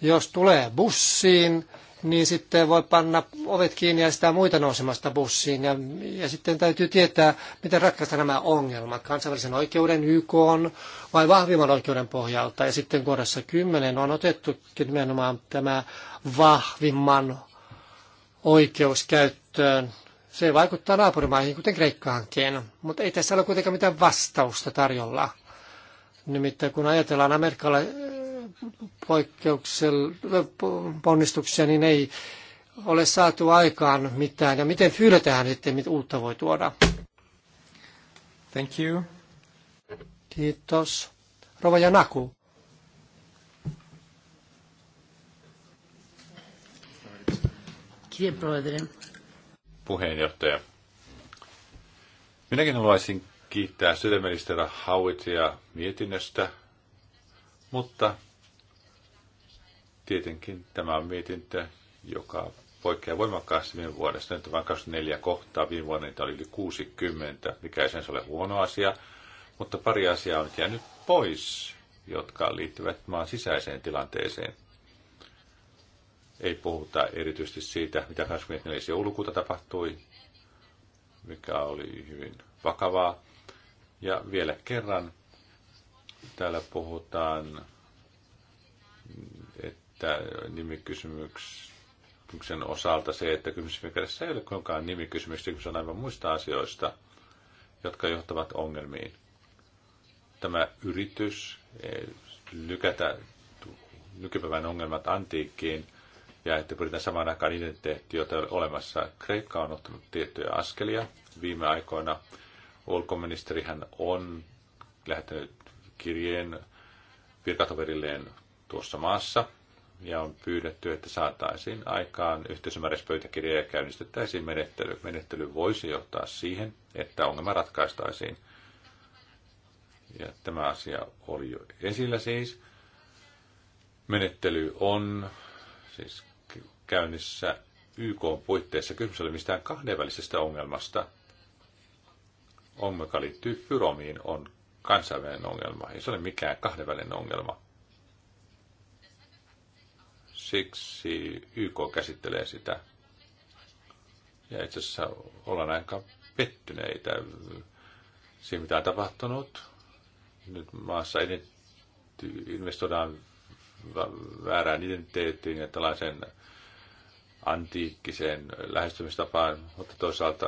S2: Jos tulee bussiin, niin sitten voi panna ovet kiinni ja sitä muita nousemasta bussiin. Ja, ja sitten täytyy tietää, miten ratkaista nämä ongelmat. Kansainvälisen oikeuden, YK on, vai vahvimman oikeuden pohjalta. Ja sitten kohdassa 10 on otettu nimenomaan tämä vahvimman oikeus käyttöön se vaikuttaa naapurimaihin, kuten Kreikkaankin, mutta ei tässä ole kuitenkaan mitään vastausta tarjolla. Nimittäin kun ajatellaan Amerikalle ponnistuksia, niin ei ole saatu aikaan mitään. Ja miten fyylätään sitten, mitä uutta voi tuoda? Thank you. Kiitos. Rova Janaku.
S3: Kiitos,
S1: puheenjohtaja. Minäkin haluaisin kiittää sydämellistä Hauitia mietinnöstä, mutta tietenkin tämä on mietintö, joka poikkeaa voimakkaasti viime vuodesta. Nyt on vain 24 kohtaa, viime vuonna niitä oli yli 60, mikä ei sen ole huono asia. Mutta pari asiaa on jäänyt pois, jotka liittyvät maan sisäiseen tilanteeseen ei puhuta erityisesti siitä, mitä 24. joulukuuta tapahtui, mikä oli hyvin vakavaa. Ja vielä kerran täällä puhutaan, että nimikysymyksen osalta se, että kysymysmielessä ei ole kuinkaan nimikysymys, se on aivan muista asioista, jotka johtavat ongelmiin. Tämä yritys eh, lykätä nykypäivän ongelmat antiikkiin – ja että pyritään samaan aikaan identiteetti, jota olemassa. Kreikka on ottanut tiettyjä askelia viime aikoina. Ulkoministerihän on lähettänyt kirjeen virkatoverilleen tuossa maassa ja on pyydetty, että saataisiin aikaan yhteisymmärryspöytäkirja ja käynnistettäisiin menettely. Menettely voisi johtaa siihen, että ongelma ratkaistaisiin. Ja tämä asia oli jo esillä siis. Menettely on siis käynnissä YK puitteissa. Kysymys oli mistään kahdenvälisestä ongelmasta. Ongelma, joka liittyy Fyromiin, on kansainvälinen ongelma. Ei se ole mikään kahdenvälinen ongelma. Siksi YK käsittelee sitä. Ja itse asiassa ollaan aika pettyneitä siihen, mitä on tapahtunut. Nyt maassa investoidaan väärään identiteettiin ja tällaisen antiikkiseen lähestymistapaan, mutta toisaalta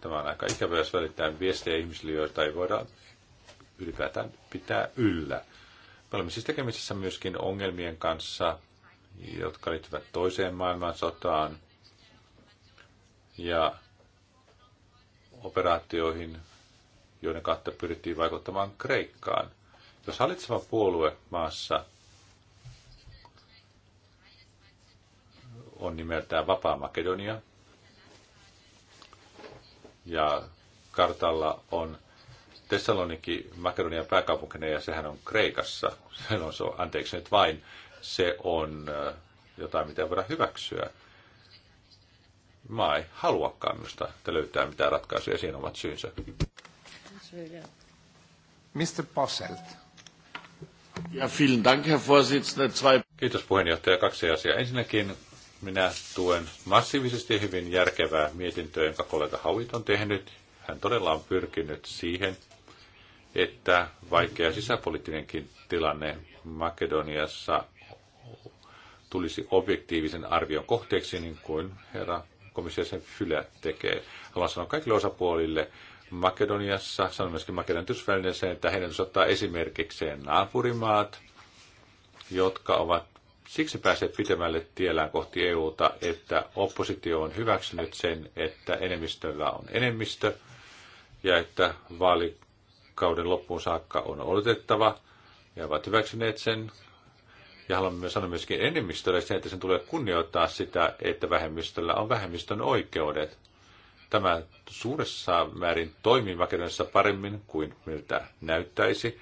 S1: tämä on aika ikävä, jos välittää viestejä ihmisille, joita ei voida ylipäätään pitää yllä. Me olemme siis tekemisissä myöskin ongelmien kanssa, jotka liittyvät toiseen maailmansotaan ja operaatioihin, joiden kautta pyrittiin vaikuttamaan Kreikkaan. Jos hallitseva puolue maassa on nimeltään Vapaa Makedonia. Ja kartalla on Thessaloniki Makedonian pääkaupunkina ja sehän on Kreikassa. Se on, se, anteeksi nyt vain, se on äh, jotain, mitä voidaan hyväksyä. Mä en haluakaan minusta, että löytää mitään ratkaisuja, siihen omat syynsä.
S2: Mr. Posselt.
S1: Ja, vielen Dank, Herr Vorsitzender. Zwei... Kiitos puheenjohtaja. Kaksi asiaa. Ensinnäkin minä tuen massiivisesti hyvin järkevää mietintöä, jonka kollega Hauit on tehnyt. Hän todella on pyrkinyt siihen, että vaikea sisäpoliittinenkin tilanne Makedoniassa tulisi objektiivisen arvion kohteeksi, niin kuin herra komissiosen Fyle tekee. Haluan sanoa kaikille osapuolille Makedoniassa, sanon myöskin Makedonian että heidän ottaa esimerkikseen naapurimaat, jotka ovat siksi pääsee pitemmälle tiellään kohti EUta, että oppositio on hyväksynyt sen, että enemmistöllä on enemmistö ja että vaalikauden loppuun saakka on odotettava ja ovat hyväksyneet sen. Ja haluamme sanoa myöskin enemmistölle sen, että sen tulee kunnioittaa sitä, että vähemmistöllä on vähemmistön oikeudet. Tämä suuressa määrin toimii Makedonissa paremmin kuin miltä näyttäisi,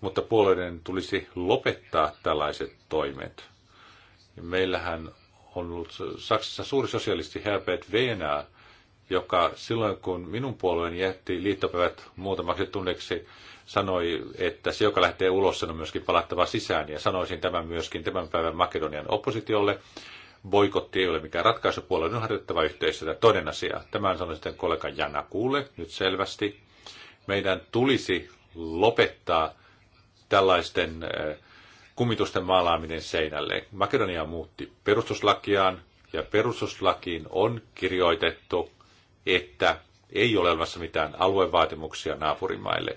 S1: mutta puolueiden tulisi lopettaa tällaiset toimet Meillähän on ollut Saksassa suuri sosialisti Herbert Wehner, joka silloin kun minun puolueeni jätti liittopäivät muutamaksi tunneksi, sanoi, että se, joka lähtee ulos, on myöskin palattava sisään. Ja sanoisin tämän myöskin tämän päivän Makedonian oppositiolle. Boikotti ei ole mikään ratkaisupuolue, on harjoittava yhteistyötä. Toinen asia, tämän sanoi sitten kollega Jana Kuule nyt selvästi. Meidän tulisi lopettaa tällaisten äh, kumitusten maalaaminen seinälle. Makedonia muutti perustuslakiaan ja perustuslakiin on kirjoitettu, että ei ole olemassa mitään aluevaatimuksia naapurimaille.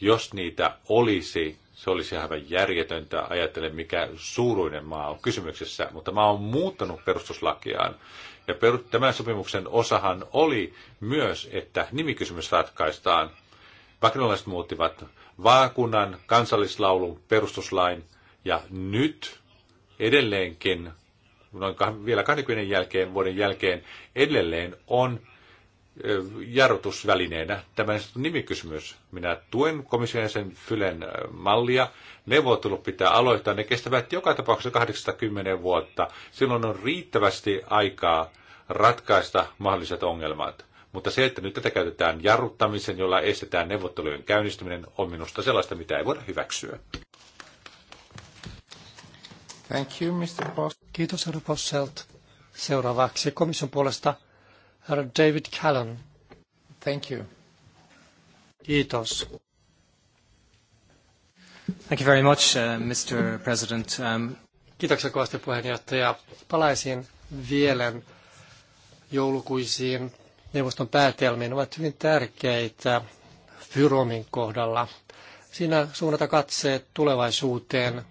S1: Jos niitä olisi, se olisi aivan järjetöntä ajatella, mikä suuruinen maa on kysymyksessä, mutta maa on muuttanut perustuslakiaan. Ja per, tämän sopimuksen osahan oli myös, että nimikysymys ratkaistaan. Makedonalaiset muuttivat vaakunan, kansallislaulun, perustuslain ja nyt edelleenkin, noin vielä 20 jälkeen, vuoden jälkeen, edelleen on jarrutusvälineenä tämä niin nimikysymys. Minä tuen komission sen Fylen mallia. Neuvottelut pitää aloittaa. Ne kestävät joka tapauksessa 80 vuotta. Silloin on riittävästi aikaa ratkaista mahdolliset ongelmat. Mutta se, että nyt tätä käytetään jarruttamisen, jolla estetään neuvottelujen käynnistyminen, on minusta sellaista, mitä ei voida hyväksyä.
S2: Thank you, Mr. Post. Kiitos, herra Posselt. Seuraavaksi komission puolesta herra David Callan. Thank you. Kiitos. Thank you very much, uh, Mr. President. Um... Kiitoksia kovasti puheenjohtaja. Palaisin vielä joulukuisiin neuvoston päätelmiin ovat hyvin tärkeitä Fyromin kohdalla. Siinä suunnata katseet tulevaisuuteen,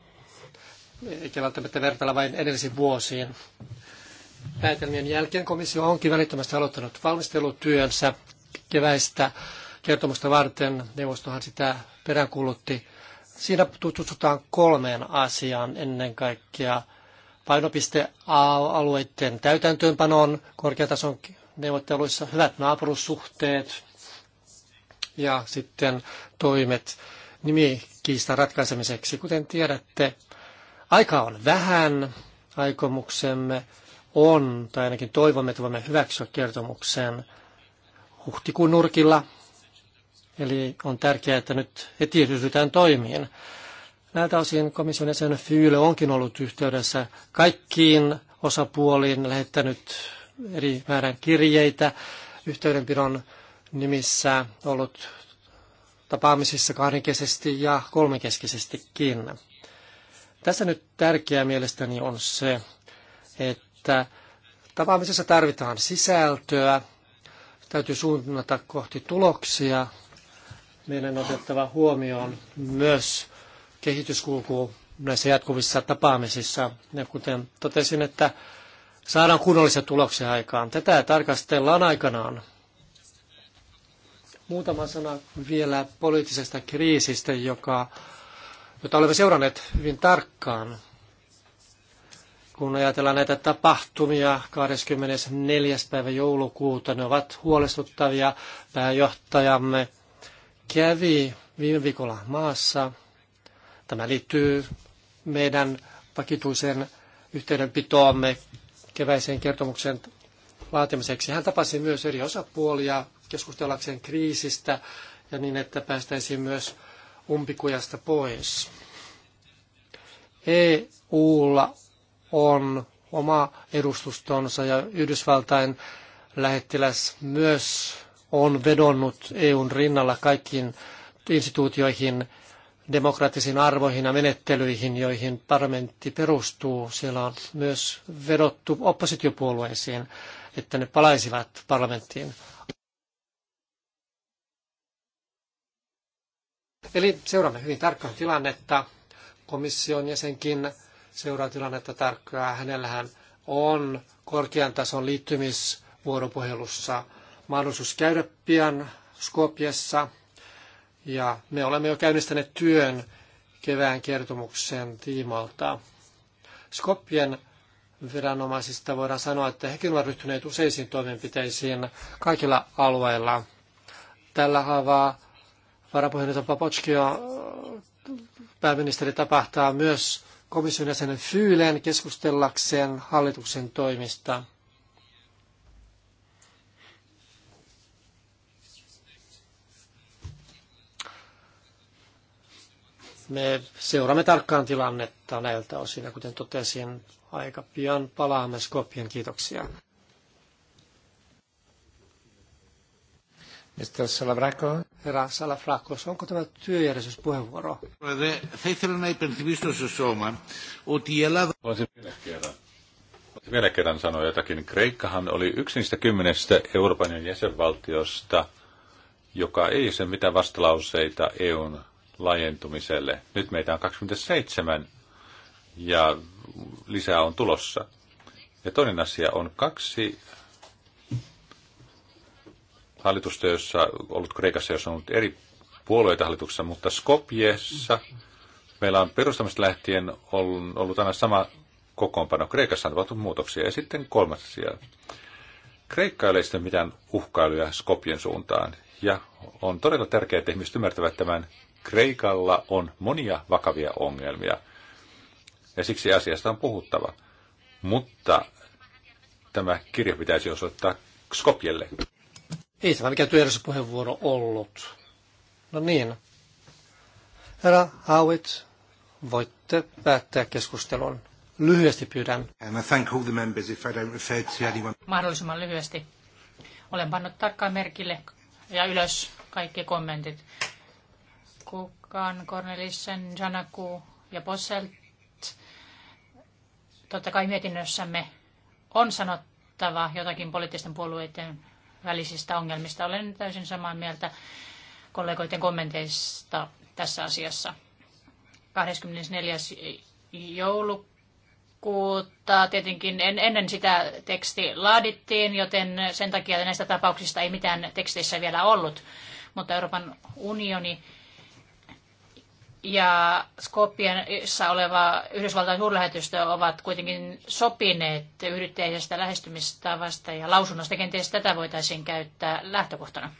S2: eikä välttämättä vertailla vain edellisiin vuosiin. Päätelmien jälkeen komissio onkin välittömästi aloittanut valmistelutyönsä keväistä kertomusta varten. Neuvostohan sitä peräänkuulutti. Siinä tutustutaan kolmeen asiaan ennen kaikkea painopistealueiden täytäntöönpanoon, korkeatason neuvotteluissa hyvät naapurussuhteet ja sitten toimet nimikiistan ratkaisemiseksi. Kuten tiedätte, aika on vähän, aikomuksemme on, tai ainakin toivomme, että voimme hyväksyä kertomuksen huhtikuun nurkilla. Eli on tärkeää, että nyt heti ryhdytään toimiin. Näiltä osin komission jäsen Fyyle onkin ollut yhteydessä kaikkiin osapuoliin, lähettänyt eri määrän kirjeitä yhteydenpidon nimissä ollut tapaamisissa kahdenkeskisesti ja kolmenkeskisestikin. Tässä nyt tärkeää mielestäni on se, että tapaamisessa tarvitaan sisältöä, täytyy suunnata kohti tuloksia. Meidän on otettava huomioon myös kehityskulku näissä jatkuvissa tapaamisissa. Ja kuten totesin, että saadaan kunnollisia tuloksia aikaan. Tätä tarkastellaan aikanaan. Muutama sana vielä poliittisesta kriisistä, joka, jota olemme seuranneet hyvin tarkkaan. Kun ajatellaan näitä tapahtumia 24. päivä joulukuuta, ne ovat huolestuttavia. Pääjohtajamme kävi viime viikolla maassa. Tämä liittyy meidän vakituisen yhteydenpitoamme keväiseen kertomuksen laatimiseksi. Hän tapasi myös eri osapuolia keskustellakseen kriisistä ja niin, että päästäisiin myös umpikujasta pois. EUlla on oma edustustonsa ja Yhdysvaltain lähettiläs myös on vedonnut EUn rinnalla kaikkiin instituutioihin demokraattisiin arvoihin ja menettelyihin, joihin parlamentti perustuu. Siellä on myös vedottu oppositiopuolueisiin, että ne palaisivat parlamenttiin. Eli seuraamme hyvin tarkkaan tilannetta. Komission jäsenkin seuraa tilannetta tarkkaan. Hänellähän on korkean tason liittymisvuoropuhelussa mahdollisuus käydä pian Skopjessa ja me olemme jo käynnistäneet työn kevään kertomuksen tiimalta. Skopien viranomaisista voidaan sanoa, että hekin ovat ryhtyneet useisiin toimenpiteisiin kaikilla alueilla. Tällä haavaa varapuheenjohtaja Papotski pääministeri tapahtaa myös komission jäsenen Fyylen keskustellakseen hallituksen toimista. Me seuraamme tarkkaan tilannetta näiltä osin, ja kuten totesin, aika pian palaamme Skopien. Kiitoksia. Mr. Salafrakos. Herra Salafrakos, onko tämä työjärjestyspuheenvuoro?
S1: Θα Voisin vielä kerran, voisin vielä kerran sanoa jotakin. Kreikkahan oli yksi niistä kymmenestä Euroopan jäsenvaltiosta, joka ei sen mitään vastalauseita EUn laajentumiselle. Nyt meitä on 27 ja lisää on tulossa. Ja toinen asia on kaksi hallitusta, jossa ollut Kreikassa, jossa on ollut eri puolueita hallituksessa, mutta Skopjessa meillä on perustamista lähtien ollut aina sama kokoonpano. Kreikassa on tapahtunut muutoksia. Ja sitten kolmas asia. Kreikka ei ole mitään uhkailuja Skopjen suuntaan. Ja on todella tärkeää, että ihmiset ymmärtävät tämän Kreikalla on monia vakavia ongelmia. Ja siksi asiasta on puhuttava. Mutta tämä kirja pitäisi osoittaa Skopjelle.
S2: Ei tämä mikä työjärjestö puheenvuoro ollut. No niin. Herra Howitt, voitte päättää keskustelun. Lyhyesti pyydän.
S3: Mahdollisimman lyhyesti. Olen pannut tarkkaan merkille ja ylös kaikki kommentit. Kukan, Cornelissen, Janaku ja Posselt. Totta kai mietinnössämme on sanottava jotakin poliittisten puolueiden välisistä ongelmista. Olen täysin samaa mieltä kollegoiden kommenteista tässä asiassa. 24. joulukuuta tietenkin en, ennen sitä teksti laadittiin, joten sen takia näistä tapauksista ei mitään teksteissä vielä ollut. Mutta Euroopan unioni ja Skopienissa oleva Yhdysvaltain suurlähetystö ovat kuitenkin sopineet yhteisestä lähestymistavasta ja lausunnosta. Kenties tätä voitaisiin käyttää lähtökohtana.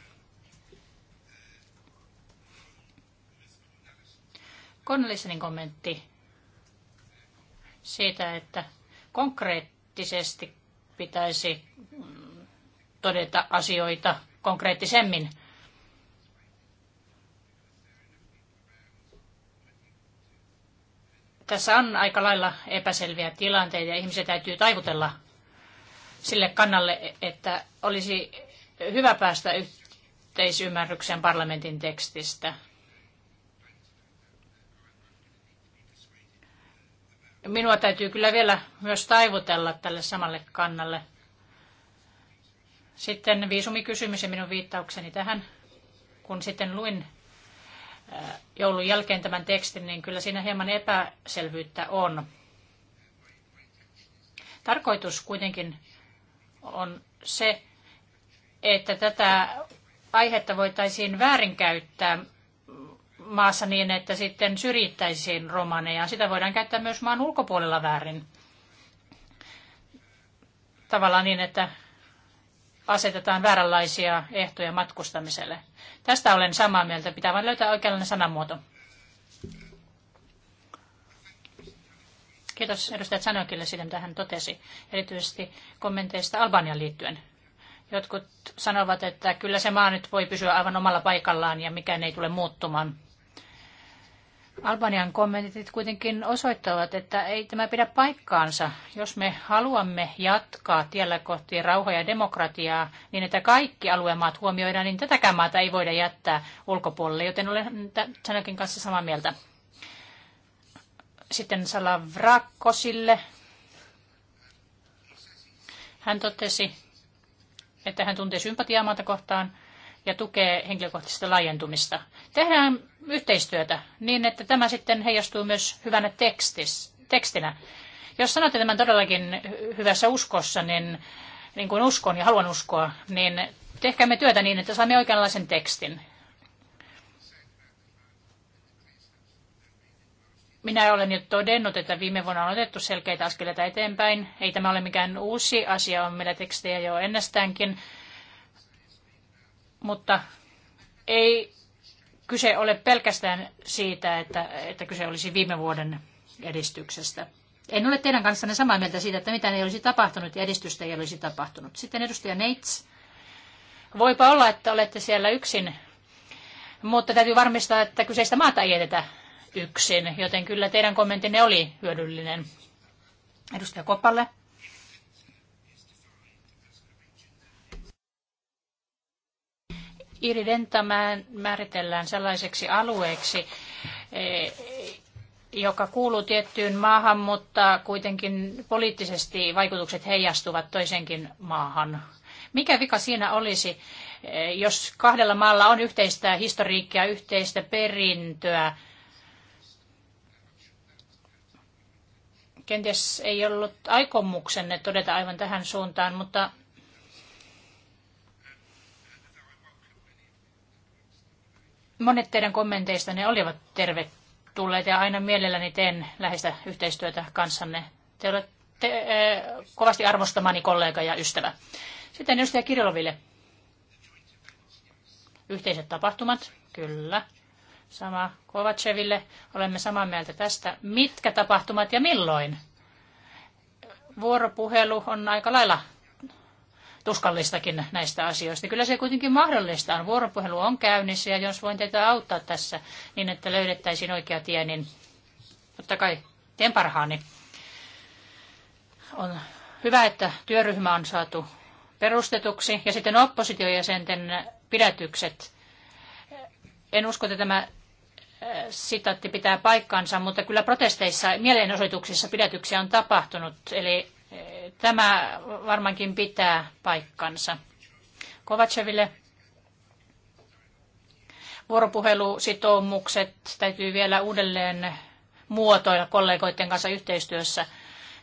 S3: Connellisenin kommentti siitä, että konkreettisesti pitäisi mm, todeta asioita konkreettisemmin – tässä on aika lailla epäselviä tilanteita ja ihmisiä täytyy taivutella sille kannalle, että olisi hyvä päästä yhteisymmärrykseen parlamentin tekstistä. Minua täytyy kyllä vielä myös taivutella tälle samalle kannalle. Sitten viisumikysymys ja minun viittaukseni tähän. Kun sitten luin joulun jälkeen tämän tekstin, niin kyllä siinä hieman epäselvyyttä on. Tarkoitus kuitenkin on se, että tätä aihetta voitaisiin väärinkäyttää maassa niin, että sitten syrjittäisiin romaneja. Sitä voidaan käyttää myös maan ulkopuolella väärin. Tavallaan niin, että asetetaan vääränlaisia ehtoja matkustamiselle. Tästä olen samaa mieltä. Pitää vain löytää oikeanlainen sanamuoto. Kiitos edustaja Sanokille siitä, mitä hän totesi, erityisesti kommenteista Albanian liittyen. Jotkut sanovat, että kyllä se maa nyt voi pysyä aivan omalla paikallaan ja mikään ei tule muuttumaan. Albanian kommentit kuitenkin osoittavat, että ei tämä pidä paikkaansa. Jos me haluamme jatkaa tiellä kohti rauhaa ja demokratiaa niin, että kaikki aluemaat huomioidaan, niin tätäkään maata ei voida jättää ulkopuolelle, joten olen Tsanakin kanssa samaa mieltä. Sitten Salavrakosille. Hän totesi, että hän tuntee sympatiaa maata kohtaan – ja tukee henkilökohtaista laajentumista. Tehdään yhteistyötä niin, että tämä sitten heijastuu myös hyvänä tekstis, tekstinä. Jos sanotte tämän todellakin hyvässä uskossa, niin, niin kuin uskon ja haluan uskoa, niin tehkäämme työtä niin, että saamme oikeanlaisen tekstin. Minä olen jo todennut, että viime vuonna on otettu selkeitä askeleita eteenpäin. Ei tämä ole mikään uusi asia, on meillä tekstejä jo ennestäänkin. Mutta ei kyse ole pelkästään siitä, että, että kyse olisi viime vuoden edistyksestä. En ole teidän kanssanne samaa mieltä siitä, että mitään ei olisi tapahtunut ja edistystä ei olisi tapahtunut. Sitten edustaja Neits. Voipa olla, että olette siellä yksin, mutta täytyy varmistaa, että kyseistä maata ei jätetä yksin, joten kyllä teidän kommenttinne oli hyödyllinen. Edustaja Kopalle. Iridenta määritellään sellaiseksi alueeksi, eh, joka kuuluu tiettyyn maahan, mutta kuitenkin poliittisesti vaikutukset heijastuvat toisenkin maahan. Mikä vika siinä olisi, eh, jos kahdella maalla on yhteistä historiikkia, yhteistä perintöä? Kenties ei ollut aikomuksenne todeta aivan tähän suuntaan, mutta Monet teidän kommenteista ne olivat tervetulleita ja aina mielelläni teen läheistä yhteistyötä kanssanne. Te olette eh, kovasti arvostamani kollega ja ystävä. Sitten edustaja Kirjoloville. Yhteiset tapahtumat, kyllä. Sama Kovaceville. Olemme samaa mieltä tästä. Mitkä tapahtumat ja milloin? Vuoropuhelu on aika lailla tuskallistakin näistä asioista. Kyllä se kuitenkin mahdollista on. Vuoropuhelu on käynnissä ja jos voin teitä auttaa tässä niin, että löydettäisiin oikea tie, niin totta kai teen parhaani. On hyvä, että työryhmä on saatu perustetuksi ja sitten oppositiojäsenten pidätykset. En usko, että tämä äh, sitaatti pitää paikkansa, mutta kyllä protesteissa, mielenosoituksissa pidätyksiä on tapahtunut, eli Tämä varmaankin pitää paikkansa. Kovaceville vuoropuhelusitoumukset täytyy vielä uudelleen muotoilla kollegoiden kanssa yhteistyössä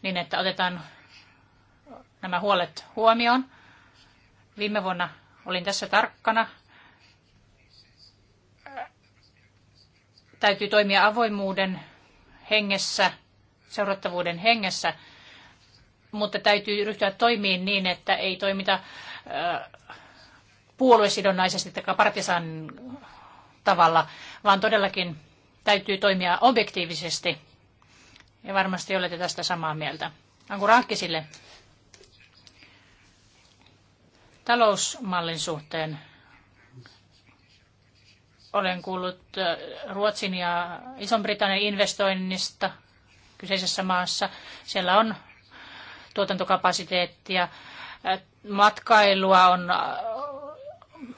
S3: niin, että otetaan nämä huolet huomioon. Viime vuonna olin tässä tarkkana. Täytyy toimia avoimuuden hengessä, seurattavuuden hengessä – mutta täytyy ryhtyä toimiin niin, että ei toimita puoluesidonnaisesti tai partisan tavalla, vaan todellakin täytyy toimia objektiivisesti. Ja varmasti olette tästä samaa mieltä. Anku Raakkisille talousmallin suhteen olen kuullut Ruotsin ja Ison-Britannian investoinnista kyseisessä maassa. Siellä on tuotantokapasiteettia. Äh, matkailua on äh,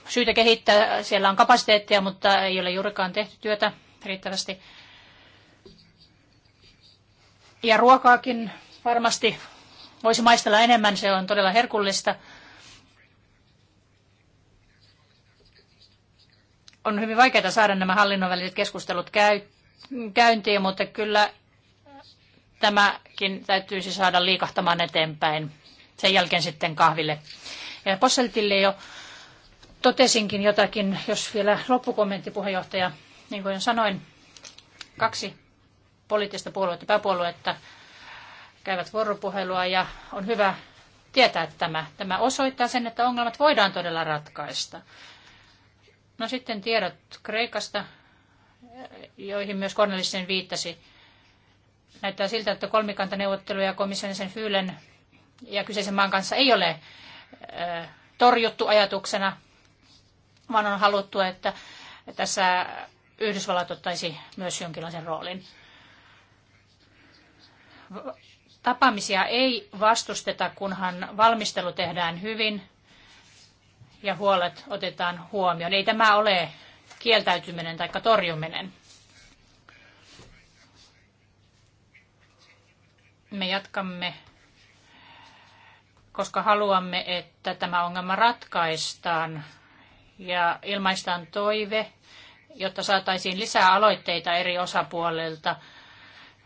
S3: syytä kehittää, siellä on kapasiteettia, mutta ei ole juurikaan tehty työtä riittävästi. Ja ruokaakin varmasti voisi maistella enemmän, se on todella herkullista. On hyvin vaikeaa saada nämä hallinnon väliset keskustelut käy, käyntiin, mutta kyllä Tämäkin täytyisi saada liikahtamaan eteenpäin. Sen jälkeen sitten kahville. Ja Posseltille jo totesinkin jotakin, jos vielä loppukommentti puheenjohtaja, niin kuin sanoin, kaksi poliittista puoluetta, pääpuoluetta käyvät vuoropuhelua ja on hyvä tietää tämä. Tämä osoittaa sen, että ongelmat voidaan todella ratkaista. No sitten tiedot Kreikasta, joihin myös Cornelissen viittasi. Näyttää siltä, että kolmikantaneuvotteluja komission sen Fyylen ja kyseisen maan kanssa ei ole torjuttu ajatuksena, vaan on haluttu, että tässä Yhdysvallat ottaisi myös jonkinlaisen roolin. Tapaamisia ei vastusteta, kunhan valmistelu tehdään hyvin ja huolet otetaan huomioon. Ei tämä ole kieltäytyminen tai torjuminen. Me jatkamme, koska haluamme, että tämä ongelma ratkaistaan ja ilmaistaan toive, jotta saataisiin lisää aloitteita eri osapuolilta.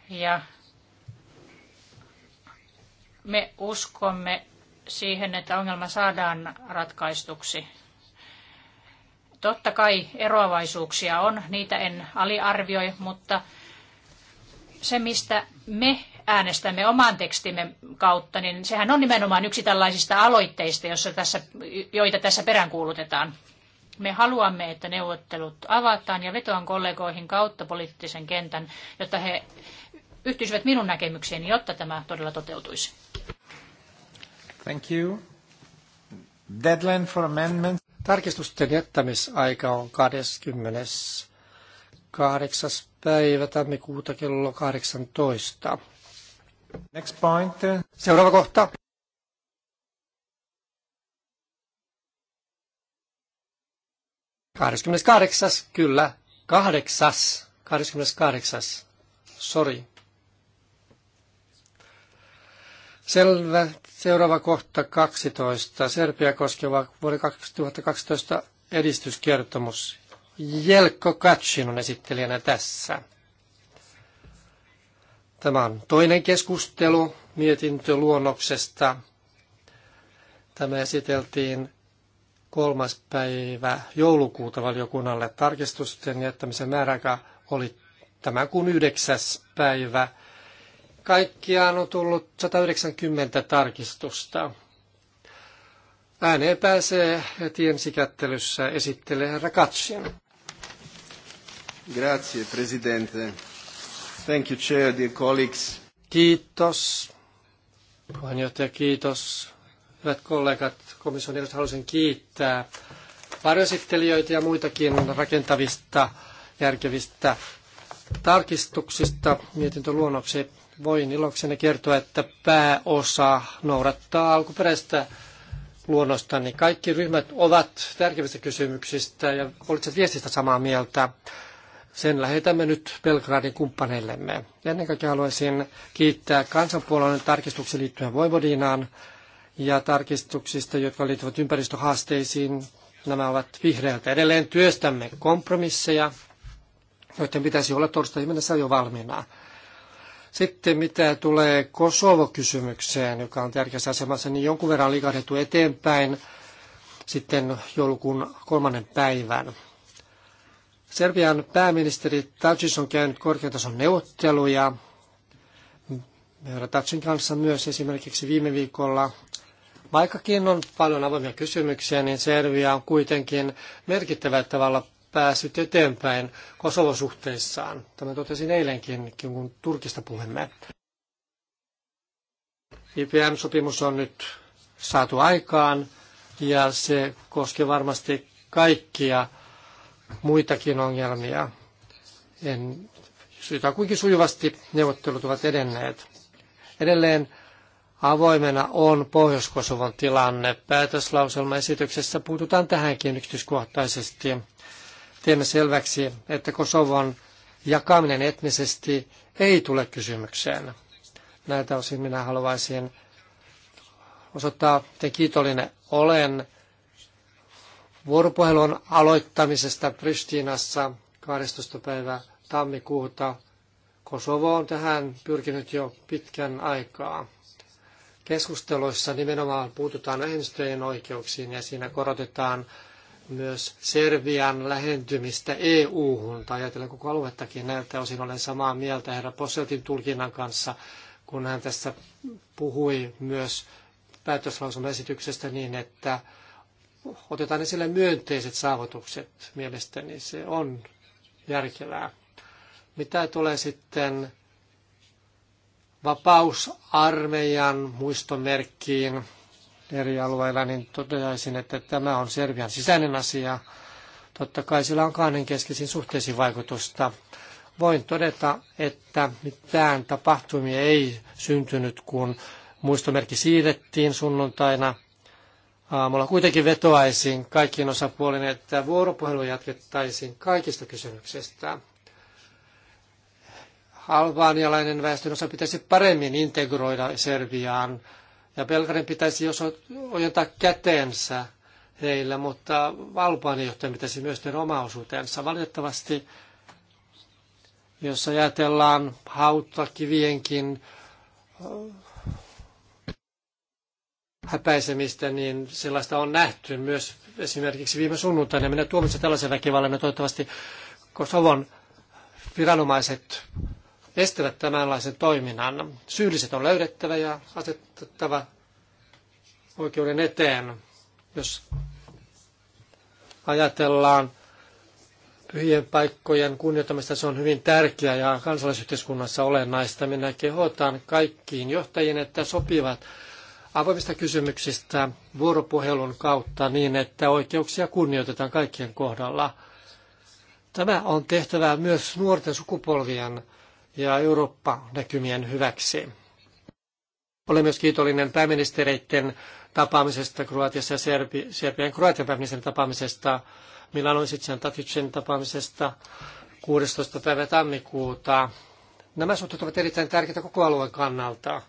S3: Ja me uskomme siihen, että ongelma saadaan ratkaistuksi. Totta kai eroavaisuuksia on, niitä en aliarvioi, mutta se mistä me äänestämme oman tekstimme kautta, niin sehän on nimenomaan yksi tällaisista aloitteista, jossa tässä, joita tässä peräänkuulutetaan. Me haluamme, että neuvottelut avataan ja vetoan kollegoihin kautta poliittisen kentän, jotta he yhtyisivät minun näkemykseeni, jotta tämä todella toteutuisi.
S2: Thank you. Deadline for amendments. Tarkistusten jättämisaika on 28. päivä tammikuuta kello 18. Next point. Seuraava kohta. Kahdeskymmenes kahdeksas, kyllä. Kahdeksas. Kahdeskymmenes kahdeksas. Sori. Selvä. Seuraava kohta 12. Serbia koskeva vuoden 2012 edistyskertomus. Jelko Katsin on esittelijänä tässä. Tämä on toinen keskustelu mietintöluonnoksesta. Tämä esiteltiin kolmas päivä joulukuuta valiokunnalle tarkistusten jättämisen määräaika oli tämä kuun yhdeksäs päivä. Kaikkiaan on tullut 190 tarkistusta. Ääneen pääsee heti ensikättelyssä esittelee herra Katsin. Grazie, presidente. Thank you, Chair, dear colleagues. Kiitos. Puheenjohtaja, kiitos. Hyvät kollegat, komission edustajat, haluaisin kiittää varjoesittelijöitä ja muitakin rakentavista, järkevistä tarkistuksista mietintöluonnoksi. Voin ilokseni kertoa, että pääosa noudattaa alkuperäistä luonnosta, niin kaikki ryhmät ovat tärkeimmistä kysymyksistä ja poliittisesta viestistä samaa mieltä. Sen lähetämme nyt Belgradin kumppaneillemme. Ennen kaikkea haluaisin kiittää kansanpuolueen tarkistuksen liittyen Voivodinaan ja tarkistuksista, jotka liittyvät ympäristöhaasteisiin. Nämä ovat vihreältä. Edelleen työstämme kompromisseja, joiden pitäisi olla torstaihin mennessä jo valmiina. Sitten mitä tulee Kosovo-kysymykseen, joka on tärkeässä asemassa, niin jonkun verran liikahdettu eteenpäin sitten joulukuun kolmannen päivän. Serbian pääministeri Tadžić on käynyt korkeatason neuvotteluja Tadžin kanssa myös esimerkiksi viime viikolla. Vaikkakin on paljon avoimia kysymyksiä, niin Serbia on kuitenkin merkittävällä tavalla päässyt eteenpäin Kosovo-suhteissaan. Tämä totesin eilenkin, kun Turkista puhumme. IPM-sopimus on nyt saatu aikaan ja se koskee varmasti kaikkia muitakin ongelmia. En, sitä kuinkin sujuvasti neuvottelut ovat edenneet. Edelleen avoimena on Pohjois-Kosovon tilanne. Päätöslauselmaesityksessä puututaan tähänkin yksityiskohtaisesti. Teemme selväksi, että Kosovon jakaminen etnisesti ei tule kysymykseen. Näitä osin minä haluaisin osoittaa, miten kiitollinen olen vuoropuhelun aloittamisesta Pristinassa 12. päivä tammikuuta. Kosovo on tähän pyrkinyt jo pitkän aikaa. Keskusteluissa nimenomaan puututaan vähemmistöjen oikeuksiin ja siinä korotetaan myös Serbian lähentymistä EU-hun, tai ajatellen koko aluettakin näiltä osin olen samaa mieltä herra Posseltin tulkinnan kanssa, kun hän tässä puhui myös päätöslausumaesityksestä niin, että otetaan esille myönteiset saavutukset. Mielestäni se on järkevää. Mitä tulee sitten vapausarmeijan muistomerkkiin eri alueilla, niin toteaisin, että tämä on Serbian sisäinen asia. Totta kai sillä on kahdenkeskisiin suhteisiin vaikutusta. Voin todeta, että mitään tapahtumia ei syntynyt, kun muistomerkki siirrettiin sunnuntaina – aamulla. Kuitenkin vetoaisin kaikkiin osapuolin, että vuoropuhelu jatkettaisiin kaikista kysymyksistä. Albaanialainen osa pitäisi paremmin integroida Serbiaan ja Belgarin pitäisi jos ojentaa käteensä heille, mutta Albaanin johtajan pitäisi myös tehdä oma osuutensa. Valitettavasti, jos ajatellaan hautakivienkin häpäisemistä, niin sellaista on nähty myös esimerkiksi viime sunnuntaina. Minä tuomitsen tällaisen väkivallan ja toivottavasti Kosovon viranomaiset estävät tämänlaisen toiminnan. Syylliset on löydettävä ja asetettava oikeuden eteen, jos ajatellaan pyhien paikkojen kunnioittamista, se on hyvin tärkeää ja kansalaisyhteiskunnassa olennaista. Minä kehotan kaikkiin johtajiin, että sopivat avoimista kysymyksistä vuoropuhelun kautta niin, että oikeuksia kunnioitetaan kaikkien kohdalla. Tämä on tehtävä myös nuorten sukupolvien ja Eurooppa-näkymien hyväksi. Olen myös kiitollinen pääministereiden tapaamisesta Kroatiassa ja Serbi, Serbian Kroatian pääministerin tapaamisesta, Milanon Sitsen Taticin tapaamisesta 16. päivä tammikuuta. Nämä suhteet ovat erittäin tärkeitä koko alueen kannalta.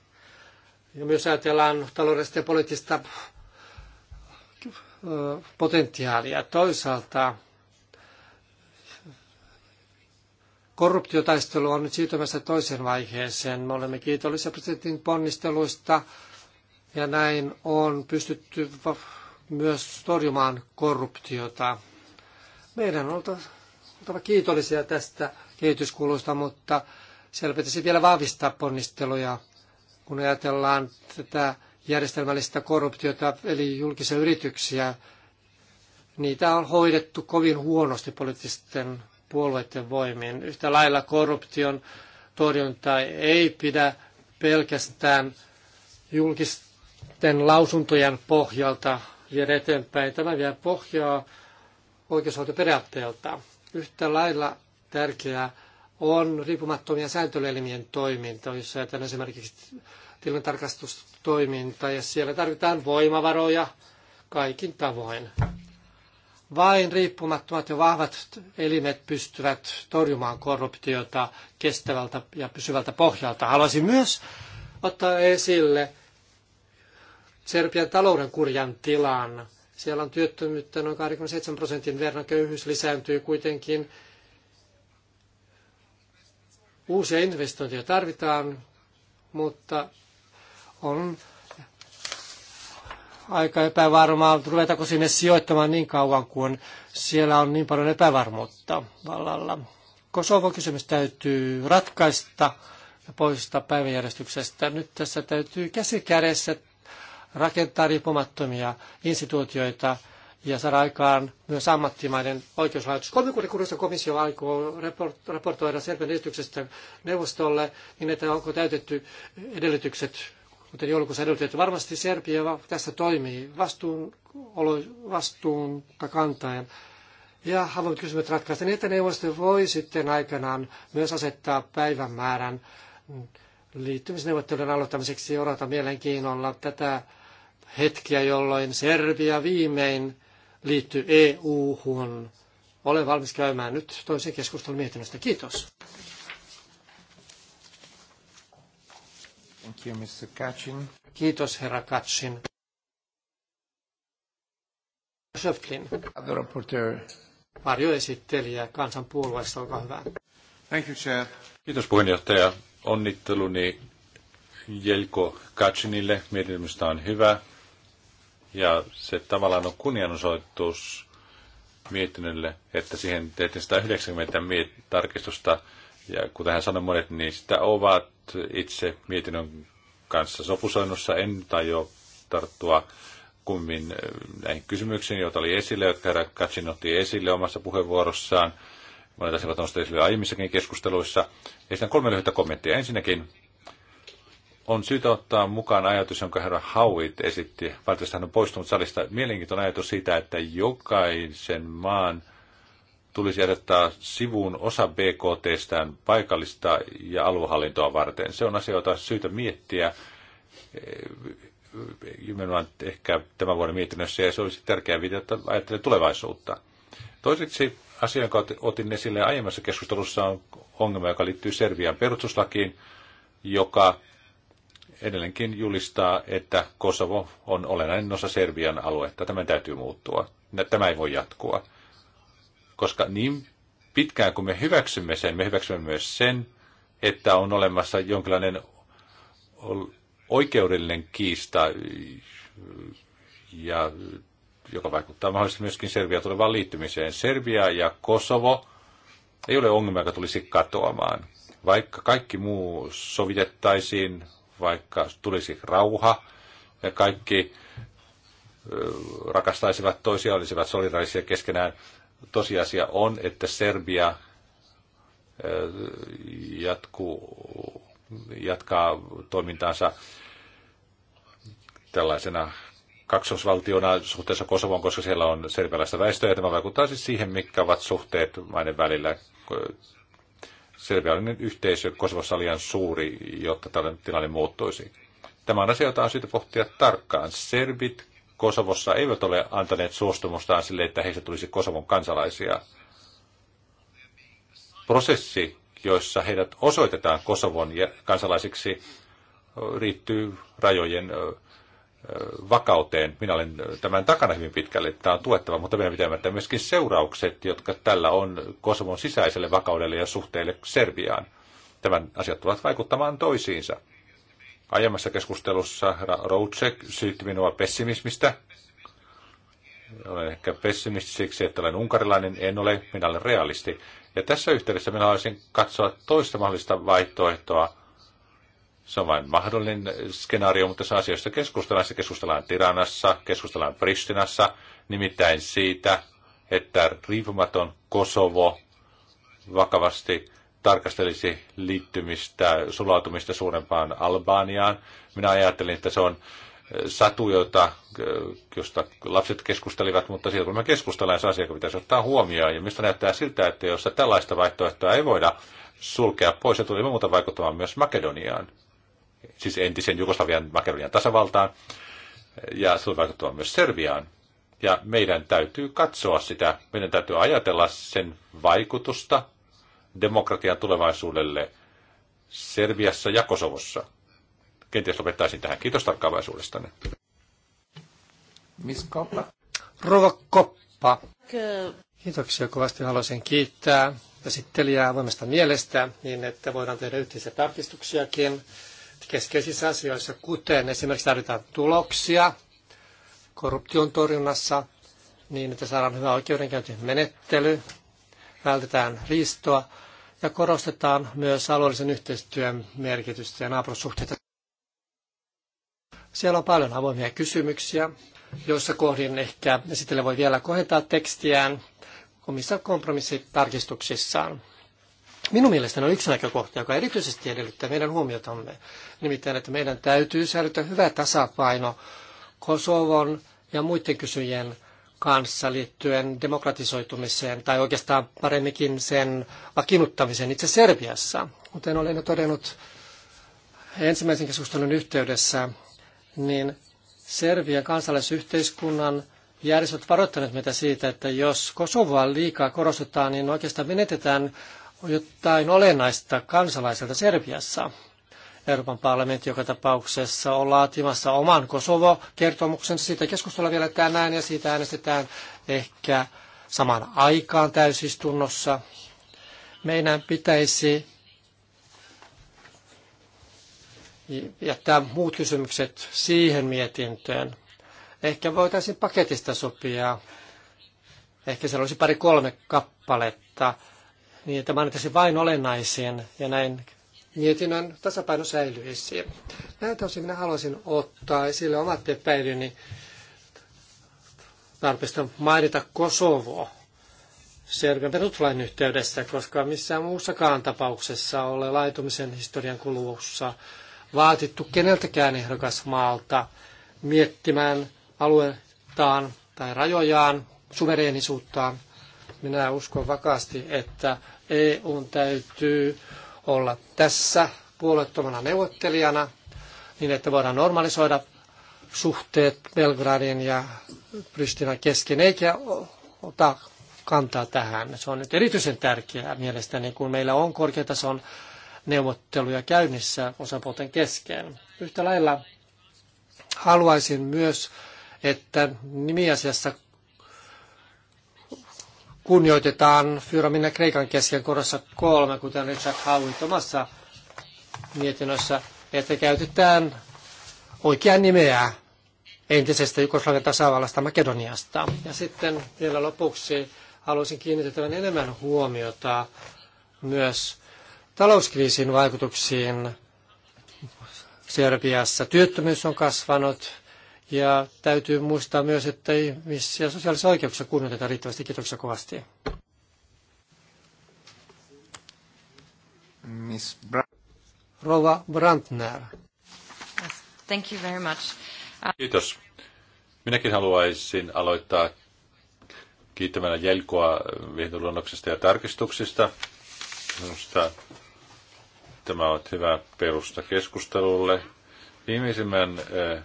S2: Ja myös ajatellaan taloudellista ja poliittista potentiaalia. Toisaalta korruptiotaistelu on nyt siirtymässä toiseen vaiheeseen. Me olemme kiitollisia presidentin ponnisteluista ja näin on pystytty myös torjumaan korruptiota. Meidän on oltava kiitollisia tästä kehityskulusta, mutta siellä pitäisi vielä vahvistaa ponnisteluja kun ajatellaan tätä järjestelmällistä korruptiota, eli julkisia yrityksiä, niitä on hoidettu kovin huonosti poliittisten puolueiden voimien. Yhtä lailla korruption torjunta ei pidä pelkästään julkisten lausuntojen pohjalta viedä eteenpäin. Tämä vie pohjaa oikeusvaltioperiaatteelta. Yhtä lailla tärkeää on riippumattomia sääntelyelimien toiminta, jos ajatellaan esimerkiksi tilintarkastustoimintaa, ja siellä tarvitaan voimavaroja kaikin tavoin. Vain riippumattomat ja vahvat elimet pystyvät torjumaan korruptiota kestävältä ja pysyvältä pohjalta. Haluaisin myös ottaa esille Serbian talouden kurjan tilan. Siellä on työttömyyttä noin 27 prosentin verran, köyhyys lisääntyy kuitenkin Uusia investointeja tarvitaan, mutta on aika epävarmaa, ruvetaanko sinne sijoittamaan niin kauan, kun siellä on niin paljon epävarmuutta vallalla. kosovo kysymys täytyy ratkaista ja poistaa päiväjärjestyksestä. Nyt tässä täytyy käsikädessä rakentaa riippumattomia instituutioita, ja saada aikaan myös ammattimainen oikeuslaitos. Kolmikuudessa komissio aikoo raportoida Serbian esityksestä neuvostolle niin, että onko täytetty edellytykset, kuten joulukuussa edellytetty. Varmasti Serbia tässä toimii vastuun, vastuun kantaen. Ja haluan kysyä ratkaista niin, että neuvosto voi sitten aikanaan myös asettaa päivämäärän liittymisneuvottelujen aloittamiseksi. Odotan mielenkiinnolla tätä hetkiä, jolloin Serbia viimein liittyy EU-hun. Olen valmis käymään nyt toisen keskustelun mietinnöstä. Kiitos. Thank you, Mr. Kachin. Kiitos, herra Katsin. Schöflin. The rapporteur. Varjoesittelijä kansanpuolueesta, olkaa hyvä. Thank you, Chair.
S1: Kiitos puheenjohtaja. Onnitteluni Jelko Katsinille. Mietinnöstä on hyvä. Ja se tavallaan on kunnianosoitus mietinnölle, että siihen tehtiin 190 miet- tarkistusta, ja kuten hän sanoi monet, niin sitä ovat itse mietinnön kanssa sopusoinnussa. En tajua tarttua kummin äh, näihin kysymyksiin, joita oli esille, jotka herra Katsin otti esille omassa puheenvuorossaan. Monet asiat on esille aiemmissakin keskusteluissa. Esitän kolme lyhyttä kommenttia. Ensinnäkin on syytä ottaa mukaan ajatus, jonka herra Howitt esitti. Valitettavasti hän on poistunut salista. Mielenkiintoinen ajatus siitä, että jokaisen maan tulisi jättää sivuun osa BKTstään paikallista ja aluehallintoa varten. Se on asia, jota syytä miettiä eh, nimenomaan ehkä tämän vuoden mietinnössä, ja se olisi tärkeää viitata, että ajattelee tulevaisuutta. Toiseksi asia, jonka otin esille aiemmassa keskustelussa, on ongelma, joka liittyy Servian perustuslakiin, joka edelleenkin julistaa, että Kosovo on olennainen osa Serbian aluetta. Tämän täytyy muuttua. Tämä ei voi jatkua. Koska niin pitkään kuin me hyväksymme sen, me hyväksymme myös sen, että on olemassa jonkinlainen oikeudellinen kiista, ja, joka vaikuttaa mahdollisesti myöskin Serbia tulevaan liittymiseen. Serbia ja Kosovo ei ole ongelma, joka tulisi katoamaan. Vaikka kaikki muu sovitettaisiin vaikka tulisi rauha ja kaikki rakastaisivat toisia, olisivat solidaarisia keskenään. Tosiasia on, että Serbia jatkuu, jatkaa toimintaansa tällaisena kaksosvaltiona suhteessa Kosovoon, koska siellä on serbialaista väestöä, ja tämä vaikuttaa siis siihen, mitkä ovat suhteet maiden välillä serbialainen yhteisö Kosovossa liian suuri, jotta tällainen tilanne muuttuisi. Tämä on asia, jota on syytä pohtia tarkkaan. Serbit Kosovossa eivät ole antaneet suostumustaan sille, että heistä tulisi Kosovon kansalaisia. Prosessi, jossa heidät osoitetaan Kosovon kansalaisiksi, riittyy rajojen vakauteen. Minä olen tämän takana hyvin pitkälle, tämä on tuettava, mutta meidän pitää ymmärtää myöskin seuraukset, jotka tällä on Kosovon sisäiselle vakaudelle ja suhteelle Serbiaan. Tämän asiat tulevat vaikuttamaan toisiinsa. Aiemmassa keskustelussa Routsek syytti minua pessimismistä. Olen ehkä pessimisti siksi, että olen unkarilainen, en ole, minä olen realisti. Ja tässä yhteydessä minä haluaisin katsoa toista mahdollista vaihtoehtoa, se on vain mahdollinen skenaario, mutta se asioista keskustellaan. Se keskustellaan Tiranassa, keskustellaan Pristinassa, nimittäin siitä, että riippumaton Kosovo vakavasti tarkastelisi liittymistä, sulautumista suurempaan Albaniaan. Minä ajattelin, että se on eh, satu, jota, eh, josta lapset keskustelivat, mutta silloin kun me keskustellaan, se asia pitäisi ottaa huomioon. Ja mistä näyttää siltä, että jos tällaista vaihtoehtoa ei voida sulkea pois, se tuli muuta vaikuttamaan myös Makedoniaan siis entisen Jugoslavian Makedonian tasavaltaan, ja se vaikuttava myös Serbiaan. Ja meidän täytyy katsoa sitä, meidän täytyy ajatella sen vaikutusta demokratian tulevaisuudelle Serbiassa ja Kosovossa. Kenties lopettaisin tähän. Kiitos tarkkaavaisuudestanne.
S2: Miss Koppa. Rova Koppa. Kiitoksia kovasti. Haluaisin kiittää esittelijää avoimesta mielestä niin, että voidaan tehdä yhteisiä tarkistuksiakin keskeisissä asioissa, kuten esimerkiksi tarvitaan tuloksia korruption torjunnassa, niin että saadaan hyvä oikeudenkäyntimenettely, vältetään riistoa ja korostetaan myös alueellisen yhteistyön merkitystä ja naapurussuhteita. Siellä on paljon avoimia kysymyksiä, joissa kohdin ehkä esittelijä voi vielä kohentaa tekstiään omissa kompromissitarkistuksissaan. Minun mielestäni on yksi näkökohta, joka erityisesti edellyttää meidän huomiotamme, nimittäin, että meidän täytyy säilyttää hyvä tasapaino Kosovon ja muiden kysyjien kanssa liittyen demokratisoitumiseen, tai oikeastaan paremminkin sen vakiinnuttamiseen itse Serbiassa. Kuten olen jo todennut ensimmäisen keskustelun yhteydessä, niin Serbian kansalaisyhteiskunnan järjestöt varoittaneet meitä siitä, että jos Kosovoa liikaa korostetaan, niin oikeastaan menetetään jotain olennaista kansalaiselta Serbiassa. Euroopan parlamentti joka tapauksessa on laatimassa oman Kosovo-kertomuksensa. Siitä keskustellaan vielä tänään ja siitä äänestetään ehkä saman aikaan täysistunnossa. Meidän pitäisi jättää muut kysymykset siihen mietintöön. Ehkä voitaisiin paketista sopia. Ehkä siellä olisi pari kolme kappaletta niin että mainittaisiin vain olennaisen ja näin mietinnön tasapaino säilyisi. Näitä osin minä haluaisin ottaa esille omat epäilyni tarpeesta mainita Kosovo Serbian perustuslain yhteydessä, koska missään muussakaan tapauksessa ole laitumisen historian kuluvussa vaatittu keneltäkään ehdokasmaalta miettimään aluettaan tai rajojaan, suvereenisuuttaan. Minä uskon vakaasti, että EUn täytyy olla tässä puolettomana neuvottelijana niin, että voidaan normalisoida suhteet Belgradin ja Pristinan kesken, eikä ota kantaa tähän. Se on nyt erityisen tärkeää mielestäni, kun meillä on korkeatason neuvotteluja käynnissä osapuolten kesken. Yhtä lailla haluaisin myös, että nimiasiassa kunnioitetaan Fyramina Kreikan kesken korossa kolme, kuten Richard Howitt omassa mietinnössä, että käytetään oikeaa nimeä entisestä Jugoslavian tasavallasta Makedoniasta. Ja sitten vielä lopuksi haluaisin kiinnitettävän enemmän huomiota myös talouskriisin vaikutuksiin Serbiassa. Työttömyys on kasvanut, ja täytyy muistaa myös, että ihmisiä ja sosiaalisia oikeuksia kunnioitetaan riittävästi. Kiitoksia kovasti. Miss Bra- Rova Brandner.
S3: Thank you very much.
S1: Uh, Kiitos. Minäkin haluaisin aloittaa kiittämällä Jelkoa vihdoluonnoksesta ja tarkistuksista. Minusta tämä on hyvä perusta keskustelulle. Viimeisimmän eh,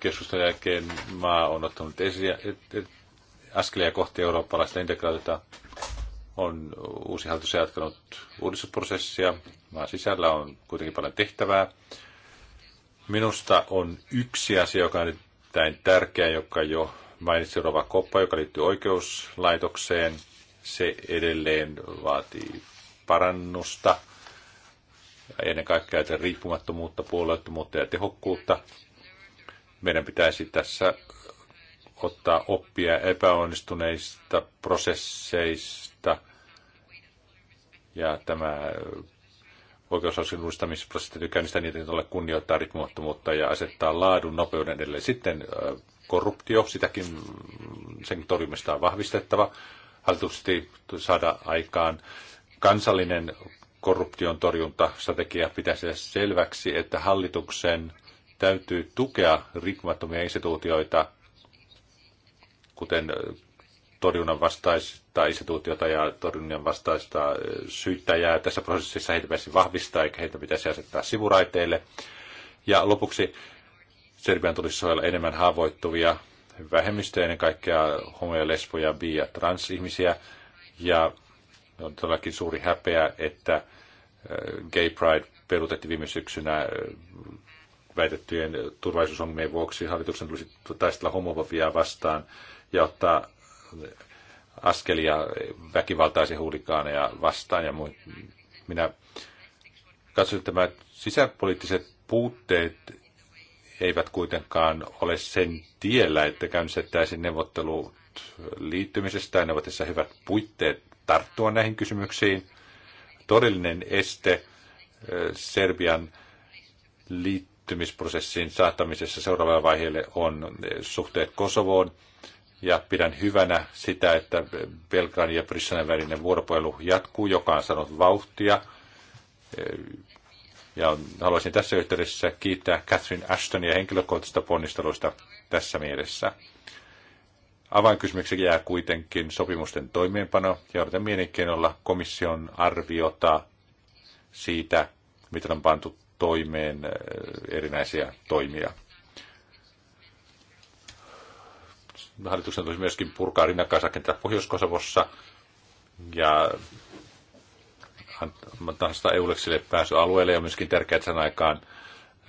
S1: keskustelun jälkeen maa on ottanut esi- askelia kohti eurooppalaista integraatiota. On uusi hallitus jatkanut uudistusprosessia. Maan sisällä on kuitenkin paljon tehtävää. Minusta on yksi asia, joka on erittäin tärkeä, joka jo mainitsi Rova Koppa, joka liittyy oikeuslaitokseen. Se edelleen vaatii parannusta, ennen kaikkea riippumattomuutta, puolueettomuutta ja tehokkuutta. Meidän pitäisi tässä ottaa oppia epäonnistuneista prosesseista ja tämä oikeusosin uudistamisprosessi niin, niitä, tulee ole kunnioittaa rikmoittomuutta ja asettaa laadun nopeuden edelleen. Sitten korruptio, sitäkin sen torjumista on vahvistettava. Hallitusti saada aikaan kansallinen korruption torjuntastrategia pitäisi selväksi, että hallituksen täytyy tukea rikmattomia instituutioita, kuten torjunnan vastaista instituutiota ja torjunnan vastaista äh, syyttäjää. Tässä prosessissa heitä pitäisi vahvistaa eikä heitä pitäisi asettaa sivuraiteille. Ja lopuksi Serbian tulisi suojella enemmän haavoittuvia vähemmistöjä, ennen kaikkea ja lesboja, bi- ja transihmisiä. Ja on todellakin suuri häpeä, että äh, Gay Pride peruutettiin viime syksynä äh, väitettyjen turvallisuusongelmien vuoksi hallituksen tulisi taistella homofobiaa vastaan ja ottaa askelia väkivaltaisia huulikaaneja vastaan. Ja minä katson, että nämä sisäpoliittiset puutteet eivät kuitenkaan ole sen tiellä, että käynnistettäisiin neuvottelut liittymisestä ja neuvottelussa hyvät puitteet tarttua näihin kysymyksiin. Todellinen este Serbian liittymisestä liittymisprosessin saattamisessa seuraavalle vaiheelle on eh, suhteet Kosovoon. Ja pidän hyvänä sitä, että Belgradin ja Pristinan välinen vuoropuhelu jatkuu, joka on saanut vauhtia. Eh, ja haluaisin tässä yhteydessä kiittää Catherine Ashtonia henkilökohtaisista ponnisteluista tässä mielessä. Avainkysymyksiä jää kuitenkin sopimusten toimeenpano ja odotan mielenkiinnolla komission arviota siitä, miten on pantu toimeen äh, erinäisiä toimia. Hallituksen tulisi myöskin purkaa rinnakkaisrakentaa Pohjois-Kosovossa ja antaa EU-leksille pääsy alueelle ja myöskin tärkeää sen aikaan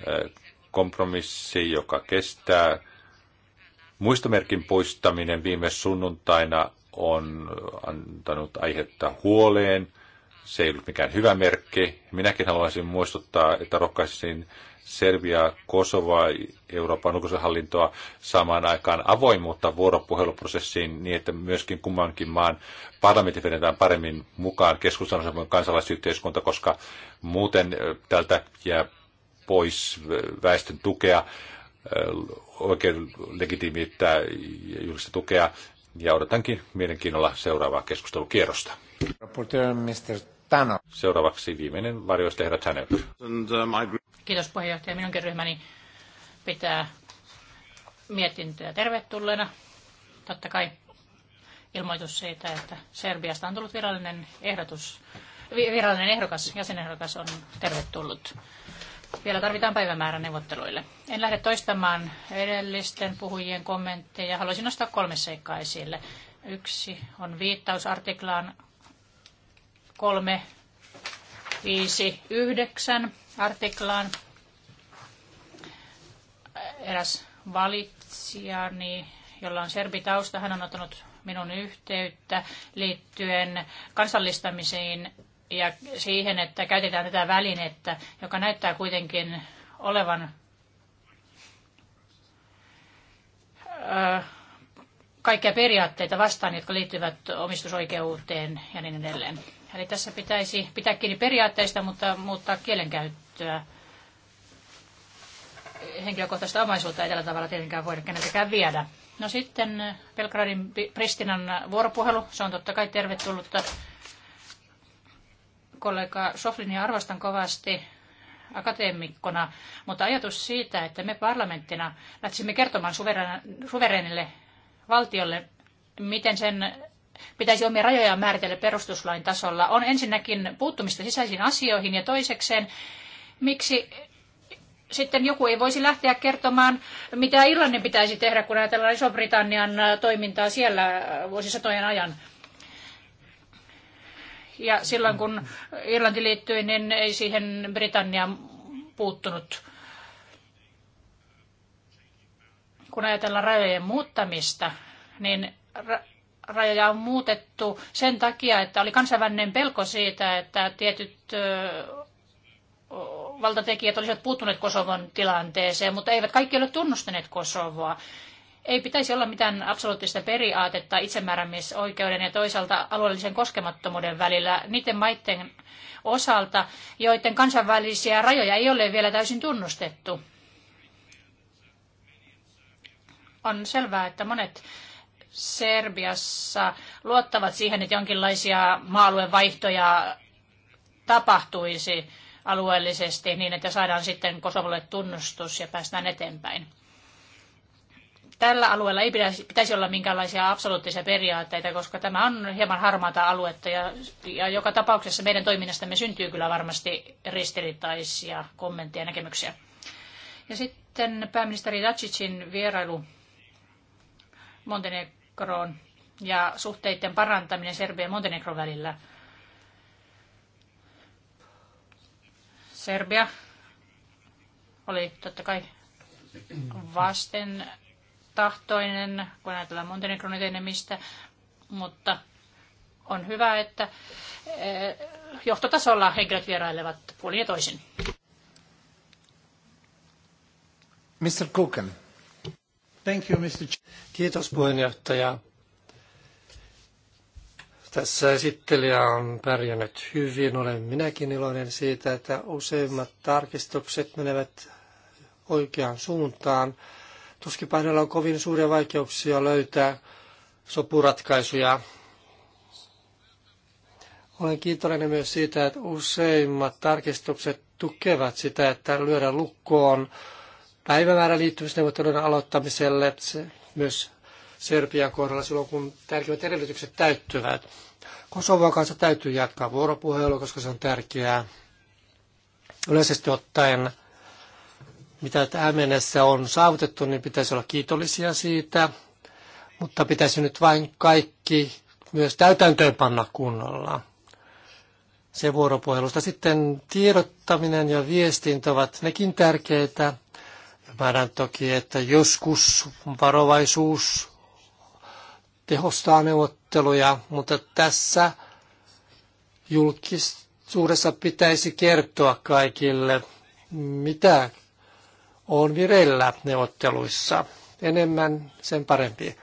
S1: äh, kompromissi, joka kestää. Muistomerkin poistaminen viime sunnuntaina on antanut aihetta huoleen – se ei ollut mikään hyvä merkki. Minäkin haluaisin muistuttaa, että rohkaisin Serbia, Kosovaa, Euroopan hallintoa saamaan aikaan avoimuutta vuoropuheluprosessiin niin, että myöskin kummankin maan parlamentti vedetään paremmin mukaan keskustelun kansalaisyhteiskunta, koska muuten tältä jää pois väestön tukea, oikein legitiimiyttä ja julkista tukea. Ja odotankin mielenkiinnolla seuraavaa keskustelukierrosta.
S2: Mr.
S1: Tano. Seuraavaksi viimeinen varjoista herra uh,
S3: Kiitos puheenjohtaja. Minunkin ryhmäni pitää mietintöä tervetulleena. Totta kai ilmoitus siitä, että Serbiasta on tullut virallinen ehdotus, virallinen ehdokas, jäsenehdokas on tervetullut. Vielä tarvitaan päivämäärä neuvotteluille. En lähde toistamaan edellisten puhujien kommentteja. Haluaisin nostaa kolme seikkaa esille. Yksi on viittaus artiklaan 359 artiklaan. Eräs valitsijani, jolla on serbitausta, hän on ottanut minun yhteyttä liittyen kansallistamisiin ja siihen, että käytetään tätä välinettä, joka näyttää kuitenkin olevan kaikkia periaatteita vastaan, jotka liittyvät omistusoikeuteen ja niin edelleen. Eli tässä pitäisi pitää kiinni periaatteista, mutta muuttaa kielenkäyttöä. Henkilökohtaista omaisuutta ei tällä tavalla tietenkään voida keneltäkään viedä. No sitten Belgradin Pristinan vuoropuhelu, se on totta kai tervetullutta. Kollega Soflinia arvostan kovasti akateemikkona, mutta ajatus siitä, että me parlamenttina lähtisimme kertomaan suverenille valtiolle, miten sen pitäisi omia rajojaan määritellä perustuslain tasolla, on ensinnäkin puuttumista sisäisiin asioihin ja toisekseen, miksi sitten joku ei voisi lähteä kertomaan, mitä Irlannin pitäisi tehdä, kun ajatellaan Iso-Britannian toimintaa siellä vuosisatojen ajan. Ja silloin kun Irlanti liittyi, niin ei siihen Britannia puuttunut. Kun ajatellaan rajojen muuttamista, niin rajoja on muutettu sen takia, että oli kansainvälinen pelko siitä, että tietyt valtatekijät olisivat puuttuneet Kosovon tilanteeseen, mutta eivät kaikki ole tunnustaneet Kosovoa. Ei pitäisi olla mitään absoluuttista periaatetta itsemääräämisoikeuden ja toisaalta alueellisen koskemattomuuden välillä niiden maiden osalta, joiden kansainvälisiä rajoja ei ole vielä täysin tunnustettu. On selvää, että monet Serbiassa luottavat siihen, että jonkinlaisia maaluevaihtoja tapahtuisi alueellisesti niin, että saadaan sitten Kosovolle tunnustus ja päästään eteenpäin. Tällä alueella ei pitäisi olla minkäänlaisia absoluuttisia periaatteita, koska tämä on hieman harmaata aluetta ja, ja joka tapauksessa meidän toiminnastamme syntyy kyllä varmasti ristiriitaisia kommentteja ja näkemyksiä. Ja sitten pääministeri Dacicin vierailu Montenegro Montenegroon ja suhteiden parantaminen Serbian ja Montenegron välillä. Serbia oli totta kai vasten tahtoinen, kun ajatellaan Montenegron etenemistä, mutta on hyvä, että eh, johtotasolla henkilöt vierailevat puolin ja toisin.
S2: Mr. Kuken. Thank you, Mr. Kiitos puheenjohtaja. Tässä esittelijä on pärjännyt hyvin. Olen minäkin iloinen siitä, että useimmat tarkistukset menevät oikeaan suuntaan. Tuskin painoilla on kovin suuria vaikeuksia löytää sopuratkaisuja. Olen kiitollinen myös siitä, että useimmat tarkistukset tukevat sitä, että lyödään lukkoon päivämäärä liittymisneuvotteluiden aloittamiselle se, myös Serbian kohdalla silloin, kun tärkeimmät edellytykset täyttyvät. Kosovon kanssa täytyy jatkaa vuoropuhelua, koska se on tärkeää. Yleisesti ottaen, mitä tähän mennessä on saavutettu, niin pitäisi olla kiitollisia siitä, mutta pitäisi nyt vain kaikki myös täytäntöön panna kunnolla. Se vuoropuhelusta sitten tiedottaminen ja viestintä ovat nekin tärkeitä Ymmärrän toki, että joskus varovaisuus tehostaa neuvotteluja, mutta tässä julkisuudessa pitäisi kertoa kaikille, mitä on vireillä neuvotteluissa. Enemmän sen parempi.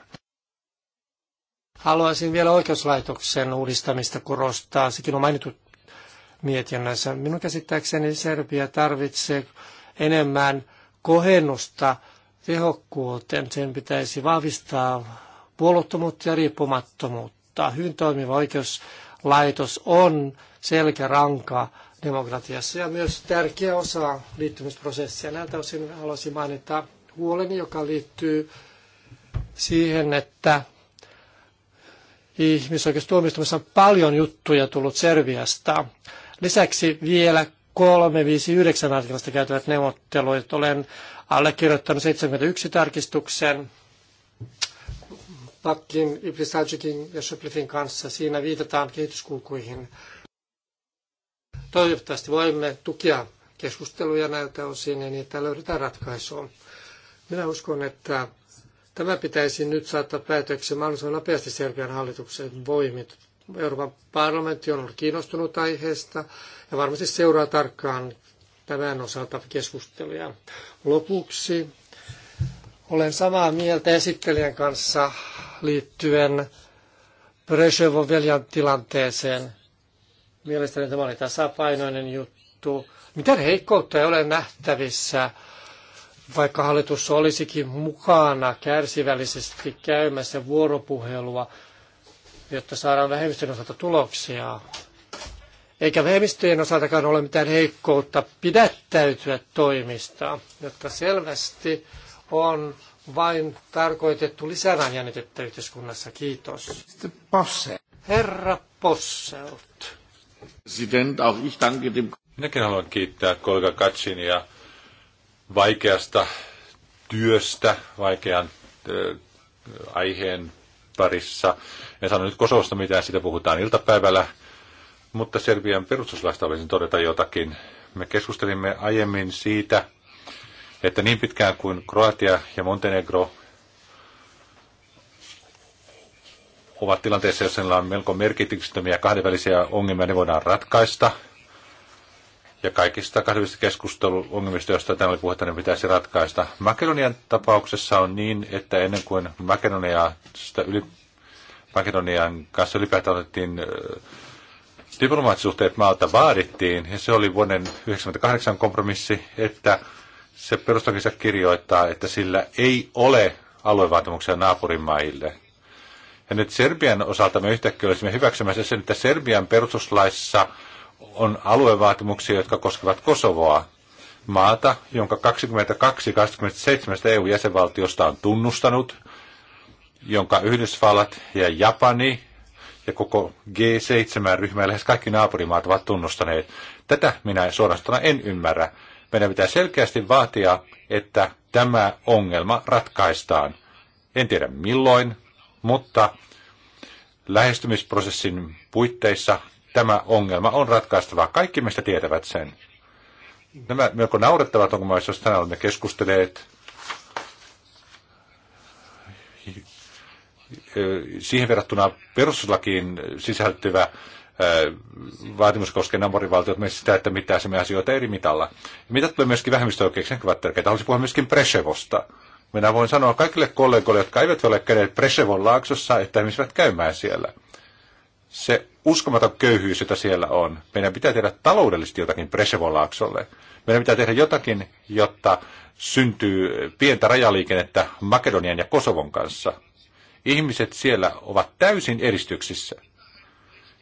S2: Haluaisin vielä oikeuslaitoksen uudistamista korostaa. Sekin on mainittu mietinnässä. Minun käsittääkseni Serbia tarvitsee enemmän kohennusta tehokkuuteen. Sen pitäisi vahvistaa puolottomuutta ja riippumattomuutta. Hyvin toimiva oikeuslaitos on selkäranka demokratiassa ja myös tärkeä osa liittymisprosessia. Näiltä osin haluaisin mainita huoleni, joka liittyy siihen, että ihmisoikeustuomioistuimessa on paljon juttuja tullut Serviasta. Lisäksi vielä 359 artiklasta käytävät neuvottelut. Olen allekirjoittanut 71 tarkistuksen Pakkin, Ibrisajikin ja Shoplifin kanssa. Siinä viitataan kehityskulkuihin. Toivottavasti voimme tukea keskusteluja näiltä osin ja niitä löydetään ratkaisua. Minä uskon, että tämä pitäisi nyt saattaa päätöksen mahdollisimman nopeasti Serbian hallituksen voimit. Euroopan parlamentti on ollut kiinnostunut aiheesta ja varmasti seuraa tarkkaan tämän osalta keskusteluja. Lopuksi olen samaa mieltä esittelijän kanssa liittyen Brezhevon veljan tilanteeseen. Mielestäni tämä oli tasapainoinen juttu. Mitä heikkoutta ei ole nähtävissä, vaikka hallitus olisikin mukana kärsivällisesti käymässä vuoropuhelua, jotta saadaan vähemmistön osalta tuloksia eikä vähemmistöjen osaltakaan ole mitään heikkoutta pidättäytyä toimista, jotka selvästi on vain tarkoitettu lisäämään jännitettä yhteiskunnassa. Kiitos. Posse. Herra Posselt.
S1: President, auch ich danke dem... Minäkin haluan kiittää kollega Katsinia vaikeasta työstä, vaikean äh, aiheen parissa. En sano nyt Kosovosta mitään, siitä puhutaan iltapäivällä mutta Serbian perustuslaista olisin todeta jotakin. Me keskustelimme aiemmin siitä, että niin pitkään kuin Kroatia ja Montenegro ovat tilanteessa, jossa niillä on melko merkityksettömiä kahdenvälisiä ongelmia, ne voidaan ratkaista. Ja kaikista kahdenvälisistä keskusteluongelmista, joista tämä oli puhetta, ne pitäisi ratkaista. Makedonian tapauksessa on niin, että ennen kuin Makedonia, yli, Makedonian kanssa ylipäätään otettiin diplomaattisuhteet maalta vaadittiin, ja se oli vuoden 1998 kompromissi, että se perustuslakinsa kirjoittaa, että sillä ei ole aluevaatimuksia naapurimaille. Ja nyt Serbian osalta me yhtäkkiä olisimme hyväksymässä sen, että Serbian perustuslaissa on aluevaatimuksia, jotka koskevat Kosovoa, maata, jonka 22-27 EU-jäsenvaltiosta on tunnustanut, jonka Yhdysvallat ja Japani ja koko G7-ryhmä ja lähes kaikki naapurimaat ovat tunnustaneet. Tätä minä suorastaan en ymmärrä. Meidän pitää selkeästi vaatia, että tämä ongelma ratkaistaan. En tiedä milloin, mutta lähestymisprosessin puitteissa tämä ongelma on ratkaistava. Kaikki meistä tietävät sen. Nämä melko naurettavat ongelmat, jos tänään olemme keskustelleet siihen verrattuna perustuslakiin sisältyvä vaatimus koskee naapurivaltiot myös sitä, että mitä se asioita eri mitalla. Mitä tulee myöskin vähemmistöoikeuksien, kuvat tärkeitä. Haluaisin puhua myöskin Preshevosta. Minä voin sanoa kaikille kollegoille, jotka eivät ole käyneet Preshevon laaksossa, että he menisivät käymään siellä. Se uskomaton köyhyys, jota siellä on. Meidän pitää tehdä taloudellisesti jotakin Preshevon laaksolle. Meidän pitää tehdä jotakin, jotta syntyy pientä rajaliikennettä Makedonian ja Kosovon kanssa. Ihmiset siellä ovat täysin eristyksissä.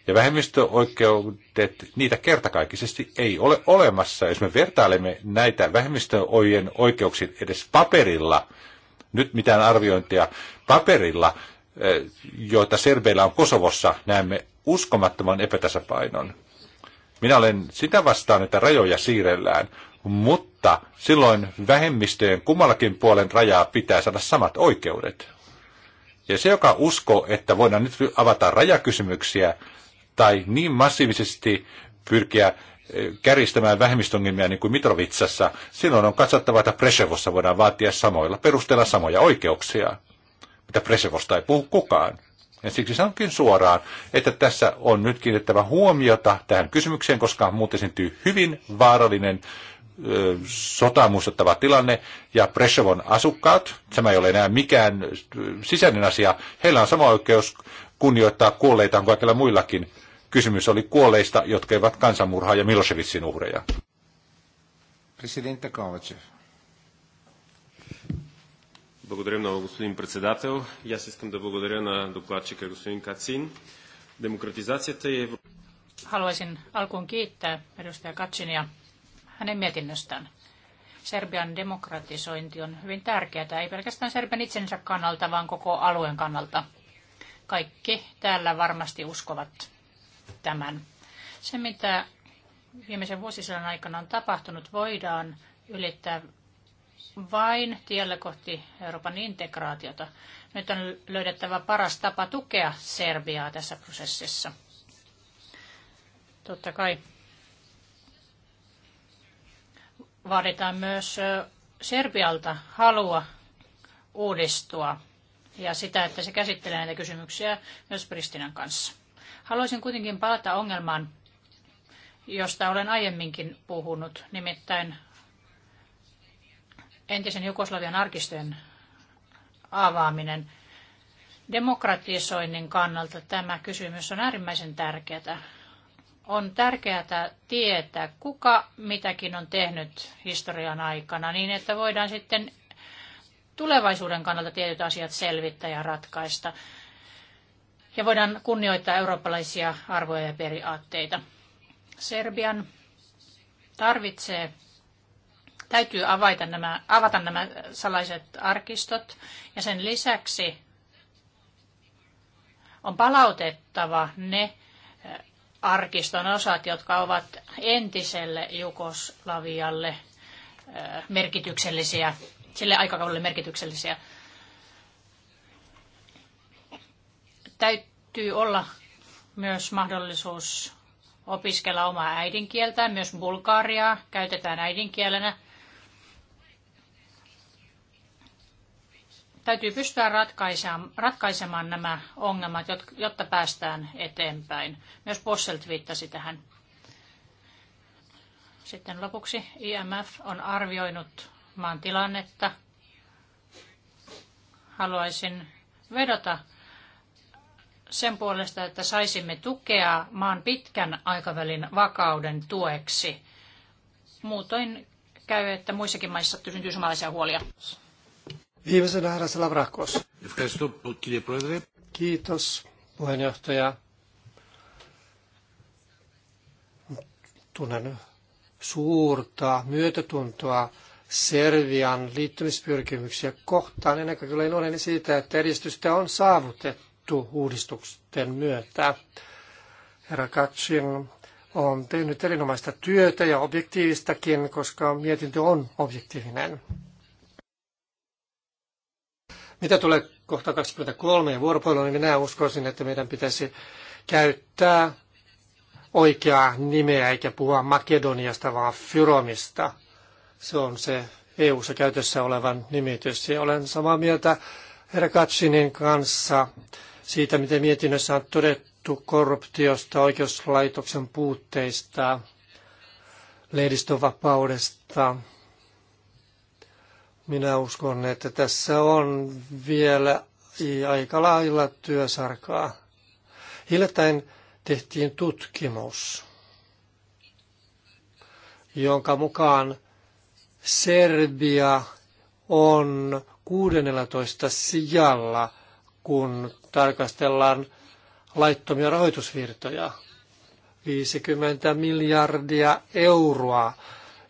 S1: Ja vähemmistöoikeudet, niitä kertakaikkisesti ei ole olemassa. Jos me vertailemme näitä vähemmistöojen oikeuksia edes paperilla, nyt mitään arviointia paperilla, eh, joita serbeillä on Kosovossa, näemme uskomattoman epätasapainon. Minä olen sitä vastaan, että rajoja siirrellään, mutta silloin vähemmistöjen kummallakin puolen rajaa pitää saada samat oikeudet. Ja se, joka uskoo, että voidaan nyt avata rajakysymyksiä tai niin massiivisesti pyrkiä eh, käristämään vähemmistöongelmia niin kuin Mitrovitsassa, silloin on katsottava, että Presevossa voidaan vaatia samoilla perusteella samoja oikeuksia, mitä Presevosta ei puhu kukaan. Ja siksi sanonkin suoraan, että tässä on nyt kiinnittävä huomiota tähän kysymykseen, koska muuten syntyy hyvin vaarallinen sotaa muistuttava tilanne, ja Preshevon asukkaat, tämä ei ole enää mikään sisäinen asia, heillä on sama oikeus kunnioittaa kuolleita kuin kaikilla muillakin. Kysymys oli kuolleista, jotka eivät kansanmurhaa ja Milosevicin uhreja. Presidente Kovacev. Благодаря много, господин председател. И аз искам да благодаря на докладчика господин Кацин. Демократизацията и
S3: Haluaisin alkuun kiittää edustaja Katsinia hänen mietinnöstään. Serbian demokratisointi on hyvin tärkeää, ei pelkästään Serbian itsensä kannalta, vaan koko alueen kannalta. Kaikki täällä varmasti uskovat tämän. Se, mitä viimeisen vuosisadan aikana on tapahtunut, voidaan ylittää vain tiellä kohti Euroopan integraatiota. Nyt on löydettävä paras tapa tukea Serbiaa tässä prosessissa. Totta kai vaaditaan myös Serbialta halua uudistua ja sitä, että se käsittelee näitä kysymyksiä myös Pristinan kanssa. Haluaisin kuitenkin palata ongelmaan, josta olen aiemminkin puhunut, nimittäin entisen Jugoslavian arkistojen avaaminen. Demokratisoinnin kannalta tämä kysymys on äärimmäisen tärkeää on tärkeää tietää, kuka mitäkin on tehnyt historian aikana, niin että voidaan sitten tulevaisuuden kannalta tietyt asiat selvittää ja ratkaista. Ja voidaan kunnioittaa eurooppalaisia arvoja ja periaatteita. Serbian tarvitsee, täytyy avata nämä, avata nämä salaiset arkistot ja sen lisäksi on palautettava ne arkiston osat, jotka ovat entiselle Jugoslavialle merkityksellisiä, sille aikakaudelle merkityksellisiä. Täytyy olla myös mahdollisuus opiskella omaa äidinkieltään, myös bulgariaa käytetään äidinkielenä – täytyy pystyä ratkaisemaan nämä ongelmat, jotta päästään eteenpäin. Myös Posselt viittasi tähän. Sitten lopuksi IMF on arvioinut maan tilannetta. Haluaisin vedota sen puolesta, että saisimme tukea maan pitkän aikavälin vakauden tueksi. Muutoin käy, että muissakin maissa syntyy samanlaisia huolia.
S2: Viimeisenä herra Salavrakos. Kiitos puheenjohtaja. Tunnen suurta myötätuntoa Servian liittymispyrkimyksiä kohtaan. Ennen kaikkea olen iloinen siitä, että edistystä on saavutettu uudistusten myötä. Herra Katsin on tehnyt erinomaista työtä ja objektiivistakin, koska mietintö on objektiivinen. Mitä tulee kohta 23 ja vuoropuheluun, niin minä uskoisin, että meidän pitäisi käyttää oikeaa nimeä eikä puhua Makedoniasta, vaan Fyromista. Se on se EU-ssa käytössä olevan nimitys. Ja olen samaa mieltä herra Katsinin kanssa siitä, miten mietinnössä on todettu korruptiosta, oikeuslaitoksen puutteista, lehdistönvapaudesta, minä uskon, että tässä on vielä aika lailla työsarkaa. Hiljattain tehtiin tutkimus, jonka mukaan Serbia on 16 sijalla, kun tarkastellaan laittomia rahoitusvirtoja. 50 miljardia euroa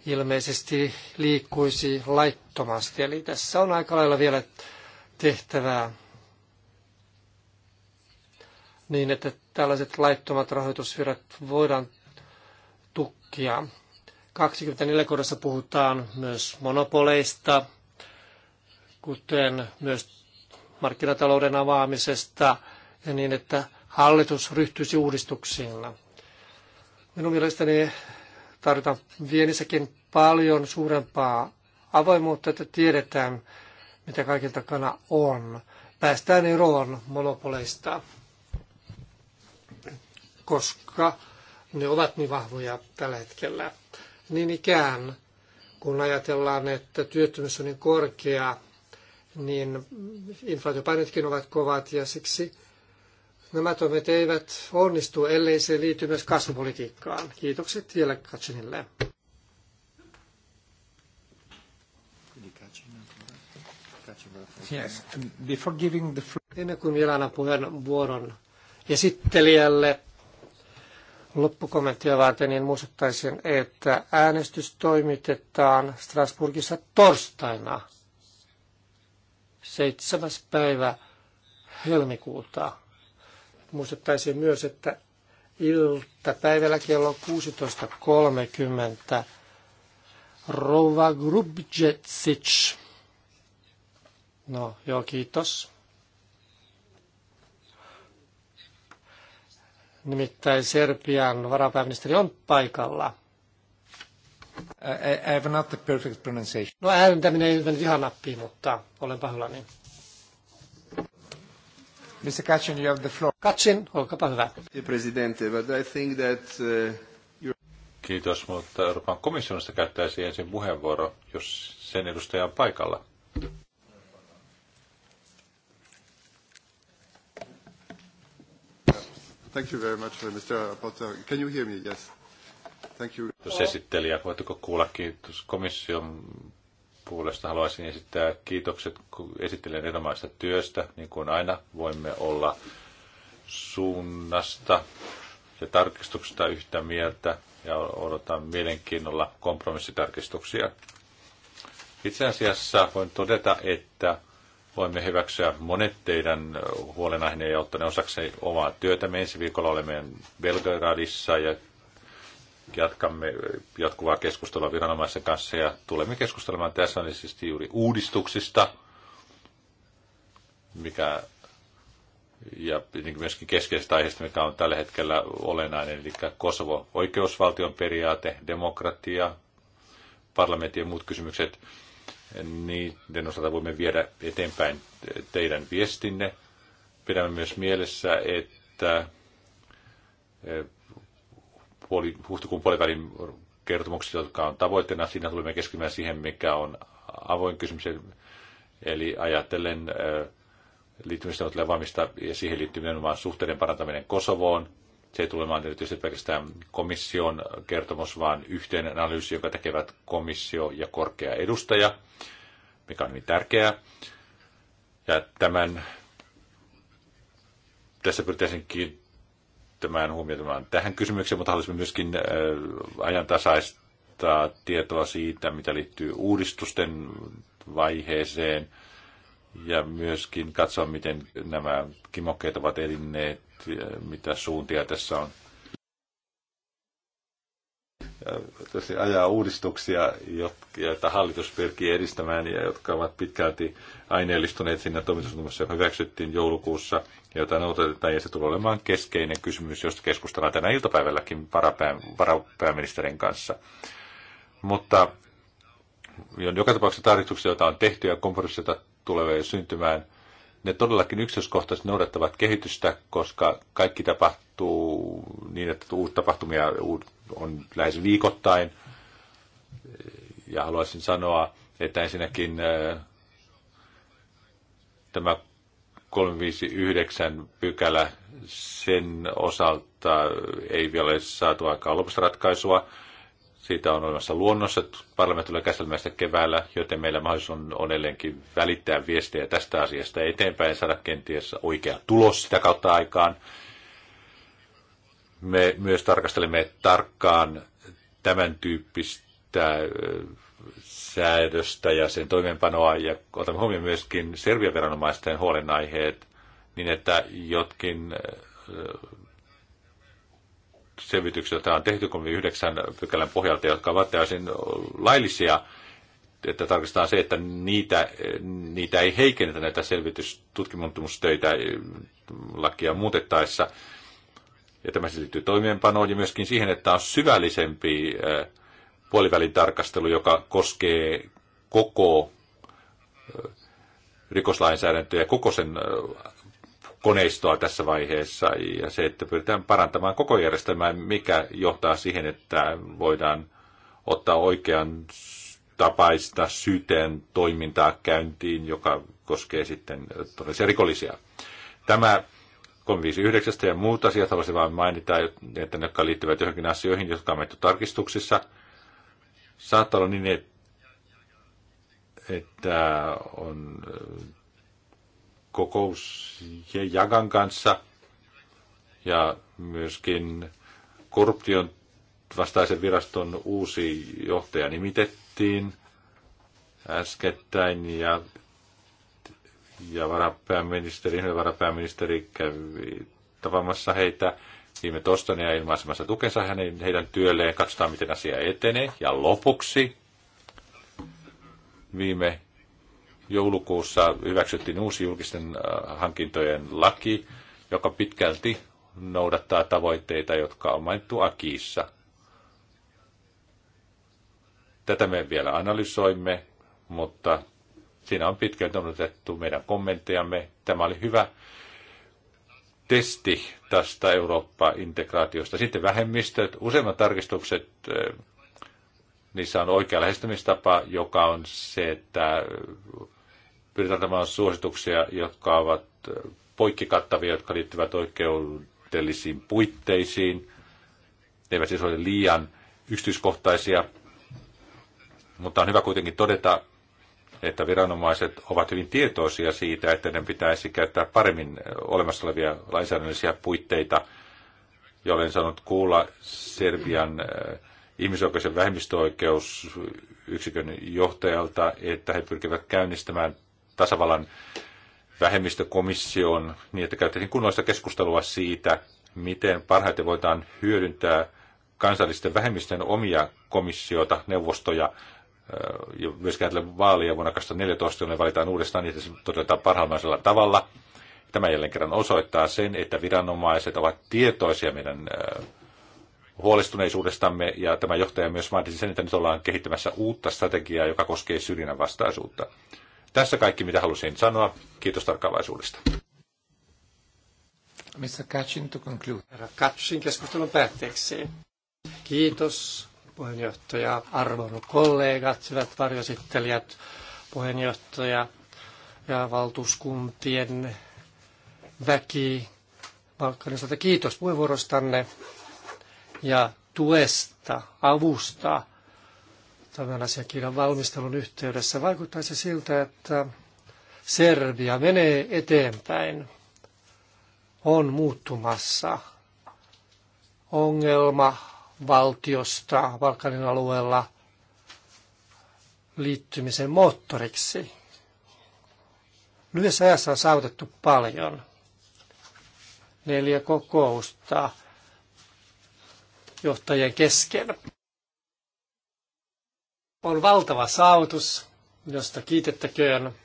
S2: ilmeisesti liikkuisi laittomasti. Eli tässä on aika lailla vielä tehtävää niin, että tällaiset laittomat rahoitusvirrat voidaan tukkia. 24 kohdassa puhutaan myös monopoleista, kuten myös markkinatalouden avaamisesta ja niin, että hallitus ryhtyisi uudistuksiin. Minun mielestäni tarvitaan viennissäkin paljon suurempaa avoimuutta, että tiedetään, mitä kaiken takana on. Päästään eroon monopoleista, koska ne ovat niin vahvoja tällä hetkellä. Niin ikään, kun ajatellaan, että työttömyys on niin korkea, niin inflaatiopainetkin ovat kovat ja siksi Nämä toimet eivät onnistu, ellei se liity myös kasvupolitiikkaan. Kiitokset vielä Katsinille. Yes. Before giving the... Ennen kuin vielä annan puheenvuoron esittelijälle loppukommenttia varten, niin muistuttaisin, että äänestys toimitetaan Strasbourgissa torstaina 7. päivä helmikuuta. Muistuttaisin myös, että iltapäivällä kello 16.30 Rova Grubjetsic. No, joo, kiitos. Nimittäin Serbian varapääministeri on paikalla. I have not the perfect pronunciation. No ääntäminen ei mennyt ihan nappiin, mutta olen pahoillani. Mr. Kachin, you have the floor. Kachin, olkaapa hyvä.
S1: Presidente, but I think that, uh, Kiitos, mutta Euroopan komissiosta käyttäisi ensin puheenvuoro, jos sen edustaja on paikalla. Thank you very much, Mr. Potter. Can you hear me? Yes. Thank you. Jos esittelijä, voitteko kuulla? Kiitos komission puolesta haluaisin esittää kiitokset esittelen erinomaisesta työstä. Niin kuin aina voimme olla suunnasta ja tarkistuksesta yhtä mieltä ja odotan mielenkiinnolla kompromissitarkistuksia. Itse asiassa voin todeta, että voimme hyväksyä monet teidän huolenaiheen ja ottaa ne osaksi omaa työtämme. Ensi viikolla olemme Belgradissa ja jatkamme jatkuvaa keskustelua viranomaisen kanssa ja tulemme keskustelemaan tässä on siis juuri uudistuksista, mikä ja niin myöskin keskeisestä aiheesta, mikä on tällä hetkellä olennainen, eli Kosovo, oikeusvaltion periaate, demokratia, parlamentti ja muut kysymykset, niiden osalta voimme viedä eteenpäin teidän viestinne. Pidämme myös mielessä, että puoli, huhtikuun puolivälin kertomuksista, jotka on tavoitteena. Siinä tulemme keskimään siihen, mikä on avoin kysymys. Eli ajatellen liittymistä valmista ja siihen liittyy nimenomaan suhteiden parantaminen Kosovoon. Se ei tule olemaan erityisesti pelkästään komission kertomus, vaan yhteinen analyysi, joka tekevät komissio ja korkea edustaja, mikä on hyvin tärkeää. Ja tämän, tässä pyritäänkin kiinnittämään huomiota tähän kysymykseen, mutta haluaisimme myöskin äh, ajantasaistaa tietoa siitä, mitä liittyy uudistusten vaiheeseen ja myöskin katsoa, miten nämä kimokkeet ovat elinneet, äh, mitä suuntia tässä on tietysti ajaa uudistuksia, joita hallitus pyrkii edistämään ja jotka ovat pitkälti aineellistuneet siinä toimitusnumerossa, joka hyväksyttiin joulukuussa, jota noudatetaan, ja se tulee olemaan keskeinen kysymys, josta keskustellaan tänä iltapäivälläkin varapääministerin kanssa. Mutta joka tapauksessa tarjouksia, joita on tehty ja kompromisseja tulee syntymään, ne todellakin yksityiskohtaisesti noudattavat kehitystä, koska kaikki tapahtuu niin, että tapahtumia on lähes viikoittain. Ja haluaisin sanoa, että ensinnäkin äh, tämä 359 pykälä sen osalta ei vielä ole saatu aikaan lopusta ratkaisua. Siitä on olemassa luonnossa parlamentilla käsitelmästä keväällä, joten meillä mahdollisuus on, on edelleenkin välittää viestejä tästä asiasta eteenpäin ja saada kenties oikea tulos sitä kautta aikaan. Me myös tarkastelemme tarkkaan tämän tyyppistä säädöstä ja sen toimeenpanoa ja otamme huomioon myöskin Serbian viranomaisten huolenaiheet niin, että jotkin selvitykset, joita on tehty 9 pykälän pohjalta, jotka ovat täysin laillisia, että tarkistetaan se, että niitä, niitä ei heikennetä näitä selvitystutkimustöitä lakia muutettaessa ja tämä siis liittyy toimeenpanoon ja myöskin siihen, että on syvällisempi äh, puolivälin tarkastelu, joka koskee koko äh, rikoslainsäädäntöä ja koko sen äh, koneistoa tässä vaiheessa ja se, että pyritään parantamaan koko järjestelmää, mikä johtaa siihen, että voidaan ottaa oikean tapaista syyteen toimintaa käyntiin, joka koskee sitten todellisia rikollisia. Tämä 359 ja muut asiat haluaisin vain mainita, että ne, jotka liittyvät johonkin asioihin, jotka on menty tarkistuksissa. Saattaa olla niin, että on äh, kokous Jagan kanssa ja myöskin korruption vastaisen viraston uusi johtaja nimitettiin äskettäin ja ja varapääministeri, varapääministeri kävi tapaamassa heitä viime torstaina ja ilmaisemassa tukensa hänen, heidän työlleen. Katsotaan, miten asia etenee. Ja lopuksi viime joulukuussa hyväksyttiin uusi julkisten äh, hankintojen laki, joka pitkälti noudattaa tavoitteita, jotka on mainittu Akiissa. Tätä me vielä analysoimme, mutta Siinä on pitkälti odotettu meidän kommenttejamme. Tämä oli hyvä testi tästä Eurooppa-integraatiosta. Sitten vähemmistöt, useimmat tarkistukset, niissä on oikea lähestymistapa, joka on se, että pyritään tämän suosituksia, jotka ovat poikkikattavia, jotka liittyvät oikeudellisiin puitteisiin. Ne eivät siis ole liian yksityiskohtaisia, mutta on hyvä kuitenkin todeta, että viranomaiset ovat hyvin tietoisia siitä, että ne pitäisi käyttää paremmin olemassa olevia lainsäädännöllisiä puitteita, ja olen saanut kuulla Serbian äh, ihmisoikeus- vähemmistöoikeusyksikön johtajalta, että he pyrkivät käynnistämään tasavallan vähemmistökomission niin, että käytettiin kunnollista keskustelua siitä, miten parhaiten voidaan hyödyntää kansallisten vähemmistön omia komissioita, neuvostoja ja myöskään ajatellen vaalia vuonna 2014, jolloin valitaan uudestaan, niin se todetaan parhaimmaisella tavalla. Tämä jälleen kerran osoittaa sen, että viranomaiset ovat tietoisia meidän huolestuneisuudestamme, ja tämä johtaja myös mainitsi sen, että nyt ollaan kehittämässä uutta strategiaa, joka koskee syrjinnän vastaisuutta. Tässä kaikki, mitä halusin sanoa. Kiitos tarkkaavaisuudesta.
S2: Mr. Katsin to conclude. Herra Katsin keskustelun päätteeksi. Kiitos puheenjohtaja, arvon kollegat, hyvät varjosittelijat, puheenjohtaja ja valtuuskuntien väki Balkanista. Kiitos puheenvuorostanne ja tuesta, avusta tämän asiakirjan valmistelun yhteydessä. Vaikuttaisi siltä, että Serbia menee eteenpäin, on muuttumassa. Ongelma valtiosta Balkanin alueella liittymisen moottoriksi. Lyhyessä ajassa on saavutettu paljon. Neljä kokousta johtajien kesken. On valtava saavutus, josta kiitettäköön.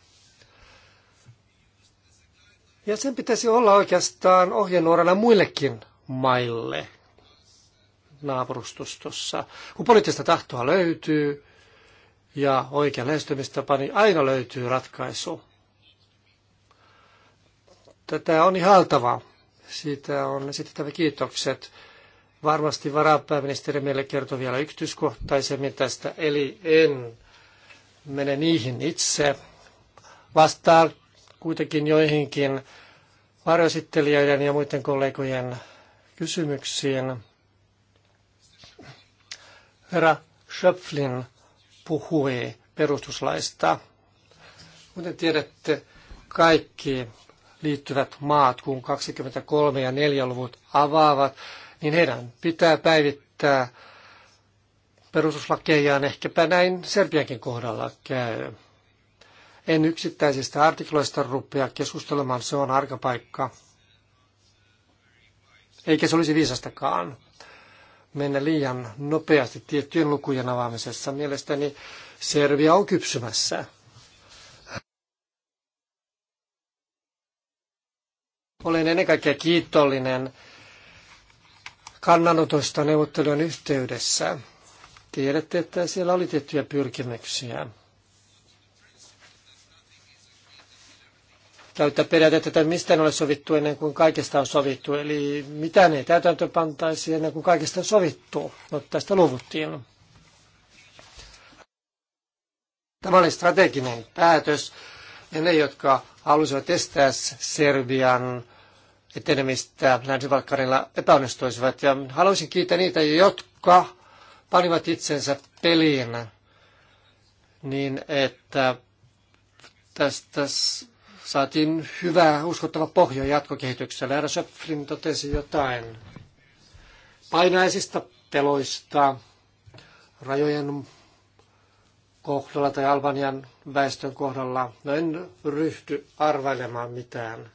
S2: Ja sen pitäisi olla oikeastaan ohjenuorana muillekin maille – Naapurustustossa, Kun poliittista tahtoa löytyy ja oikea lähestymistapa, niin aina löytyy ratkaisu. Tätä on ihaltavaa. Siitä on esitettävä kiitokset. Varmasti varapääministeri meille kertoo vielä yksityiskohtaisemmin tästä, eli en mene niihin itse. vastaa kuitenkin joihinkin varjoesittelijöiden ja muiden kollegojen kysymyksiin. Herra Schöpflin puhui perustuslaista. Kuten tiedätte, kaikki liittyvät maat, kun 23 ja 4 luvut avaavat, niin heidän pitää päivittää perustuslakejaan ehkäpä näin Serbiankin kohdalla käy. En yksittäisistä artikloista rupea keskustelemaan, se on arka paikka. Eikä se olisi viisastakaan mennä liian nopeasti tiettyjen lukujen avaamisessa. Mielestäni Serbia on kypsymässä. Olen ennen kaikkea kiitollinen kannanotoista neuvottelujen yhteydessä. Tiedätte, että siellä oli tiettyjä pyrkimyksiä täyttä periaatetta, että mistä ole sovittu ennen kuin kaikesta on sovittu. Eli mitä ne täytäntö pantaisi ennen kuin kaikesta on sovittu. mutta no, tästä luvuttiin. Tämä oli strateginen päätös. Ja ne, jotka halusivat estää Serbian etenemistä Länsi-Valkkarilla epäonnistuisivat. Ja haluaisin kiittää niitä, jotka panivat itsensä peliin niin, että tästä saatiin hyvä uskottava pohja jatkokehitykselle. Herra Schöpflin totesi jotain painaisista peloista rajojen kohdalla tai Albanian väestön kohdalla. No en ryhty arvailemaan mitään.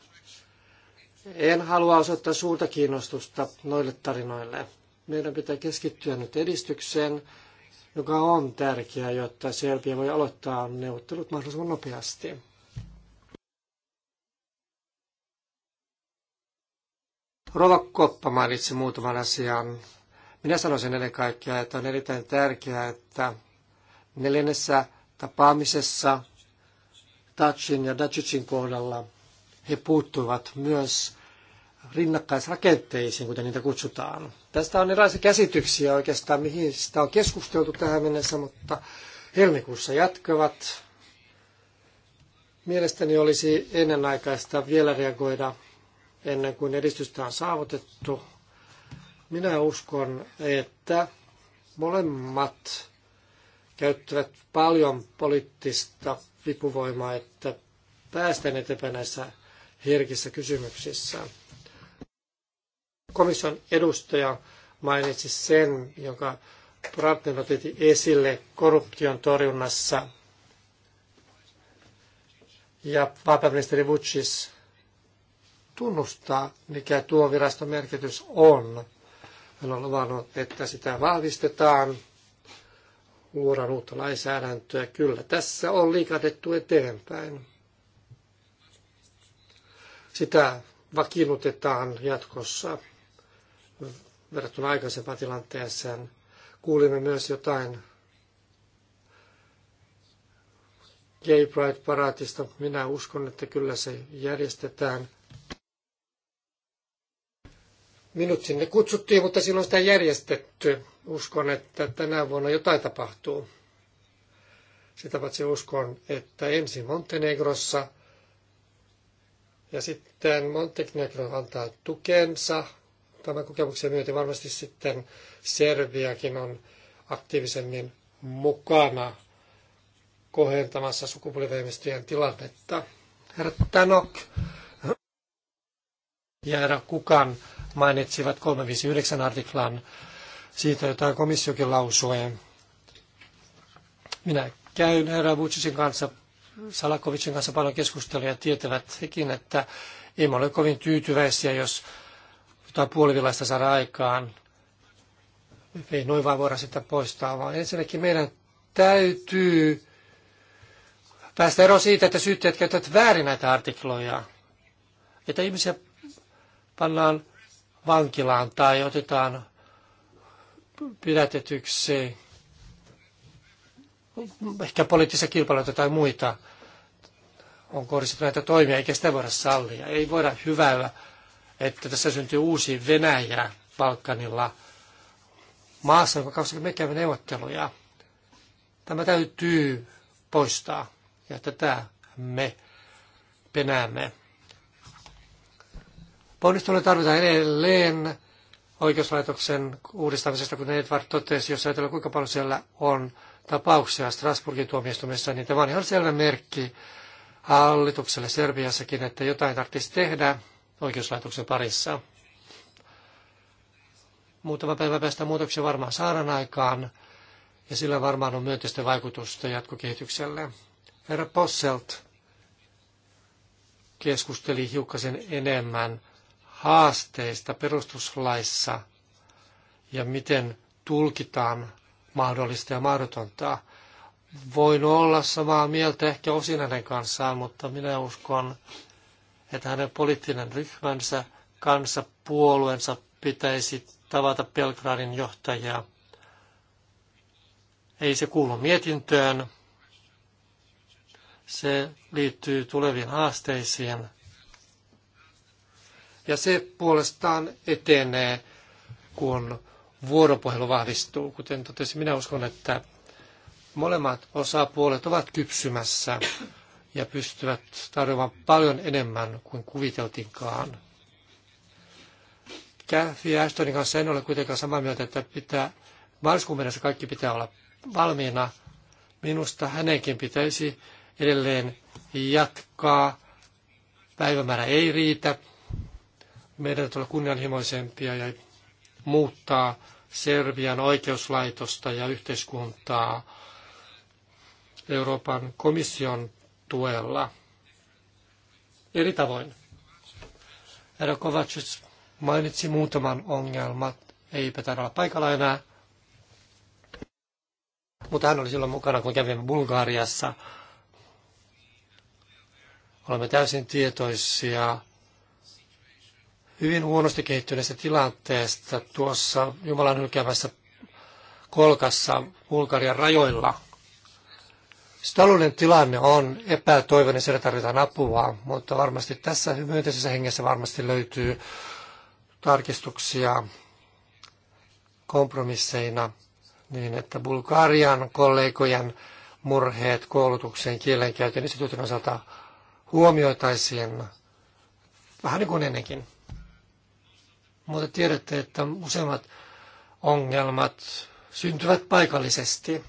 S2: En halua osoittaa suurta kiinnostusta noille tarinoille. Meidän pitää keskittyä nyt edistykseen, joka on tärkeää, jotta Serbia voi aloittaa neuvottelut mahdollisimman nopeasti. Rova Koppa mainitsi muutaman asian. Minä sanoisin ennen kaikkea, että on erittäin tärkeää, että neljännessä tapaamisessa Dachin ja Dachicin kohdalla he puuttuivat myös rinnakkaisrakenteisiin, kuten niitä kutsutaan. Tästä on erilaisia käsityksiä oikeastaan, mihin sitä on keskusteltu tähän mennessä, mutta helmikuussa jatkavat. Mielestäni olisi ennenaikaista vielä reagoida ennen kuin edistystä on saavutettu. Minä uskon, että molemmat käyttävät paljon poliittista vipuvoimaa, että päästään eteenpäin näissä herkissä kysymyksissä. Komission edustaja mainitsi sen, joka Brantner otti esille korruption torjunnassa. Ja vapaaministeri Vucic tunnustaa, mikä tuo viraston merkitys on. Hän on luvannut, että sitä vahvistetaan, luodaan uutta lainsäädäntöä. Kyllä, tässä on liikatettu eteenpäin. Sitä vakiinnutetaan jatkossa verrattuna aikaisempaan tilanteeseen. Kuulimme myös jotain Gay Pride-paraatista. Minä uskon, että kyllä se järjestetään – Minut sinne kutsuttiin, mutta silloin sitä ei järjestetty. Uskon, että tänä vuonna jotain tapahtuu. Sitä paitsi uskon, että ensin Montenegrossa ja sitten Montenegro antaa tukensa. Tämän kokemuksen myötä varmasti sitten Serbiakin on aktiivisemmin mukana kohentamassa sukupuolivähemmistöjen tilannetta. Herra Tanok ja kukaan mainitsivat 359 artiklan siitä, jota komissiokin lausui. Minä käyn herra Vucicin kanssa, Salakovicin kanssa paljon keskustelua ja tietävät hekin, että emme ole kovin tyytyväisiä, jos jotain puolivillaista saada aikaan. Ei noin vaan voida sitä poistaa, vaan ensinnäkin meidän täytyy päästä eroon siitä, että syyttäjät käyttävät väärin näitä artikloja. Että ihmisiä pannaan vankilaan tai otetaan pidätetyksi ehkä poliittisia kilpailuita tai muita on kohdistettu näitä toimia, eikä sitä voida sallia. Ei voida hyvällä, että tässä syntyy uusi Venäjä Balkanilla maassa, jonka kanssa me käymme neuvotteluja. Tämä täytyy poistaa ja tätä me penäämme. Ponnisteluja tarvitaan edelleen oikeuslaitoksen uudistamisesta, kuten Edward totesi, jos ajatellaan kuinka paljon siellä on tapauksia Strasbourgin tuomioistuimessa, niin tämä on ihan selvä merkki hallitukselle Serbiassakin, että jotain tarvitsisi tehdä oikeuslaitoksen parissa. Muutama päivä päästä muutoksia varmaan saadaan aikaan, ja sillä varmaan on myönteistä vaikutusta jatkokehitykselle. Herra Posselt keskusteli hiukkasen enemmän haasteista perustuslaissa ja miten tulkitaan mahdollista ja mahdotonta. Voin olla samaa mieltä ehkä osin hänen kanssaan, mutta minä uskon, että hänen poliittinen ryhmänsä, kansa, puolueensa pitäisi tavata Belgradin johtajaa. Ei se kuulu mietintöön. Se liittyy tuleviin haasteisiin – ja se puolestaan etenee, kun vuoropuhelu vahvistuu. Kuten totesin, minä uskon, että molemmat osapuolet ovat kypsymässä ja pystyvät tarjoamaan paljon enemmän kuin kuviteltiinkaan. Kathy Ashtonin kanssa en ole kuitenkaan samaa mieltä, että pitää, maaliskuun mennessä kaikki pitää olla valmiina. Minusta hänenkin pitäisi edelleen jatkaa. Päivämäärä ei riitä meidän olla kunnianhimoisempia ja muuttaa Serbian oikeuslaitosta ja yhteiskuntaa Euroopan komission tuella eri tavoin. Herra Kovacic mainitsi muutaman ongelmat, eipä taida olla paikalla enää, mutta hän oli silloin mukana, kun kävimme Bulgaariassa. Olemme täysin tietoisia hyvin huonosti kehittyneestä tilanteesta tuossa Jumalan hylkäämässä kolkassa Bulgarian rajoilla. Stalunen siis tilanne on epätoivoinen, niin siellä tarvitaan apua, mutta varmasti tässä myönteisessä hengessä varmasti löytyy tarkistuksia kompromisseina niin, että Bulgarian kollegojen murheet koulutuksen kielenkäytön instituutin osalta huomioitaisiin vähän niin kuin ennenkin mutta tiedätte, että useimmat ongelmat syntyvät paikallisesti.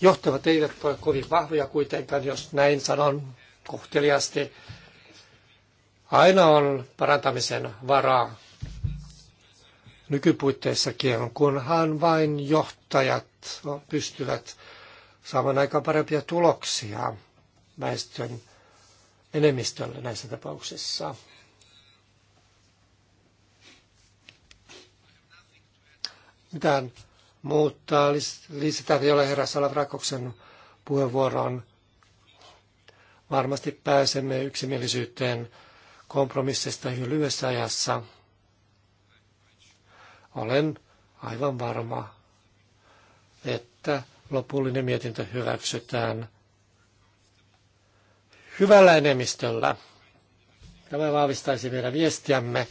S2: Johtavat eivät ole kovin vahvoja kuitenkaan, jos näin sanon kohteliasti. Aina on parantamisen varaa nykypuitteissakin, kunhan vain johtajat pystyvät saamaan aika parempia tuloksia väestön enemmistölle näissä tapauksissa. mitään muuttaa. Lisätä ei ole herra Salavrakoksen puheenvuoroon. Varmasti pääsemme yksimielisyyteen kompromissista hyvin lyhyessä ajassa. Olen aivan varma, että lopullinen mietintö hyväksytään hyvällä enemmistöllä. Tämä vahvistaisi meidän viestiämme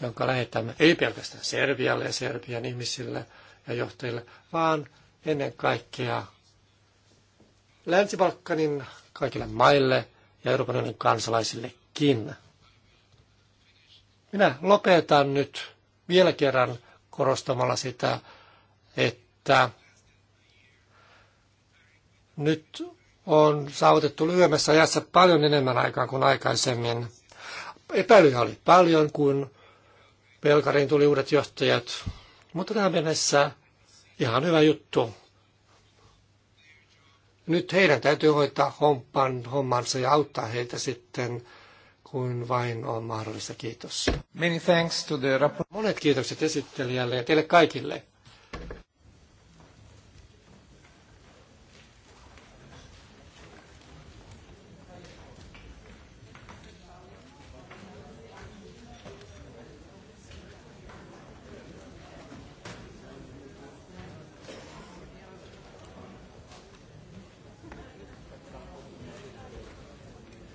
S2: jonka lähetämme ei pelkästään Serbialle ja Serbian ihmisille ja johtajille, vaan ennen kaikkea Länsi-Balkanin kaikille maille ja Euroopan unionin kansalaisillekin. Minä lopetan nyt vielä kerran korostamalla sitä, että nyt on saavutettu lyhyemmässä ajassa paljon enemmän aikaa kuin aikaisemmin. Epäilyjä oli paljon, kun Pelkarin tuli uudet johtajat. Mutta tähän mennessä ihan hyvä juttu. Nyt heidän täytyy hoitaa homman, hommansa ja auttaa heitä sitten, kun vain on mahdollista. Kiitos. Many thanks to the Monet kiitokset esittelijälle ja teille kaikille.